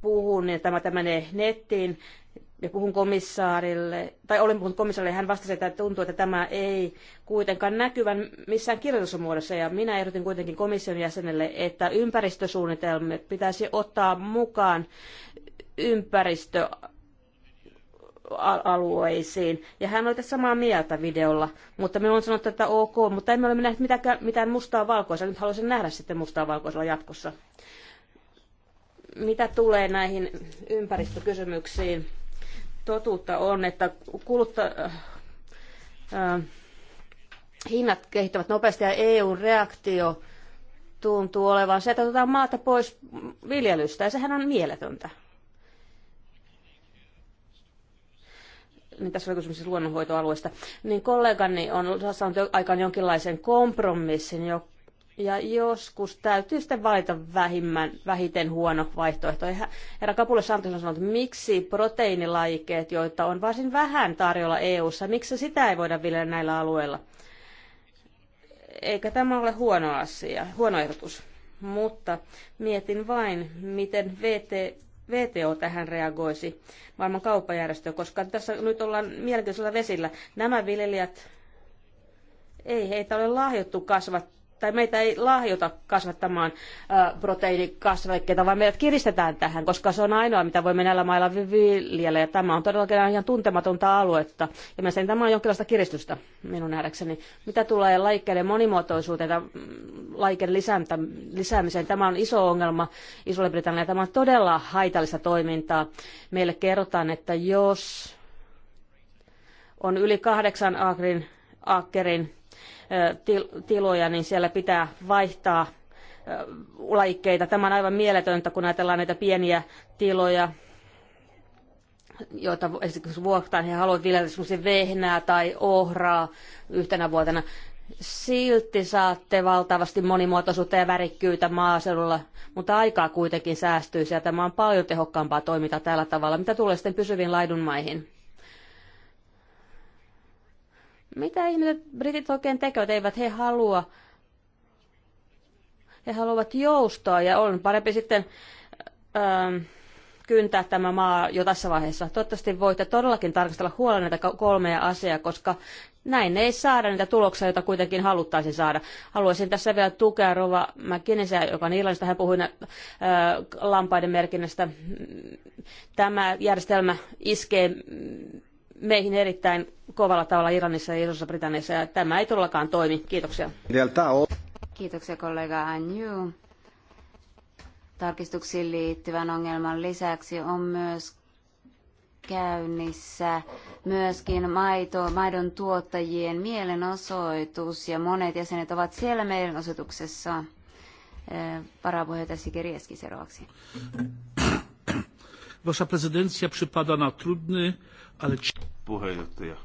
puhun, ja tämä, tämä menee nettiin, ja puhun komissaarille, tai olen puhunut komissaarille, ja hän vastasi, että tuntuu, että tämä ei kuitenkaan näkyvän missään kirjallisessa ja minä ehdotin kuitenkin komission jäsenelle, että ympäristösuunnitelmat pitäisi ottaa mukaan ympäristö alueisiin. Ja hän oli tässä samaa mieltä videolla, mutta minun on sanottu, että ok, mutta emme ole nähneet mitään mustaa valkoisella. Nyt haluaisin nähdä sitten mustaa valkoisella jatkossa. Mitä tulee näihin ympäristökysymyksiin, totuutta on, että kulutta, äh, äh, hinnat kehittyvät nopeasti ja EUn reaktio tuntuu olevan se, että otetaan maata pois viljelystä ja sehän on mieletöntä. niin tässä oli kysymys siis luonnonhoitoalueesta, niin kollegani on saanut aikaan jonkinlaisen kompromissin, joka ja joskus täytyy sitten valita vähimmän, vähiten huono vaihtoehto. Herra Kapule Santos on sanonut, miksi proteiinilajikkeet, joita on varsin vähän tarjolla EU-ssa, miksi sitä ei voida viljellä näillä alueilla? Eikä tämä ole huono asia, huono ehdotus. Mutta mietin vain, miten VT, VTO tähän reagoisi, maailman kauppajärjestö, koska tässä nyt ollaan mielenkiintoisella vesillä. Nämä viljelijät, ei heitä ole lahjottu kasvat, tai meitä ei lahjota kasvattamaan proteiinikasvikkeita, vaan meidät kiristetään tähän, koska se on ainoa, mitä voimme näillä mailla viljellä. Ja tämä on todellakin ihan tuntematonta aluetta. Ja sen tämä on jonkinlaista kiristystä minun nähdäkseni. Mitä tulee lajikkeiden monimuotoisuuteen ja mm, lajikkeiden lisäämiseen, tämä on iso ongelma isolle britannialle Tämä on todella haitallista toimintaa. Meille kerrotaan, että jos on yli kahdeksan akrin, akkerin tiloja, niin siellä pitää vaihtaa lajikkeita. Tämä on aivan mieletöntä, kun ajatellaan näitä pieniä tiloja, joita esimerkiksi vuoktaan he haluavat viljellä esimerkiksi vehnää tai ohraa yhtenä vuotena. Silti saatte valtavasti monimuotoisuutta ja värikkyyttä maaseudulla, mutta aikaa kuitenkin säästyy sieltä. tämä on paljon tehokkaampaa toimintaa tällä tavalla, mitä tulee sitten pysyviin laidunmaihin. Mitä ihmiset, britit oikein tekevät? Eivät he halua. He haluavat joustaa ja on parempi sitten öö, kyntää tämä maa jo tässä vaiheessa. Toivottavasti voitte todellakin tarkastella huolella näitä kolmea asiaa, koska näin ei saada niitä tuloksia, joita kuitenkin haluttaisiin saada. Haluaisin tässä vielä tukea Rova McKinseyä, joka on Irlannista, hän puhui äh, lampaiden merkinnästä. Tämä järjestelmä iskee meihin erittäin kovalla tavalla Iranissa ja Isossa Britanniassa, ja tämä ei todellakaan toimi. Kiitoksia. Kiitoksia kollega Anju. Tarkistuksiin liittyvän ongelman lisäksi on myös käynnissä myöskin maito, maidon tuottajien mielenosoitus ja monet jäsenet ovat siellä mielenosoituksessa. Äh, varapuheenjohtaja Sikeri Eski seuraavaksi. Wasza przypada na trudny Alex. Puheenjohtaja,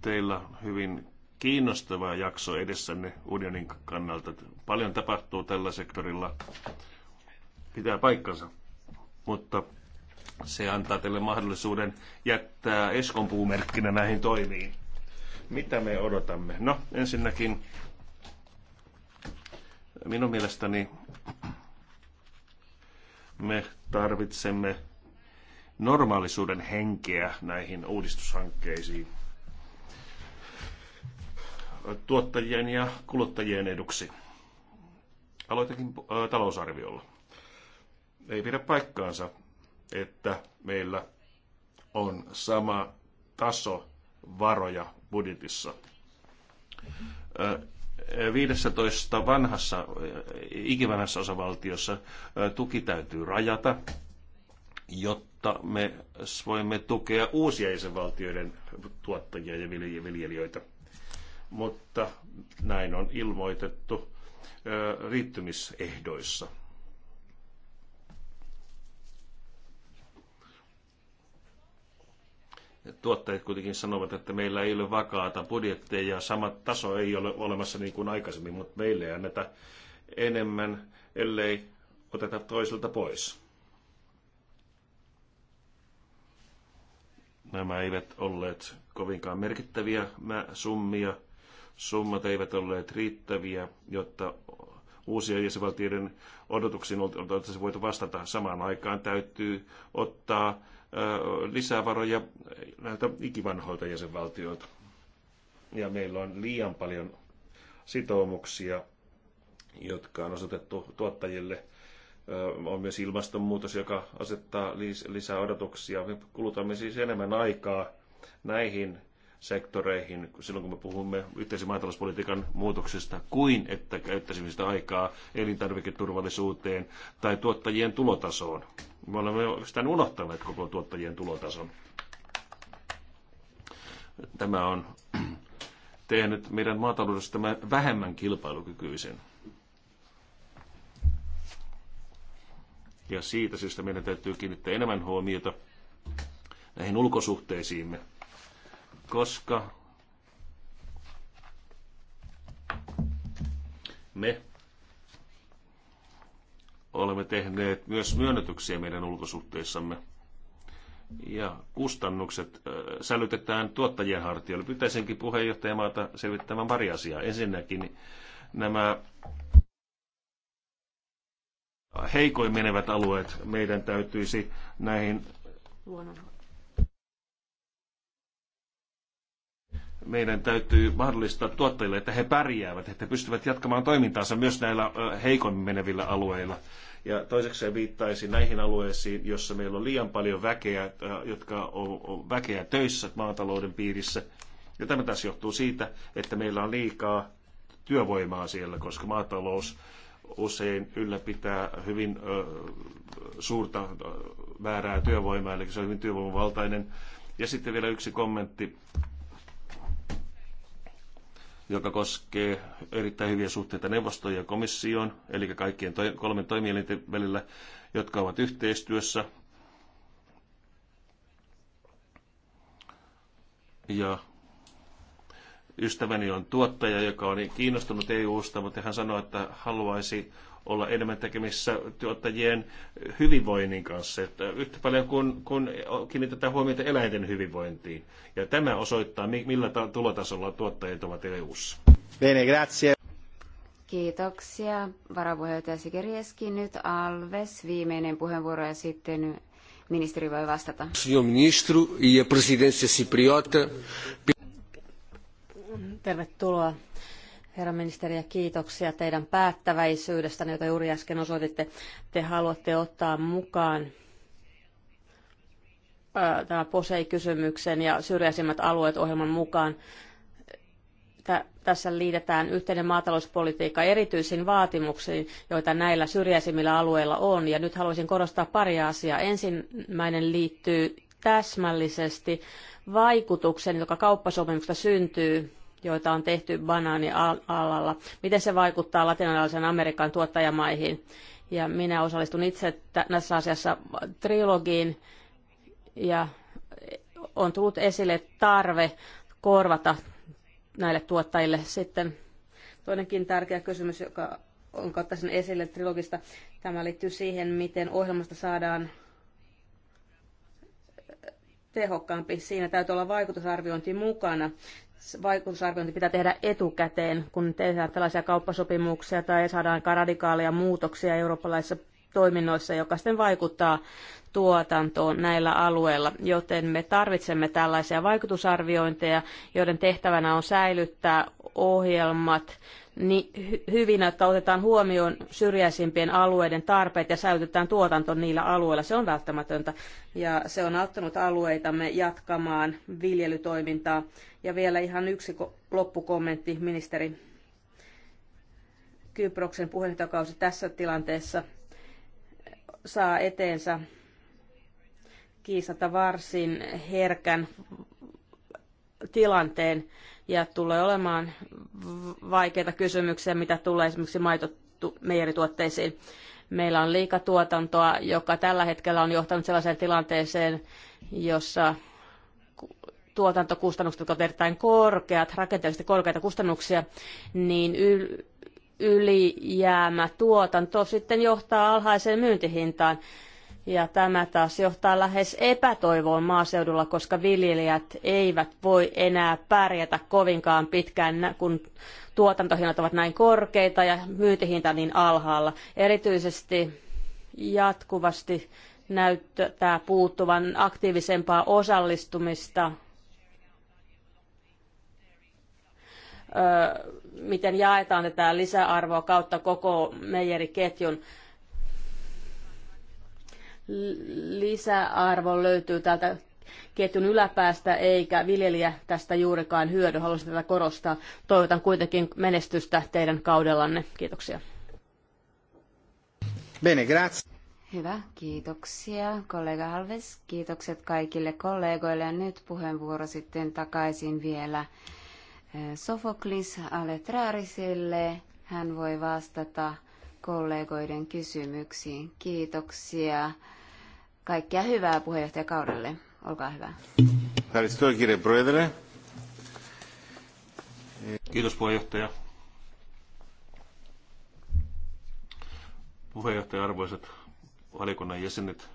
teillä on hyvin kiinnostava jakso edessänne unionin kannalta. Paljon tapahtuu tällä sektorilla, pitää paikkansa, mutta se antaa teille mahdollisuuden jättää Eskon puumerkkinä näihin toimiin. Mitä me odotamme? No, ensinnäkin minun mielestäni me tarvitsemme normaalisuuden henkeä näihin uudistushankkeisiin tuottajien ja kuluttajien eduksi. Aloitakin talousarviolla. Ei pidä paikkaansa, että meillä on sama taso varoja budjetissa. 15 vanhassa, ikivanhassa osavaltiossa tuki täytyy rajata jotta me voimme tukea uusia jäsenvaltioiden tuottajia ja viljelijöitä. Mutta näin on ilmoitettu riittymisehdoissa. tuottajat kuitenkin sanovat, että meillä ei ole vakaata budjettia ja sama taso ei ole olemassa niin kuin aikaisemmin, mutta meille ei anneta enemmän, ellei oteta toiselta pois. Nämä eivät olleet kovinkaan merkittäviä summia. Summat eivät olleet riittäviä, jotta uusien jäsenvaltioiden odotuksiin oltaisiin voitu vastata. Samaan aikaan täytyy ottaa lisää varoja näiltä ikivanhoilta jäsenvaltioilta. Ja meillä on liian paljon sitoumuksia, jotka on osoitettu tuottajille – on myös ilmastonmuutos, joka asettaa lisää odotuksia. Me kulutamme siis enemmän aikaa näihin sektoreihin, silloin kun me puhumme yhteisen maatalouspolitiikan muutoksesta, kuin että käyttäisimme sitä aikaa elintarviketurvallisuuteen tai tuottajien tulotasoon. Me olemme oikeastaan unohtaneet koko tuottajien tulotason. Tämä on tehnyt meidän maataloudesta vähemmän kilpailukykyisen. Ja siitä syystä meidän täytyy kiinnittää enemmän huomiota näihin ulkosuhteisiimme, koska me olemme tehneet myös myönnytyksiä meidän ulkosuhteissamme. Ja kustannukset sälytetään tuottajien hartioille. Pyytäisinkin puheenjohtajamaata selvittämään pari asiaa. Ensinnäkin nämä heikoin menevät alueet meidän täytyisi näihin meidän täytyy mahdollistaa tuottajille, että he pärjäävät, että he pystyvät jatkamaan toimintaansa myös näillä heikommin menevillä alueilla. Ja toiseksi viittaisi näihin alueisiin, jossa meillä on liian paljon väkeä, jotka on väkeä töissä maatalouden piirissä. Ja tämä taas johtuu siitä, että meillä on liikaa työvoimaa siellä, koska maatalous usein ylläpitää hyvin suurta määrää työvoimaa, eli se on hyvin työvoimavaltainen. Ja sitten vielä yksi kommentti, joka koskee erittäin hyviä suhteita neuvostoon ja komissioon, eli kaikkien kolmen toimielinten välillä, jotka ovat yhteistyössä. Ja Ystäväni on tuottaja, joka on niin kiinnostunut EU-sta, mutta hän sanoi, että haluaisi olla enemmän tekemissä tuottajien hyvinvoinnin kanssa, että yhtä paljon kuin kun kiinnitetään huomiota eläinten hyvinvointiin. Ja tämä osoittaa, millä tulotasolla tuottajat ovat EU-ssa. Bene, grazie. Kiitoksia. Varapuheenjohtaja Sikerieski, nyt Alves, viimeinen puheenvuoro ja sitten ministeri voi vastata. Signor ministro, ja presidencia Cipriota. Tervetuloa herra ministeri ja kiitoksia teidän päättäväisyydestä, jota juuri äsken osoititte. Te haluatte ottaa mukaan tämä POSEI-kysymyksen ja syrjäisimmät alueet ohjelman mukaan. Tässä liitetään yhteinen maatalouspolitiikka erityisiin vaatimuksiin, joita näillä syrjäisimmillä alueilla on. Ja nyt haluaisin korostaa paria asiaa. Ensimmäinen liittyy täsmällisesti vaikutuksen, joka kauppasopimuksesta syntyy joita on tehty banaanialalla. Miten se vaikuttaa latinalaisen Amerikan tuottajamaihin? Ja minä osallistun itse tässä asiassa trilogiin ja on tullut esille tarve korvata näille tuottajille sitten toinenkin tärkeä kysymys, joka on sen esille trilogista. Tämä liittyy siihen, miten ohjelmasta saadaan tehokkaampi. Siinä täytyy olla vaikutusarviointi mukana vaikutusarviointi pitää tehdä etukäteen, kun tehdään tällaisia kauppasopimuksia tai saadaan radikaaleja muutoksia eurooppalaisissa toiminnoissa, joka sitten vaikuttaa tuotantoon näillä alueilla, joten me tarvitsemme tällaisia vaikutusarviointeja, joiden tehtävänä on säilyttää ohjelmat niin hyvin, että otetaan huomioon syrjäisimpien alueiden tarpeet ja säilytetään tuotanto niillä alueilla. Se on välttämätöntä ja se on auttanut alueitamme jatkamaan viljelytoimintaa ja vielä ihan yksi loppukommentti, ministeri. Kyproksen puheenjohtajakausi tässä tilanteessa saa eteensä kiistata varsin herkän tilanteen ja tulee olemaan vaikeita kysymyksiä, mitä tulee esimerkiksi meijerituotteisiin. Meillä on liikatuotantoa, joka tällä hetkellä on johtanut sellaiseen tilanteeseen, jossa tuotantokustannukset, jotka ovat erittäin korkeat, rakenteellisesti korkeita kustannuksia, niin yl- ylijäämä tuotanto sitten johtaa alhaiseen myyntihintaan. Ja tämä taas johtaa lähes epätoivoon maaseudulla, koska viljelijät eivät voi enää pärjätä kovinkaan pitkään, kun tuotantohinnat ovat näin korkeita ja myyntihinta niin alhaalla. Erityisesti jatkuvasti näyttää puuttuvan aktiivisempaa osallistumista miten jaetaan tätä lisäarvoa kautta koko meijeriketjun. Lisäarvo löytyy täältä ketjun yläpäästä, eikä viljelijä tästä juurikaan hyödy. Haluaisin tätä korostaa. Toivotan kuitenkin menestystä teidän kaudellanne. Kiitoksia. Bene, grazie. Hyvä, kiitoksia kollega Alves. Kiitokset kaikille kollegoille. Ja nyt puheenvuoro sitten takaisin vielä Sofoklis Aletraarisille. Hän voi vastata kollegoiden kysymyksiin. Kiitoksia. Kaikkea hyvää puheenjohtajakaudelle. Olkaa hyvä. Kiitos puheenjohtaja. Puheenjohtaja, arvoisat valiokunnan jäsenet.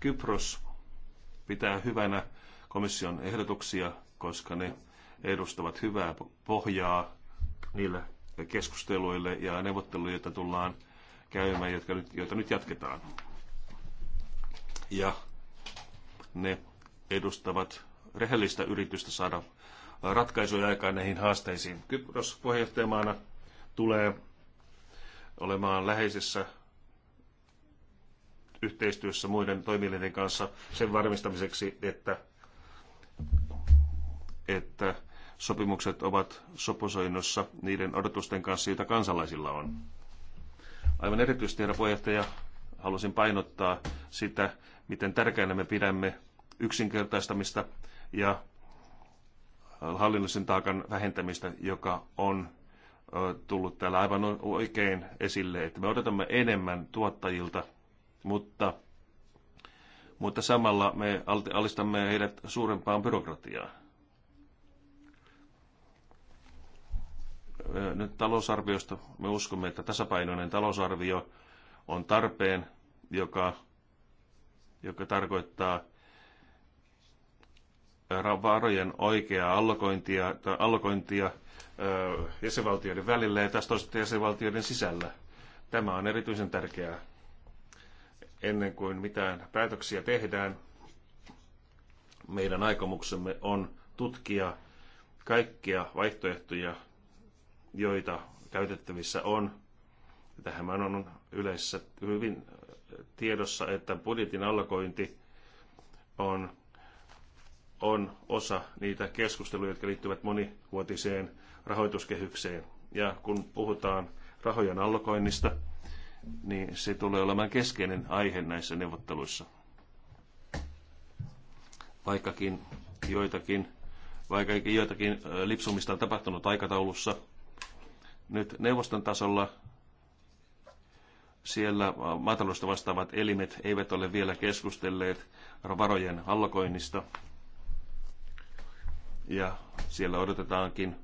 Kypros pitää hyvänä komission ehdotuksia, koska ne edustavat hyvää pohjaa niille keskusteluille ja neuvotteluille, joita tullaan käymään, jotka nyt, joita nyt jatketaan. Ja ne edustavat rehellistä yritystä saada ratkaisuja aikaan näihin haasteisiin. Kypros puheenjohtajamaana tulee olemaan läheisessä yhteistyössä muiden toimielinten kanssa sen varmistamiseksi, että, että sopimukset ovat sopusoinnossa niiden odotusten kanssa, joita kansalaisilla on. Aivan erityisesti, herra puheenjohtaja, halusin painottaa sitä, miten tärkeänä me pidämme yksinkertaistamista ja hallinnollisen taakan vähentämistä, joka on tullut täällä aivan oikein esille, että me odotamme enemmän tuottajilta, mutta, mutta samalla me alistamme heidät suurempaan byrokratiaan nyt talousarviosta. Me uskomme, että tasapainoinen talousarvio on tarpeen, joka, joka tarkoittaa varojen oikeaa allokointia, tai allokointia jäsenvaltioiden välillä ja tästä toisesta jäsenvaltioiden sisällä. Tämä on erityisen tärkeää ennen kuin mitään päätöksiä tehdään. Meidän aikomuksemme on tutkia kaikkia vaihtoehtoja joita käytettävissä on. Tähän on yleisessä hyvin tiedossa, että budjetin allokointi on, on osa niitä keskusteluja, jotka liittyvät monivuotiseen rahoituskehykseen. Ja kun puhutaan rahojen allokoinnista, niin se tulee olemaan keskeinen aihe näissä neuvotteluissa. Vaikkakin joitakin, vaikkakin joitakin lipsumista on tapahtunut aikataulussa – nyt neuvoston tasolla siellä maataloudesta vastaavat elimet eivät ole vielä keskustelleet varojen allokoinnista. Ja siellä odotetaankin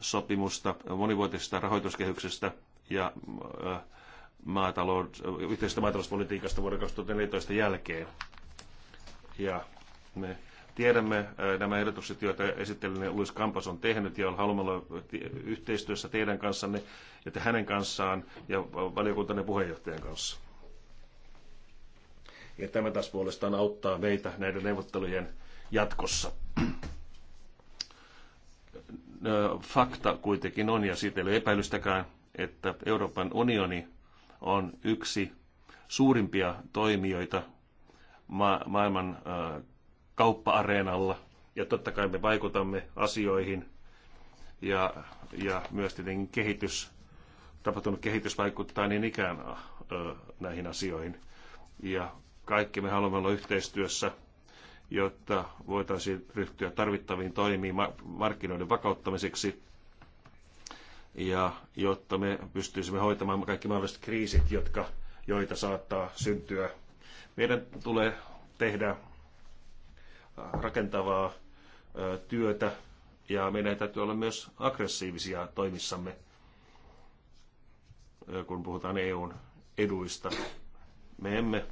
sopimusta monivuotisesta rahoituskehyksestä ja äh, maatalous, yhteisestä maatalouspolitiikasta vuoden 2014 jälkeen. Ja me Tiedämme äh, nämä ehdotukset, joita esittelijä Luis Kampas on tehnyt ja on halumalla yhteistyössä teidän kanssanne ja hänen kanssaan ja valiokuntanne puheenjohtajan kanssa. Ja tämä taas puolestaan auttaa meitä näiden neuvottelujen jatkossa. Äh, fakta kuitenkin on, ja siitä ei ole epäilystäkään, että Euroopan unioni on yksi suurimpia toimijoita ma- maailman äh, kauppa-areenalla. Ja totta kai me vaikutamme asioihin ja, ja myös tietenkin kehitys, tapahtunut kehitys vaikuttaa niin ikään ö, näihin asioihin. Ja kaikki me haluamme olla yhteistyössä, jotta voitaisiin ryhtyä tarvittaviin toimiin markkinoiden vakauttamiseksi ja jotta me pystyisimme hoitamaan kaikki mahdolliset kriisit, jotka, joita saattaa syntyä. Meidän tulee tehdä rakentavaa työtä ja meidän täytyy olla myös aggressiivisia toimissamme, kun puhutaan EUn eduista. Me emme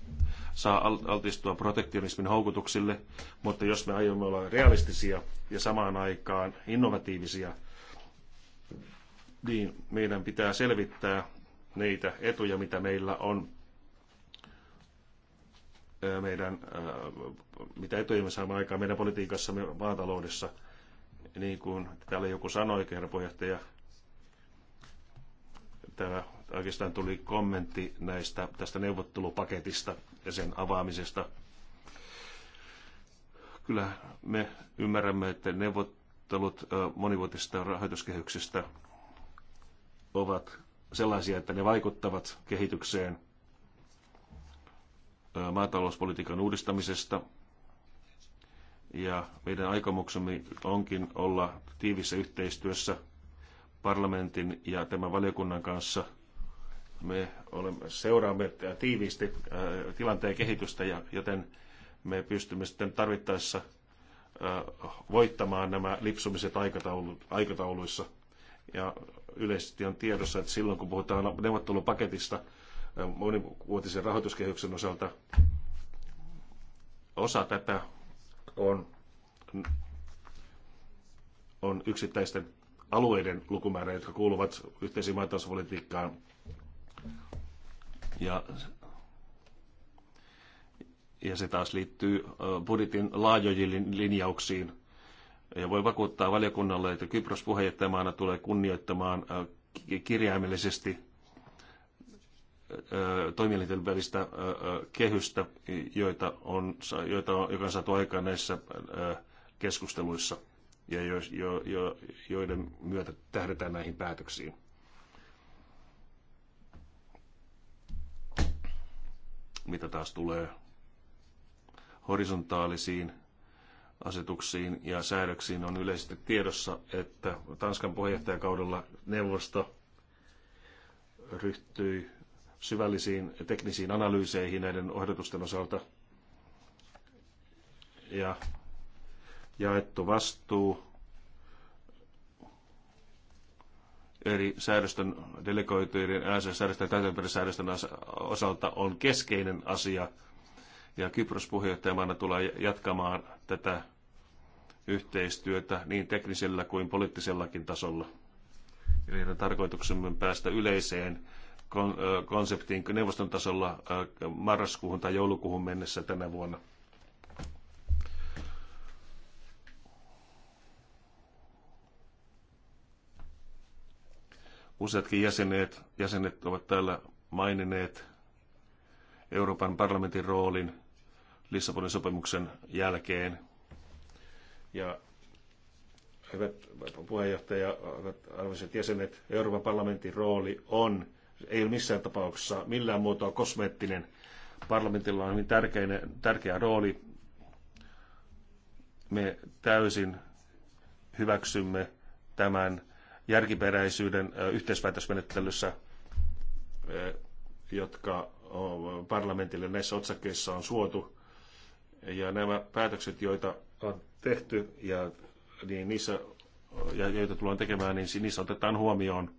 saa altistua protektionismin houkutuksille, mutta jos me aiomme olla realistisia ja samaan aikaan innovatiivisia, niin meidän pitää selvittää niitä etuja, mitä meillä on meidän, mitä etuja me saamme aikaan meidän politiikassa, maataloudessa, niin kuin täällä joku sanoi, herra puheenjohtaja, täällä oikeastaan tuli kommentti näistä, tästä neuvottelupaketista ja sen avaamisesta. Kyllä me ymmärrämme, että neuvottelut monivuotisesta rahoituskehyksestä ovat sellaisia, että ne vaikuttavat kehitykseen maatalouspolitiikan uudistamisesta. Ja meidän aikomuksemme onkin olla tiivissä yhteistyössä parlamentin ja tämän valiokunnan kanssa. Me olemme, seuraamme tiiviisti tilanteen kehitystä, ja, joten me pystymme sitten tarvittaessa voittamaan nämä lipsumiset aikataulut, aikatauluissa. Ja yleisesti on tiedossa, että silloin kun puhutaan neuvottelupaketista, monivuotisen rahoituskehyksen osalta. Osa tätä on, on yksittäisten alueiden lukumäärä, jotka kuuluvat yhteisiin maatalouspolitiikkaan. Ja, ja se taas liittyy budjetin laajojiin linjauksiin. Ja voi vakuuttaa valiokunnalle, että Kypros puheenjohtajamaana tulee kunnioittamaan kirjaimellisesti toimielinten välistä kehystä, joita on, joita on, joka on saatu aikaan näissä keskusteluissa ja jo, jo, jo, joiden myötä tähdetään näihin päätöksiin. Mitä taas tulee horisontaalisiin asetuksiin ja säädöksiin on yleisesti tiedossa, että Tanskan puheenjohtajakaudella neuvosto ryhtyi syvällisiin teknisiin analyyseihin näiden ohdotusten osalta. Ja jaettu vastuu eri säädösten delegoitujen säädösten ja säädösten osalta on keskeinen asia. Ja Kypros puheenjohtajamaana tulee jatkamaan tätä yhteistyötä niin teknisellä kuin poliittisellakin tasolla. Eli tarkoituksemme on päästä yleiseen konseptiin neuvoston tasolla marraskuuhun tai joulukuuhun mennessä tänä vuonna. Useatkin jäsenet, jäsenet ovat täällä maininneet Euroopan parlamentin roolin Lissabonin sopimuksen jälkeen. Ja hyvät puheenjohtaja, hyvät arvoisat jäsenet, Euroopan parlamentin rooli on ei ole missään tapauksessa millään muotoa kosmeettinen. Parlamentilla on hyvin tärkeä, tärkeä rooli. Me täysin hyväksymme tämän järkiperäisyyden yhteisväitösmenettelyssä, jotka parlamentille näissä otsakkeissa on suotu. Ja nämä päätökset, joita on tehty ja niin niissä ja joita tullaan tekemään, niin niissä otetaan huomioon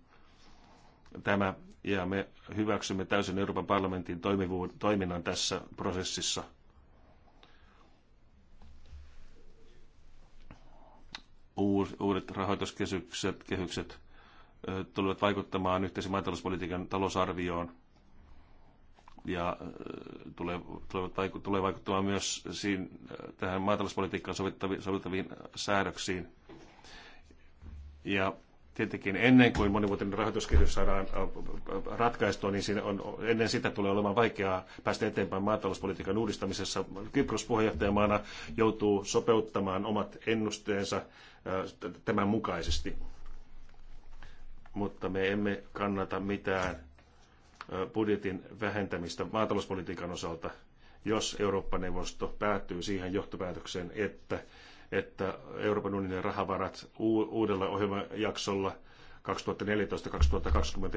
tämä ja me hyväksymme täysin Euroopan parlamentin toiminnan tässä prosessissa. Uudet rahoituskehykset kehykset, tulevat vaikuttamaan yhteisen maatalouspolitiikan talousarvioon ja tulee, tulee vaikuttamaan myös siihen tähän maatalouspolitiikkaan sovittaviin säädöksiin. Ja tietenkin ennen kuin monivuotinen rahoituskehys saadaan ratkaistua, niin siinä on, ennen sitä tulee olemaan vaikeaa päästä eteenpäin maatalouspolitiikan uudistamisessa. Kypros puheenjohtajamaana joutuu sopeuttamaan omat ennusteensa tämän mukaisesti. Mutta me emme kannata mitään budjetin vähentämistä maatalouspolitiikan osalta, jos Eurooppa-neuvosto päätyy siihen johtopäätökseen, että että Euroopan unionin rahavarat uudella ohjelmajaksolla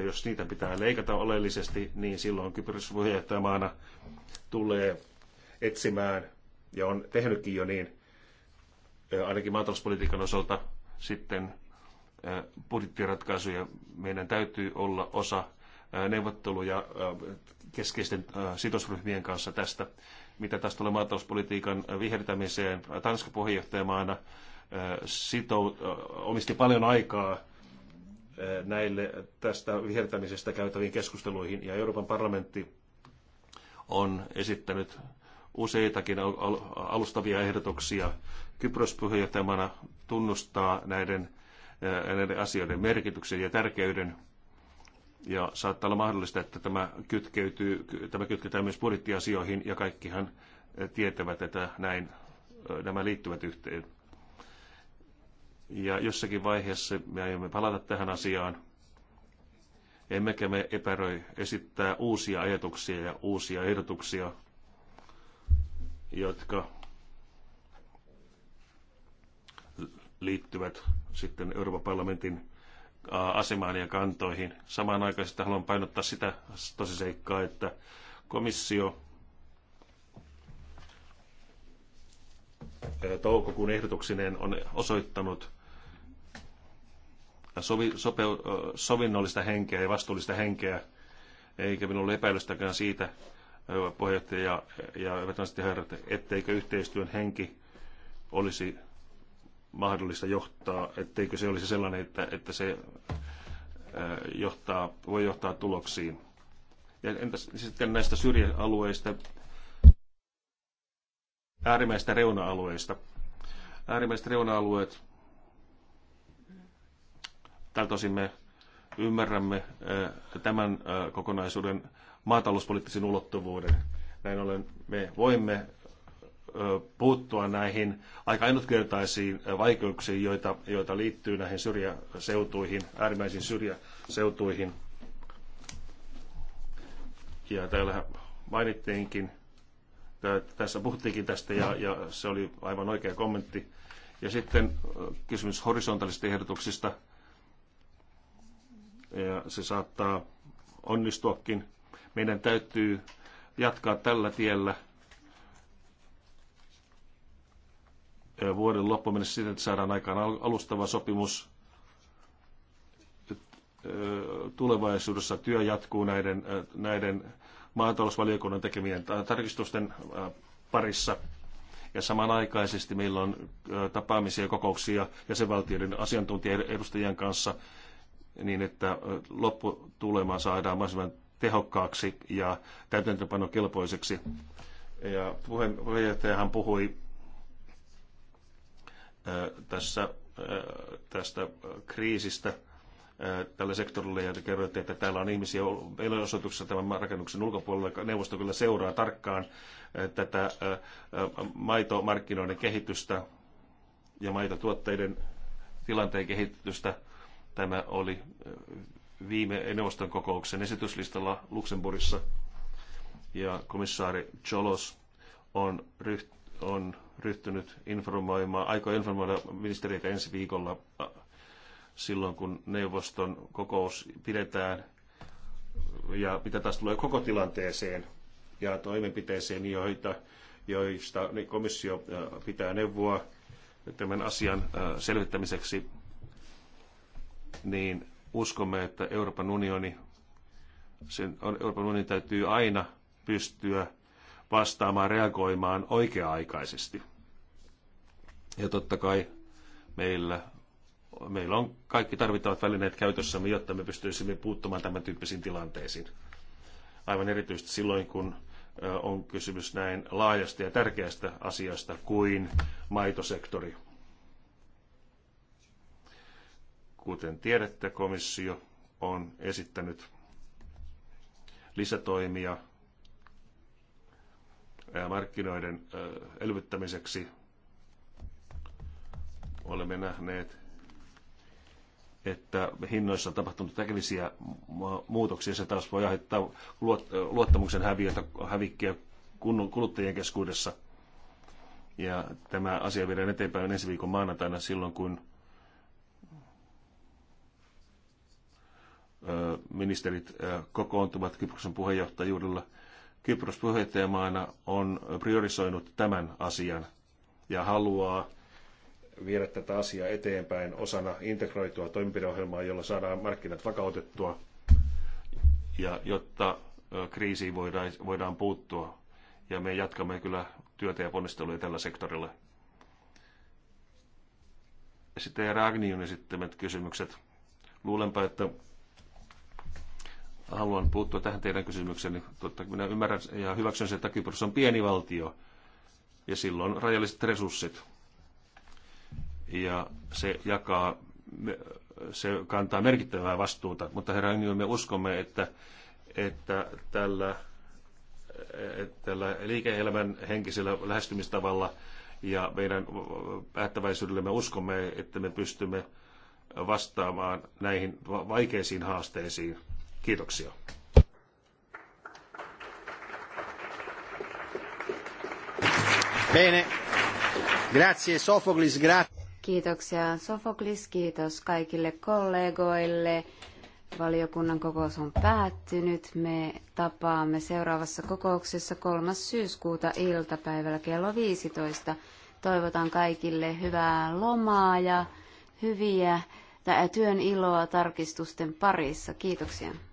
2014-2020, jos niitä pitää leikata oleellisesti, niin silloin Kypros puheenjohtajamaana tulee etsimään, ja on tehnytkin jo niin, ainakin maatalouspolitiikan osalta sitten budjettiratkaisuja. Meidän täytyy olla osa neuvotteluja keskeisten sidosryhmien kanssa tästä mitä taas tulee maatalouspolitiikan vihertämiseen. Tanska puheenjohtajamaana äh, sitou, äh, omisti paljon aikaa äh, näille tästä vihertämisestä käytäviin keskusteluihin, ja Euroopan parlamentti on esittänyt useitakin alustavia ehdotuksia. Kypros puheenjohtajamaana tunnustaa näiden, näiden asioiden merkityksen ja tärkeyden – ja saattaa olla mahdollista, että tämä, kytkeytyy, tämä kytketään myös budjettiasioihin ja kaikkihan eh, tietävät, että näin eh, nämä liittyvät yhteen. Ja jossakin vaiheessa me aiomme palata tähän asiaan. Emmekä me epäröi esittää uusia ajatuksia ja uusia ehdotuksia, jotka liittyvät sitten Euroopan parlamentin asemaan ja kantoihin. Samanaikaisesti haluan painottaa sitä tosiseikkaa, että komissio toukokuun ehdotuksineen on osoittanut sovi, sope, sovinnollista henkeä ja vastuullista henkeä, eikä ole epäilystäkään siitä, puheenjohtaja ja, ja ja herrat, etteikö yhteistyön henki olisi mahdollista johtaa, etteikö se olisi sellainen, että, että se johtaa, voi johtaa tuloksiin. Ja entäs sitten näistä syrjäalueista, äärimmäistä reuna-alueista. Äärimmäiset reuna-alueet, tältä osin me ymmärrämme tämän kokonaisuuden maatalouspoliittisen ulottuvuuden. Näin ollen me voimme puuttua näihin aika ainutkertaisiin vaikeuksiin, joita, joita liittyy näihin syrjäseutuihin, äärimmäisiin syrjäseutuihin. Ja täällä mainittiinkin, tässä puhuttiinkin tästä ja, ja se oli aivan oikea kommentti. Ja sitten kysymys horisontaalisista ehdotuksista. Ja se saattaa onnistuakin. Meidän täytyy jatkaa tällä tiellä – vuoden loppuun mennessä siten, että saadaan aikaan alustava sopimus. Tulevaisuudessa työ jatkuu näiden, näiden maatalousvaliokunnan tekemien tarkistusten parissa. Ja samanaikaisesti meillä on tapaamisia ja kokouksia jäsenvaltioiden asiantuntijaedustajien kanssa niin, että lopputulema saadaan mahdollisimman tehokkaaksi ja täytäntöpanokelpoiseksi. Ja puheenjohtajahan puhui tässä, tästä kriisistä tällä sektorilla ja kerroitte, että täällä on ihmisiä osoituksessa tämän rakennuksen ulkopuolella. Neuvosto kyllä seuraa tarkkaan tätä maitomarkkinoiden kehitystä ja maitotuotteiden tilanteen kehitystä. Tämä oli viime neuvoston kokouksen esityslistalla Luxemburgissa ja komissaari Cholos on ryhtynyt on ryhtynyt informoimaan, aikoo informoida ministeriä ensi viikolla äh, silloin, kun neuvoston kokous pidetään ja mitä taas tulee koko tilanteeseen ja toimenpiteeseen, joita, joista niin komissio äh, pitää neuvoa tämän asian äh, selvittämiseksi, niin uskomme, että Euroopan unioni, sen Euroopan unionin täytyy aina pystyä vastaamaan, reagoimaan oikea-aikaisesti. Ja totta kai meillä, meillä on kaikki tarvittavat välineet käytössämme, jotta me pystyisimme puuttumaan tämän tyyppisiin tilanteisiin. Aivan erityisesti silloin, kun on kysymys näin laajasta ja tärkeästä asiasta kuin maitosektori. Kuten tiedätte, komissio on esittänyt lisätoimia markkinoiden elvyttämiseksi. Olemme nähneet, että hinnoissa on tapahtunut äkillisiä muutoksia. Se taas voi aiheuttaa luottamuksen häviötä, hävikkiä kuluttajien keskuudessa. Ja tämä asia viedään eteenpäin ensi viikon maanantaina silloin, kun ministerit kokoontuvat Kyproksen puheenjohtajuudella – Kypros puheenjohtajamaana on priorisoinut tämän asian ja haluaa viedä tätä asiaa eteenpäin osana integroitua toimenpideohjelmaa, jolla saadaan markkinat vakautettua ja jotta kriisiin voidaan, voidaan puuttua. Ja me jatkamme kyllä työtä ja ponnisteluja tällä sektorilla. Sitten Ragnion esittämät kysymykset. Luulenpa, että haluan puuttua tähän teidän kysymykseen. Niin totta, minä ymmärrän ja hyväksyn sen, että Kypros on pieni valtio ja sillä on rajalliset resurssit. Ja se jakaa, se kantaa merkittävää vastuuta, mutta herra Engel, me uskomme, että, että tällä, tällä liike-elämän henkisellä lähestymistavalla ja meidän päättäväisyydellä me uskomme, että me pystymme vastaamaan näihin vaikeisiin haasteisiin – Kiitoksia. Bene. Grazie Sofoklis, Kiitoksia Sofoklis, kiitos kaikille kollegoille. Valiokunnan kokous on päättynyt. Me tapaamme seuraavassa kokouksessa 3. syyskuuta iltapäivällä kello 15. Toivotan kaikille hyvää lomaa ja hyviä työn iloa tarkistusten parissa. Kiitoksia.